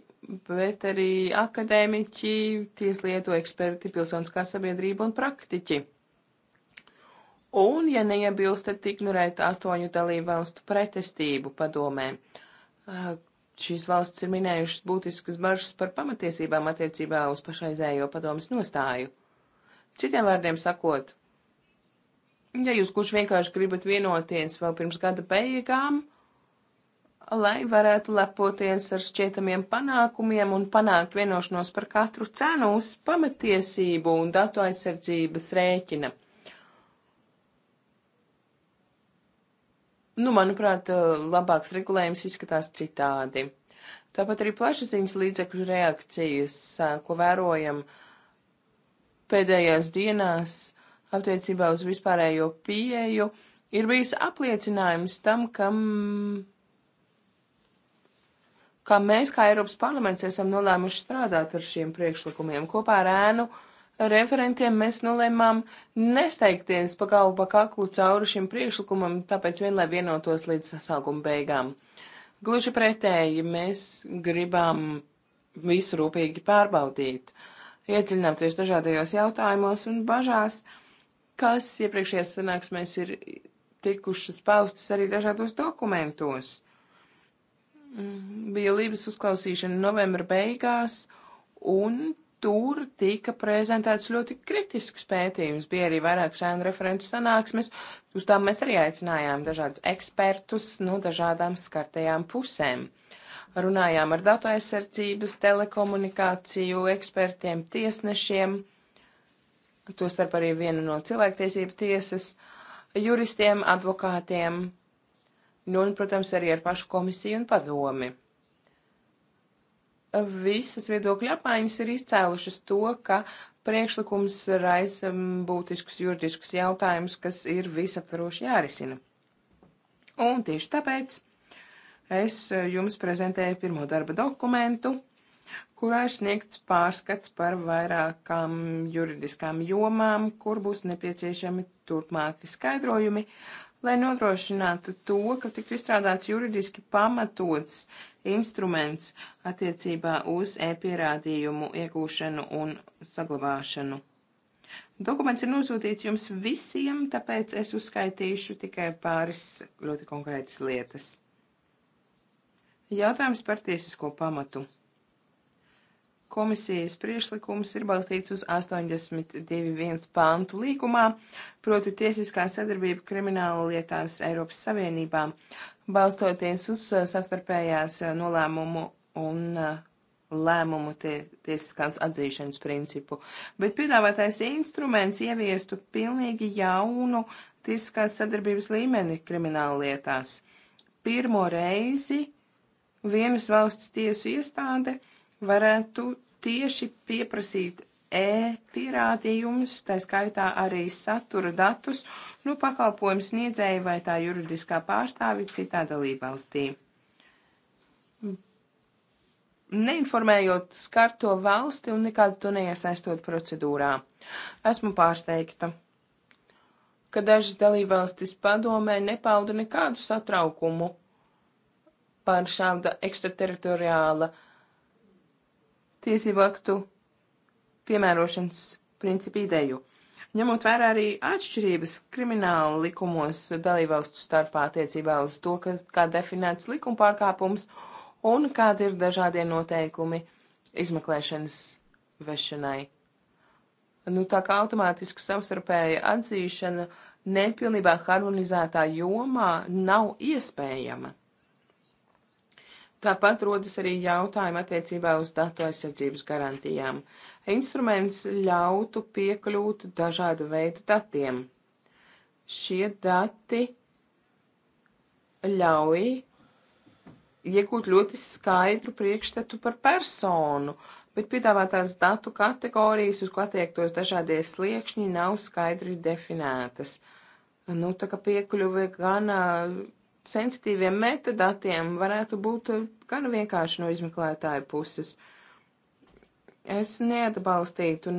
bet arī akadēmiķi, tieslietu eksperti, pilsoniskā sabiedrība un praktiķi un, ja neiebilstat, ignorēt nu astoņu dalību valstu pretestību padomē. Šīs valsts ir minējušas būtiskas bažas par pamatiesībām attiecībā uz pašaizējo padomas nostāju. Citiem vārdiem sakot, ja jūs kurš vienkārši gribat vienoties vēl pirms gada beigām, lai varētu lepoties ar šķietamiem panākumiem un panākt vienošanos par katru cenu uz pamatiesību un datu aizsardzības rēķina – Nu, manuprāt, eh, labāks regulējums izskatās citādi. Tāpat arī plašsaziņas līdzekļu reakcijas, eh, ko vērojam pēdējās dienās attiecībā uz vispārējo pieeju, ir bijis apliecinājums tam, kam, kā mēs, kā Eiropas parlaments, esam nolēmuši strādāt ar šiem priekšlikumiem kopā ar ēnu. Uh, referentiem mēs nolēmām nesteigties pa galvu pa kaklu cauri šim priekšlikumam, tāpēc vien, lai vienotos līdz sasauguma beigām. Gluži pretēji, mēs gribam visu rūpīgi pārbaudīt, iedziļināties dažādajos jautājumos un bažās, kas iepriekšējās sanāksmēs ir tikušas paustas arī dažādos dokumentos. Mm, Bija Lībijas uzklausīšana novembra beigās, un tur tika prezentēts ļoti kritisks pētījums, bija arī vairāk sēnu referentu sanāksmes, uz tām mēs arī aicinājām dažādus ekspertus no dažādām skartajām pusēm. Runājām ar datu aizsardzības, telekomunikāciju ekspertiem, tiesnešiem, tostarp arī vienu no cilvēktiesību tiesas, juristiem, advokātiem, nu un, protams, arī ar pašu komisiju un padomi visas viedokļa apmaiņas ir izcēlušas to, ka priekšlikums raisa būtiskus juridiskus jautājumus, kas ir visaptvaroši jārisina. Un tieši tāpēc es jums prezentēju pirmo darba dokumentu, kurā ir sniegts pārskats par vairākām juridiskām jomām, kur būs nepieciešami turpmāki skaidrojumi, uh, lai nodrošinātu to, ka tiktu izstrādāts juridiski pamatots instruments attiecībā uz e-pierādījumu iegūšanu un saglabāšanu. Dokuments ir nosūtīts jums visiem, tāpēc es uzskaitīšu tikai pāris ļoti konkrētas lietas. Jautājums par tiesisko pamatu. Komisijas priešlikums ir balstīts uz 82.1 pāntu līgumā, proti tiesiskā sadarbība krimināla lietās Eiropas Savienībā, balstoties uz uh, savstarpējās uh, nolēmumu un uh, lēmumu tie, tiesiskās atzīšanas principu. Bet piedāvātais instruments ieviestu pilnīgi jaunu tiesiskās sadarbības līmeni krimināla lietās. Pirmo reizi vienas valsts tiesu iestāde varētu tieši pieprasīt e-pierādījumus, tā skaitā arī satura datus, nu pakalpojums sniedzēja vai tā juridiskā pārstāvi citā dalībvalstī. Neinformējot skarto valsti un nekādu to neiesaistot procedūrā. Esmu pārsteigta, ka dažas dalībvalstis padomē nepauda nekādu satraukumu par šāda ekstrateritoriāla uh, tiesību aktu piemērošanas principu ideju, ņemot vērā arī atšķirības krimināla likumos dalībvalstu starpā attiecībā uz to, kas, kā definēts likuma pārkāpums un kādi ir dažādie noteikumi izmeklēšanas vešanai. Nu, tā kā automātiska savstarpēja atzīšana nepilnībā harmonizētā jomā nav iespējama. Tāpat rodas arī jautājumi attiecībā uz datu aizsardzības garantijām. Instruments ļautu piekļūt dažādu veidu datiem. Šie dati ļauj iegūt ļoti skaidru priekšstatu par personu, bet piedāvātās datu kategorijas, uz ko attiektos dažādie sliekšņi, nav skaidri definētas. Nu, tā kā piekļuve gan sensitīviem metadatiem varētu būt gan vienkārši no izmeklētāja puses. Es neatbalstītu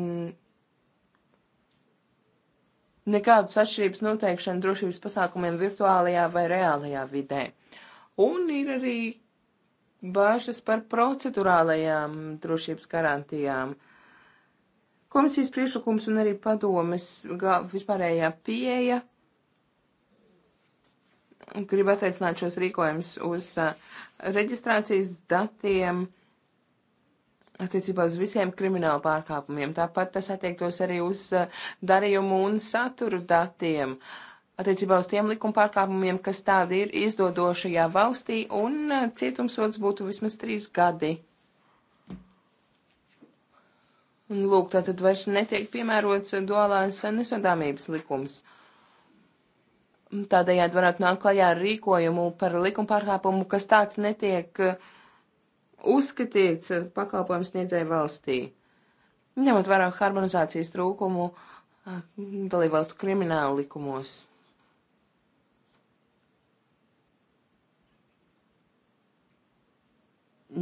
nekādus atšķirības noteikšanu drošības pasākumiem virtuālajā vai reālajā vidē. Un ir arī bāžas par procedurālajām drošības garantijām. Komisijas priekšlikums un arī padomes vispārējā pieeja Gribu attiecināt šos rīkojumus uz uh, reģistrācijas datiem attiecībā uz visiem kriminālu pārkāpumiem. Tāpat tas attiektos arī uz uh, darījumu un saturu datiem attiecībā uz tiem likuma pārkāpumiem, kas tādi ir izdodošajā valstī, un uh, cietumsods būtu vismaz trīs gadi. Un lūk, tātad vairs netiek piemērots duālās nesodāmības likums. Tādējādi varētu nākt klajā ar rīkojumu par likumpārkāpumu, kas tāds netiek eh, uzskatīts eh, pakalpojums sniedzēja valstī. Ņemot vērā harmonizācijas trūkumu eh, dalībvalstu krimināla likumos.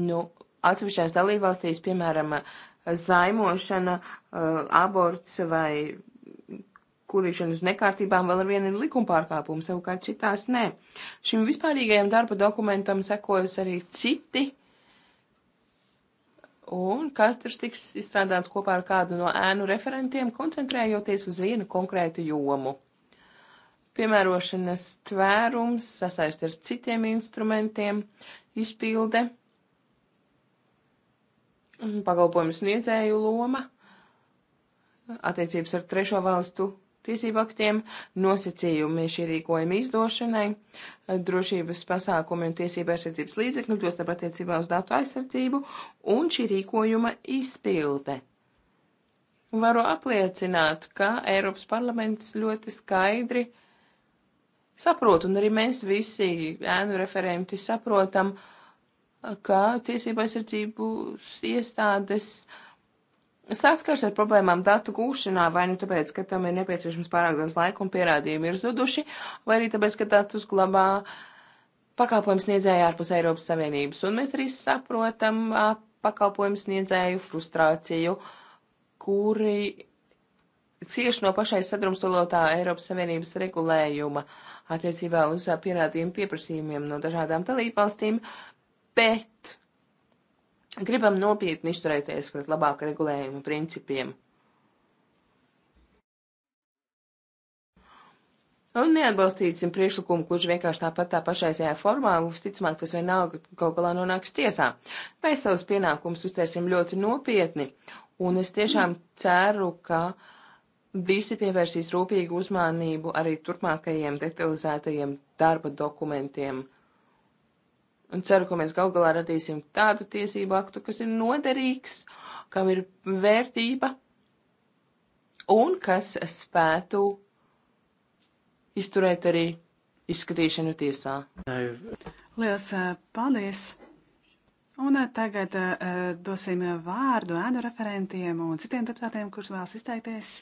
Nu, atsevišķās dalībvalstīs, piemēram, zaimošana, aborts vai kurīšana uz nekārtībām vēl ar vienu ir likumpārkāpums, savukārt citās nē. Šim vispārīgajam darba dokumentam sekojas arī citi, un katrs tiks izstrādāts kopā ar kādu no ēnu referentiem, koncentrējoties uz vienu konkrētu jomu. Piemērošanas tvērums sasaist ar citiem instrumentiem, izpilde, pakalpojumu sniedzēju loma attiecības ar trešo valstu tiesību aktiem, nosacījumi šī rīkojuma izdošanai, drošības pasākumi un tiesība aizsardzības līdzekļu, tostarp attiecībā uz datu aizsardzību un šī rīkojuma izpilde. Varu apliecināt, ka Eiropas parlaments ļoti skaidri saprot, un arī mēs visi ēnu referenti saprotam, ka tiesība aizsardzības iestādes uh, saskars ar problēmām datu gūšanā, vai nu tāpēc, ka tam ir nepieciešams pārāk daudz laika un pierādījumi ir zuduši, vai arī tāpēc, ka datus glabā pakalpojums sniedzēja ārpus Eiropas Savienības. Un mēs arī saprotam pakalpojums sniedzēju frustrāciju, kuri cieši no pašai sadrumstalotā Eiropas Savienības regulējuma attiecībā uz pierādījumu pieprasījumiem no dažādām dalībvalstīm, bet Gribam nopietni izturēties pret labāka regulējuma principiem. Un neatbalstīsim priekšlikumu gluži vienkārši tāpat tā pašreizējā formā, visticamāk, tas vienalga kaut galā nonāks tiesā. Mēs savus pienākumus uztērsim ļoti nopietni, un es tiešām ceru, ka visi pievērsīs rūpīgu uzmanību arī turpmākajiem detalizētajiem darba dokumentiem Un ceru, ka mēs gal galā radīsim tādu tiesību aktu, kas ir noderīgs, kam ir vērtība un kas spētu izturēt arī izskatīšanu tiesā. Lielas eh, paldies! Un eh, tagad eh, dosim vārdu ēnu referentiem un citiem deputātiem, kurus vēlas izteikties.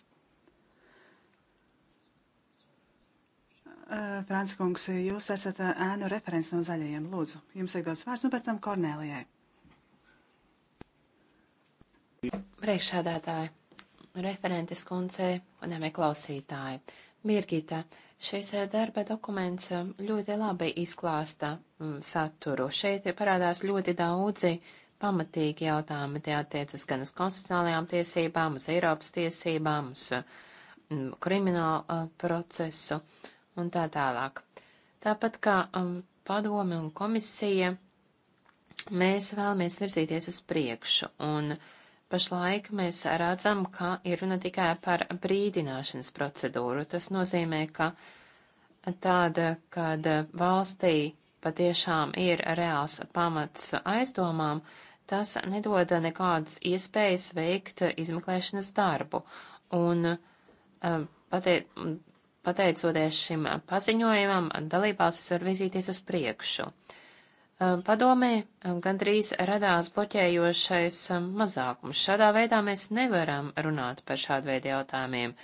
Eh, Franskungs, jūs esat eh, ēnu referents no zaļajiem. Lūdzu, jums ir dots vārds un nu pēc tam Kornēlijai. Priekšsēdētāji, referentes kundzei un klausītāji. Birgita, šis eh, darba dokuments ļoti labi izklāsta mm, saturu. Šeit parādās ļoti daudzi pamatīgi jautājumi. Tie attiecas gan uz konstitucionālajām tiesībām, uz Eiropas tiesībām, uz mm, kriminālu procesu. Uh, un tā tālāk. Tāpat kā um, padome un komisija, mēs vēlamies virzīties uz priekšu, un pašlaik mēs redzam, ka ir runa tikai par brīdināšanas procedūru. Tas nozīmē, ka tāda, kad valstī patiešām ir reāls pamats aizdomām, tas nedod nekādas iespējas veikt izmeklēšanas darbu. Un, uh, patie, pateicoties šim paziņojumam, dalībvalstis var vizīties uz priekšu. Padomē gandrīz radās bloķējošais mazākums. Šādā veidā mēs nevaram runāt par šādu veidu jautājumiem.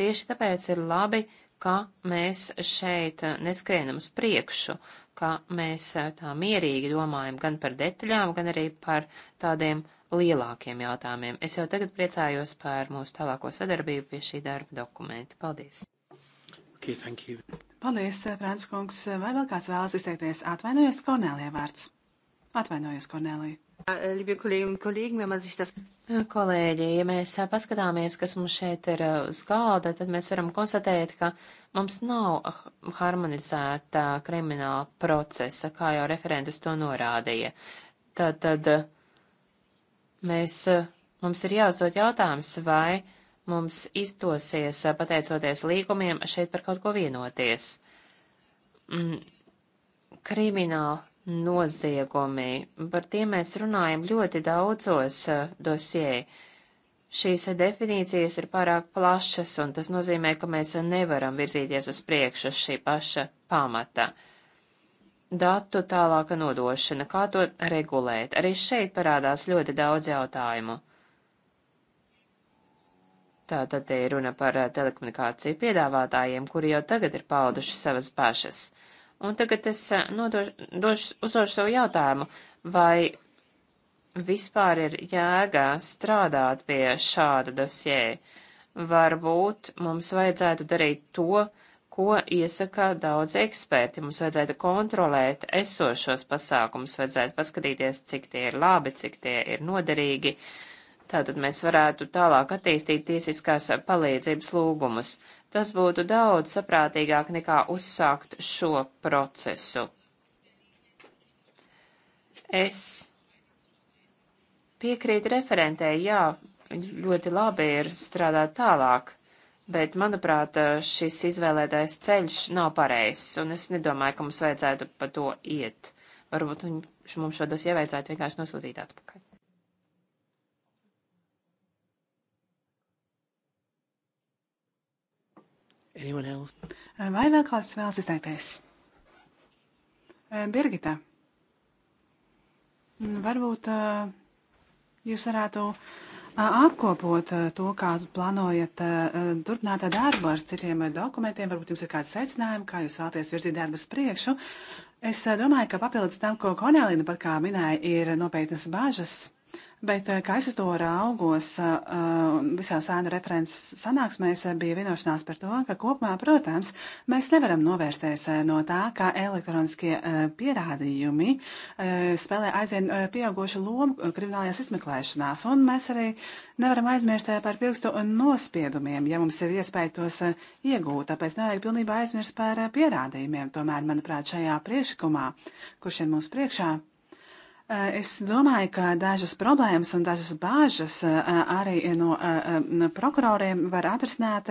Tieši tāpēc ir labi, ka mēs šeit neskrienam uz priekšu, ka mēs tā mierīgi domājam gan par detaļām, gan arī par tādiem lielākiem jautājumiem. Es jau tagad priecājos par mūsu tālāko sadarbību pie šī darba dokumenta. Paldies! Okay, thank you. Paldies, Prānskungs. Vai vēl kāds vēlas izteikties? Atvainojos, Kornēlija vārds. Atvainojos, Kornēlija. Kolēģi, ja mēs paskatāmies, kas mums šeit ir uz galda, tad mēs varam konstatēt, ka mums nav harmonizēta krimināla procesa, kā jau referentus to norādīja. Tad, tad mēs, mums ir jāuzdod jautājums, vai mums izdosies, pateicoties līgumiem, šeit par kaut ko vienoties. Mm, Krimināli noziegumi, par tiem mēs runājam ļoti daudzos dosjē. Šīs definīcijas ir pārāk plašas, un tas nozīmē, ka mēs nevaram virzīties uz priekšu šī paša pamata datu tālāka nodošana, kā to regulēt. Arī šeit parādās ļoti daudz jautājumu. Tātad te ir runa par eh, telekomunikāciju piedāvātājiem, kuri jau tagad ir pauduši savas bažas. Un tagad es eh, nodošu, uzdošu savu jautājumu, vai vispār ir jēgā strādāt pie šāda dosjē? Varbūt mums vajadzētu darīt to, ko iesaka daudz eksperti. Mums vajadzētu kontrolēt esošos pasākumus, vajadzētu paskatīties, cik tie ir labi, cik tie ir noderīgi. Uh, Tātad mēs varētu tālāk attīstīt tiesiskās palīdzības lūgumus. Tas būtu daudz saprātīgāk nekā uzsākt šo procesu. Es piekrītu referentē, jā, ļoti labi ir strādāt tālāk, bet, manuprāt, šis izvēlētais ceļš nav pareizs, un es nedomāju, ka mums vajadzētu pa to iet. Varbūt mums šo dosievu vajadzētu vienkārši nosūtīt atpakaļ. Anyone else? Vai vēl kāds vēlas izteikties? Birgita, mm, varbūt jūs varētu apkopot to, kā plānojat turpināt darbu ar citiem dokumentiem, varbūt jums ir kāds secinājumi, kā jūs vēlaties virzīt darbu uz priekšu. Es domāju, ka papildus tam, ko Konēlina pat kā minēja, ir nopietnas bāžas Bet, eh, kā es uz to raugos, eh, eh, visā sēna references sanāksmēs bija vienošanās par to, ka kopumā, protams, mēs nevaram novērsties no tā, ka elektroniskie pierādījumi spēlē aizvien pieaugušu lomu kriminālajās izmeklēšanās, un mēs arī nevaram aizmirst par pirkstu nospiedumiem, ja mums ir iespēja tos iegūt, tāpēc nevajag pilnībā aizmirst par pierādījumiem. Tomēr, manuprāt, šajā priekšlikumā, kurš ir mums priekšā, Eh, es domāju, ka dažas problēmas un dažas bāžas eh, arī eh, no prokuroriem var atrisināt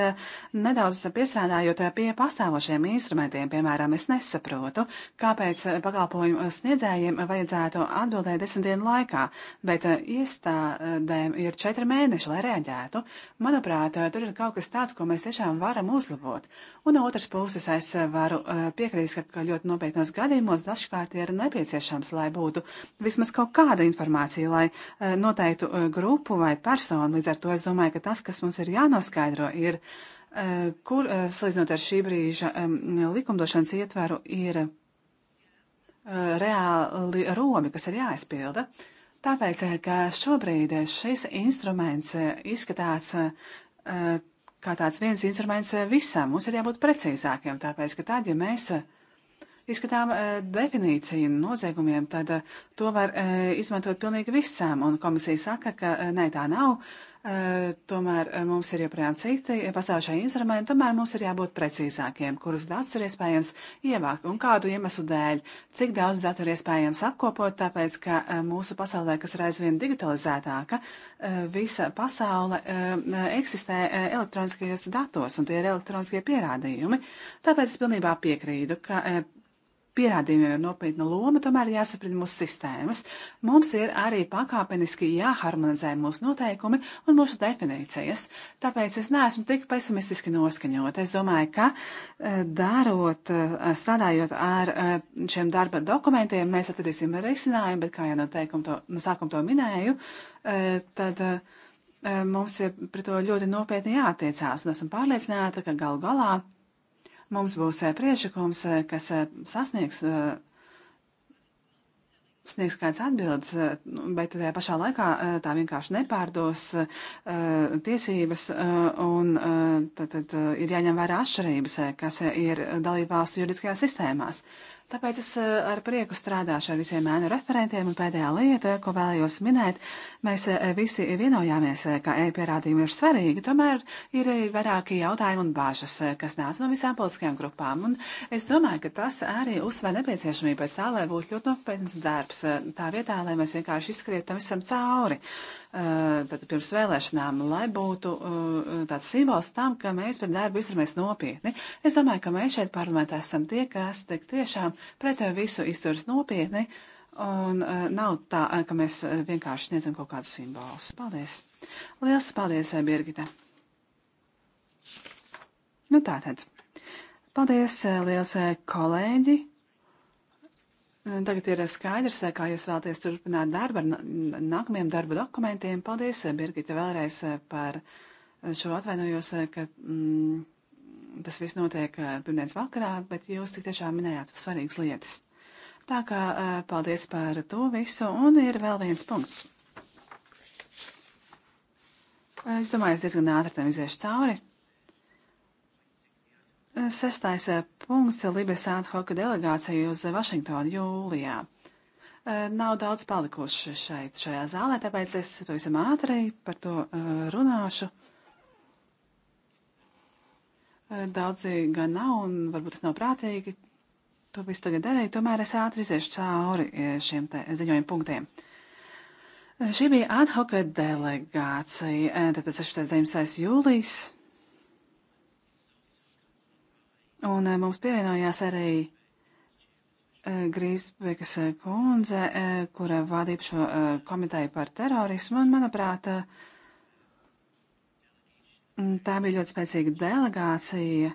nedaudz piestrādājot pie pastāvošiem instrumentiem. Piemēram, es nesaprotu, kāpēc pakalpojumu sniedzējiem vajadzētu atbildēt desmit dienu laikā, bet iestādēm ir četri mēneši, lai reaģētu. Manuprāt, tur ir kaut kas tāds, ko mēs tiešām varam uzlabot. Un no otras puses, es varu piekrīst, ka ļoti nopietnos gadījumos dažkārt ir nepieciešams, lai būtu vismaz kaut kāda informācija, lai eh, noteiktu eh, grupu vai personu. Līdz ar to es domāju, ka tas, kas mums ir jānoskaidro, ir, eh, kur, salīdzinot ar šī brīža likumdošanas ietveru, ir reāli robi, kas ir jāizpilda. Tāpēc, ka šobrīd šis instruments izskatās kā tāds viens instruments visam, mums ir jābūt precīzākiem, tāpēc, ka tad, ja mēs uh, izskatām eh, definīciju noziegumiem, tad eh, to var eh, izmantot pilnīgi visām, un komisija saka, ka nē, tā nav. Tomēr mums ir joprojām citi pasaušai instrumenti, tomēr mums ir jābūt precīzākiem, kurus datus ir iespējams ievākt un kādu iemeslu dēļ, cik daudz datu ir iespējams apkopot, tāpēc, ka mūsu pasaulē, kas ir aizvien digitalizētāka, visa pasaule eksistē elektroniskajos datos, un tie ir elektroniskie pierādījumi. Tāpēc es pilnībā piekrītu, ka pierādījumiem ir nopietna loma, tomēr jāsaprina mūsu sistēmas. Mums ir arī pakāpeniski jāharmonizē mūsu noteikumi un mūsu definīcijas. Tāpēc es neesmu tik pesimistiski noskaņot. Es domāju, ka e, darot, e, strādājot ar e, šiem darba dokumentiem, mēs atradīsim risinājumu, bet kā jau no, to, no sākuma to minēju, tad mums ir pret to ļoti nopietni jātiecās. Un esmu pārliecināta, ka gal galā Mums būs eh, priešakums, eh, kas eh, sasniegs, sniegs kāds atbildes, bet tajā pašā laikā tā vienkārši nepārdos tiesības un tad, tad ir jāņem vērā atšķirības, kas ir dalībvalstu juridiskajās sistēmās. Tāpēc es ar prieku strādāšu ar visiem ēnu referentiem, un pēdējā lieta, ko vēlējos minēt, Mēs e, visi vienojāmies, e, ka e-pierādījumi ir svarīgi, tomēr ir e, vairāki jautājumi un bāžas, kas nāca no visām politiskajām grupām. Un es domāju, ka tas arī uzsver nepieciešamību pēc tā, lai būtu ļoti nopietns darbs, tā vietā, lai mēs vienkārši izskrietam visam cauri. Tad pirms vēlēšanām, lai būtu tāds simbols tam, ka mēs par darbu izturmies nopietni. Es domāju, ka mēs šeit parlamentā esam tie, kas tiešām pret visu izturas nopietni. Uh, Un uh, nav tā, eh, ka mēs eh, vienkārši sniedzam kaut kādus simbolus. Paldies! Lielas paldies, Birgita! Nu tā tad. Paldies, liels kolēģi! Tagad ir skaidrs, kā jūs vēlaties turpināt darbu ar nākamajiem darba dokumentiem. Paldies, Birgita, vēlreiz par šo atvainojos, ka mm, tas viss notiek pirmdienas vakarā, bet jūs tik tiešām minējāt svarīgas lietas. Tā kā paldies par to visu, un ir vēl viens punkts. Es domāju, es diezgan ātri tam iziešu cauri. Sestais punkts - Libes ad hoc delegācija uz Vašingtonu jūlijā. Nav daudz palikuši šeit, šajā zālē, tāpēc es pavisam ātri par to runāšu. Daudzi gan nav, un varbūt tas nav prātīgi, to visu tagad darīju, tomēr es ātri iziešu cauri e, šiem ziņojumu punktiem. E, šī bija ad hoc delegācija, e, tad 16. 19. jūlijas. Un mums pievienojās arī Grīsbekas kundze, kura vadīja šo komiteju par terorismu, un, manuprāt, tā bija ļoti spēcīga delegācija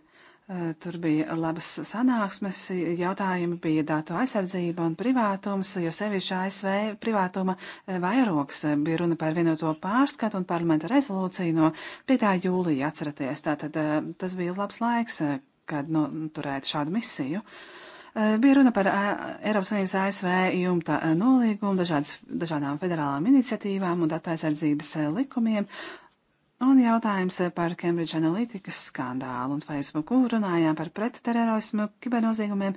Tur bija labas sanāksmes, jautājumi bija datu aizsardzība un privātums, jo sevišķi ASV privātuma vairogs bija runa par vienoto pārskatu un parlamenta rezolūciju no 5. jūlija, atceraties. Tātad tas bija labs laiks, kad noturēt šādu misiju. Bija runa par Eiropas Savienības ASV jumta nolīgumu, dažādas, dažādām federālām iniciatīvām un datu aizsardzības likumiem Un jautājums par Cambridge Analytics skandālu un Facebooku runājām par pretterorismu, kibernozīmumiem,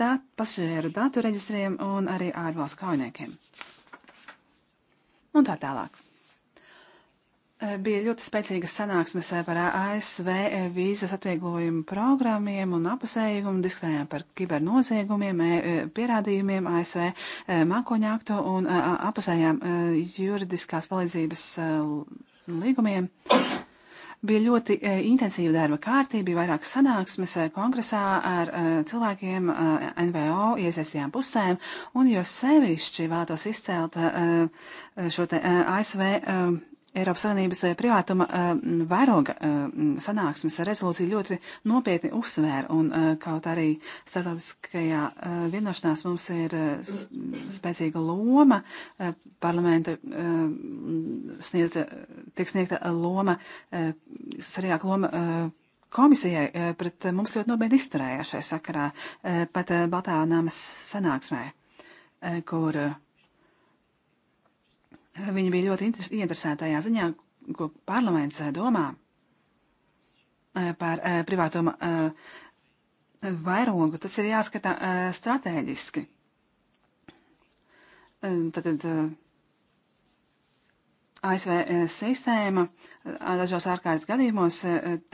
dat, pasažieru datu reģistriem un arī ārvalstu kaujiniekiem. Un tā tālāk. Eh, bija ļoti spēcīgas sanāksmes eh, par ASV eh, vīzas atvieglojumu programmiem un apasējumu, diskutējām par kibernoziegumiem, pierādījumiem ASV mākoņaktu un apasējām juridiskās palīdzības līgumiem. Bija ļoti e, intensīva darba kārtība, bija vairākas sanāksmes e, kongresā ar e, cilvēkiem, NVO, iesaistījām pusēm, un jo sevišķi vēlētos izcelt šo te ASV Eiropas Savienības eh, privātuma eh, vēroga eh, sanāksmes rezolūcija ļoti nopietni uzsvēra, un kaut arī starptautiskajā vienošanās mums ir spēcīga loma, parlamenta sniedz, tiek sniegta loma, svarīgāka loma komisijai, pret mums ļoti nopietni izturējās šai sakarā, pat Baltānāmas sanāksmē, kur Viņa bija ļoti interesēta tajā ziņā, ko parlaments domā par privātuma vairogu. Tas ir jāskatā strateģiski. Tātad ASV sistēma dažos ārkārtas gadījumos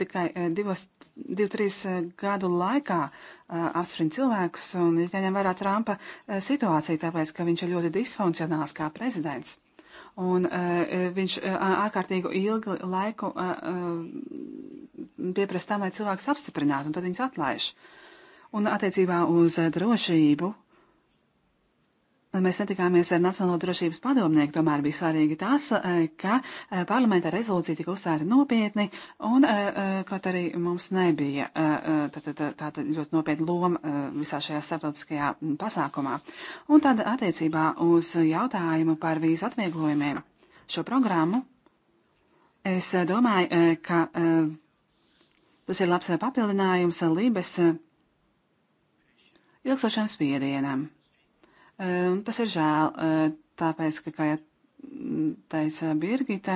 tikai divos, divu, trīs gadu laikā apspriež cilvēkus un ir jāņem vērā Trumpa situācija, tāpēc, ka viņš ir ļoti disfunkcionāls kā prezidents. Un e, e, viņš e, ārkārtīgu ilgu laiku pieprasa tam, lai cilvēks apstiprinātu, un tad viņus atlaiž. Un attiecībā uz drošību Mēs netikāmies ar Nacionālo drošības padomnieku, tomēr bija svarīgi tas, e, ka e, parlamenta rezolūcija tika uzsvērta nopietni, un e, kaut arī mums nebija tāda tā, tā, tā ļoti nopietna loma visā šajā starptautiskajā pasākumā. Un tad attiecībā uz jautājumu par vīzu atvieglojumiem šo programmu, es domāju, ka tas ir labs papildinājums Lībes ilgstošam spiedienam Un tas ir žēl, tāpēc, ka, kā jau teica Birgita,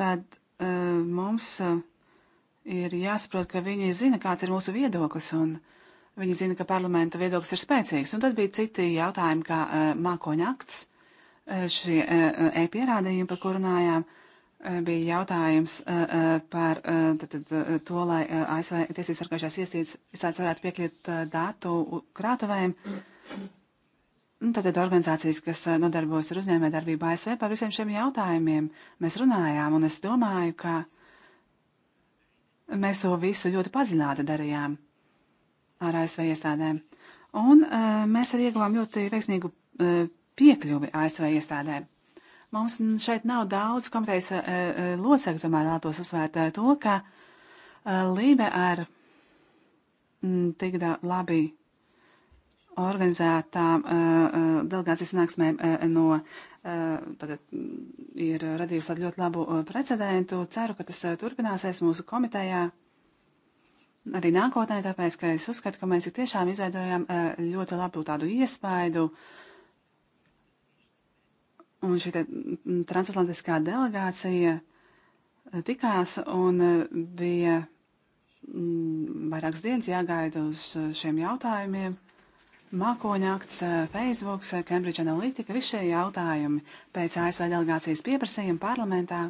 tad mums ir jāsaprot, ka viņi zina, kāds ir mūsu viedoklis, un viņi zina, ka parlamenta viedoklis ir spēcīgs. Un tad bija citi jautājumi, kā mākoņakts, šie e-pierādījumi, par kur runājām. Uh, Eh, bija jautājums eh, eh, par tad, to, lai ASV tiesības sargājušās iestādes varētu piekļūt datu krātuvēm. Tātad nu, organizācijas, kas nodarbojas ar uzņēmē darbību ASV par visiem šiem jautājumiem, mēs runājām, un es domāju, ka mēs to visu ļoti padziļināti darījām ar ASV iestādēm. Un mēs arī ieguvām ļoti veiksmīgu piekļuvi ASV iestādēm. Mums šeit nav daudz komitejas eh, eh, locekļu, tomēr vēlētos uzsvērt eh, to, ka Lībe ar mm, tik labi organizētām delegācijas sanāksmēm no tātad mm, ir radījusi tādu ļoti labu precedentu. Ceru, ka tas turpināsies mūsu komitejā arī nākotnē, tāpēc, ka es uzskatu, ka mēs tiešām izveidojam ļoti labu tādu iespaidu uh, Un šī mm, transatlantiskā delegācija eh, tikās un eh, bija mm, vairākas dienas jāgaida uz eh, šiem jautājumiem. Mākoņa akts, Facebook, Cambridge Analytica, visi šie jautājumi pēc ASV delegācijas pieprasījuma parlamentā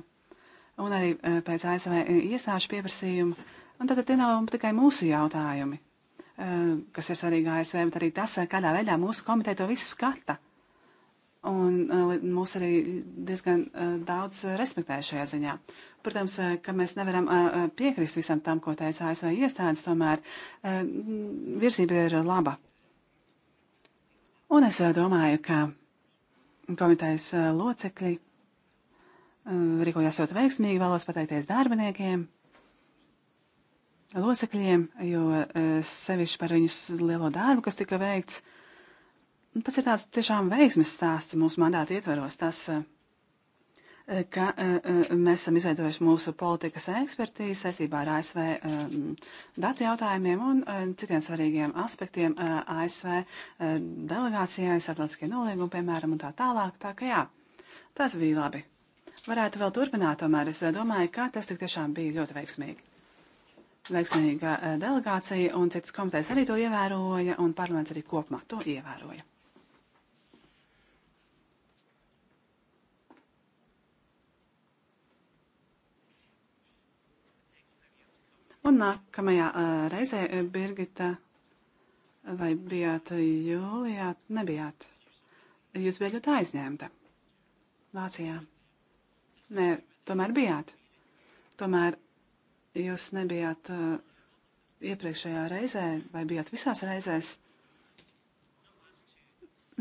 un arī pēc ASV iestāžu pieprasījuma. Un tad tie nav tikai mūsu jautājumi, kas ir svarīgi ASV, bet arī tas, kādā veidā mūsu komiteja to visu skata. Un eh, mūs arī diezgan eh, daudz eh, respektē šajā ziņā. Protams, ka mēs nevaram piekrist visam tam, ko teica ASV iestādes, tomēr virzība ir laba. Un es domāju, ka komitejas locekļi rīkojās ļoti veiksmīgi, vēlos pateikties darbiniekiem, locekļiem, jo sevišķi par viņus lielo darbu, kas tika veikts Tas ir tāds tiešām veiksmes stāsts mūsu mandāta ietveros. Tas, eh, ka eh, eh, mēs esam izveidojuši mūsu politikas ekspertīzi saistībā ar ASV datu jautājumiem un citiem svarīgiem aspektiem ASV delegācijai, starptautiskajai nolīgumi, piemēram, un tā tālāk. Tā ka jā, tas bija labi. Varētu vēl turpināt, tomēr es domāju, ka tas tik tiešām bija ļoti veiksmīgi veiksmīga delegācija, un citas komitejas arī to ievēroja, un parlaments arī kopumā to ievēroja. Un nākamajā reizē, Birgita, vai bijāt jūlijā? Nebijāt. Jūs bijāt ļoti aizņemta. Vācijā. Nē, tomēr bijāt. Tomēr jūs nebijāt uh, iepriekšējā reizē, vai bijāt visās reizēs?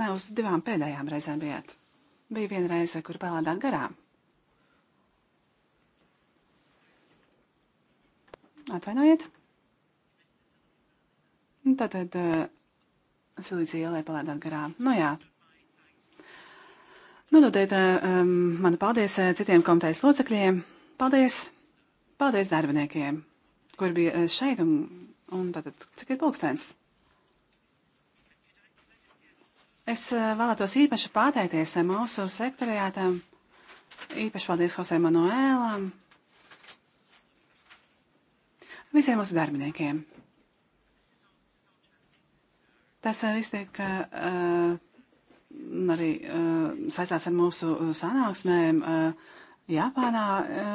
Nē, uz divām pēdējām reizēm bijāt. Bija viena reize, kur pelādāt garām. Atvainojiet. Tātad nu, eh, Silīcija ielē palēdāt garām. Nu jā. Nododiet nu, nu, eh, um, manu paldies eh, citiem komitejas locekļiem. Paldies! Paldies darbiniekiem, kur bija šeit un, un tātad, cik ir pulkstens? Es vēlētos īpaši pateikties mūsu sektorijātam. Īpaši paldies Hosē Manuēlam visiem mūsu darbiniekiem. Tas eh, viss tiek uh, arī uh, saistīts ar mūsu sanāksmēm. Uh, Japānā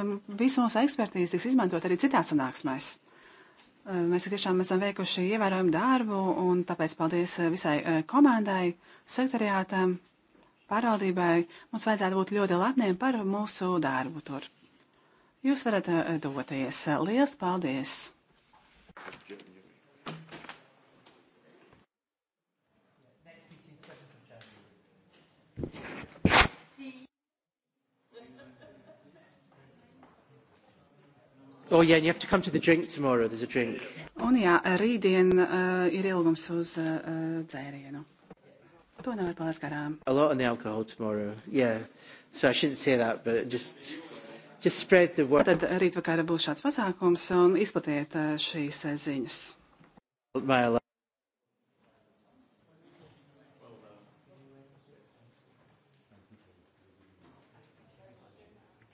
um, visu mūsu ekspertīzi tiks izmantot arī citās sanāksmēs. Uh, mēs tiešām esam veikuši ievērojumu darbu, un tāpēc paldies visai uh, komandai, sekretariātam, pārvaldībai. Mums vajadzētu būt ļoti lepniem par mūsu darbu tur. Jūs varat doties. Lielas paldies! Oh, yeah, and you have to come to the drink tomorrow. There's a drink. Un jā, rītdien uh, ir ilgums uz uh, dzērienu. To nevar palaist garām. A lot on the alcohol tomorrow, yeah. So I shouldn't say that, but just... Tad rītvakarā būs šāds pasākums un izplatiet eh, šīs eh, ziņas.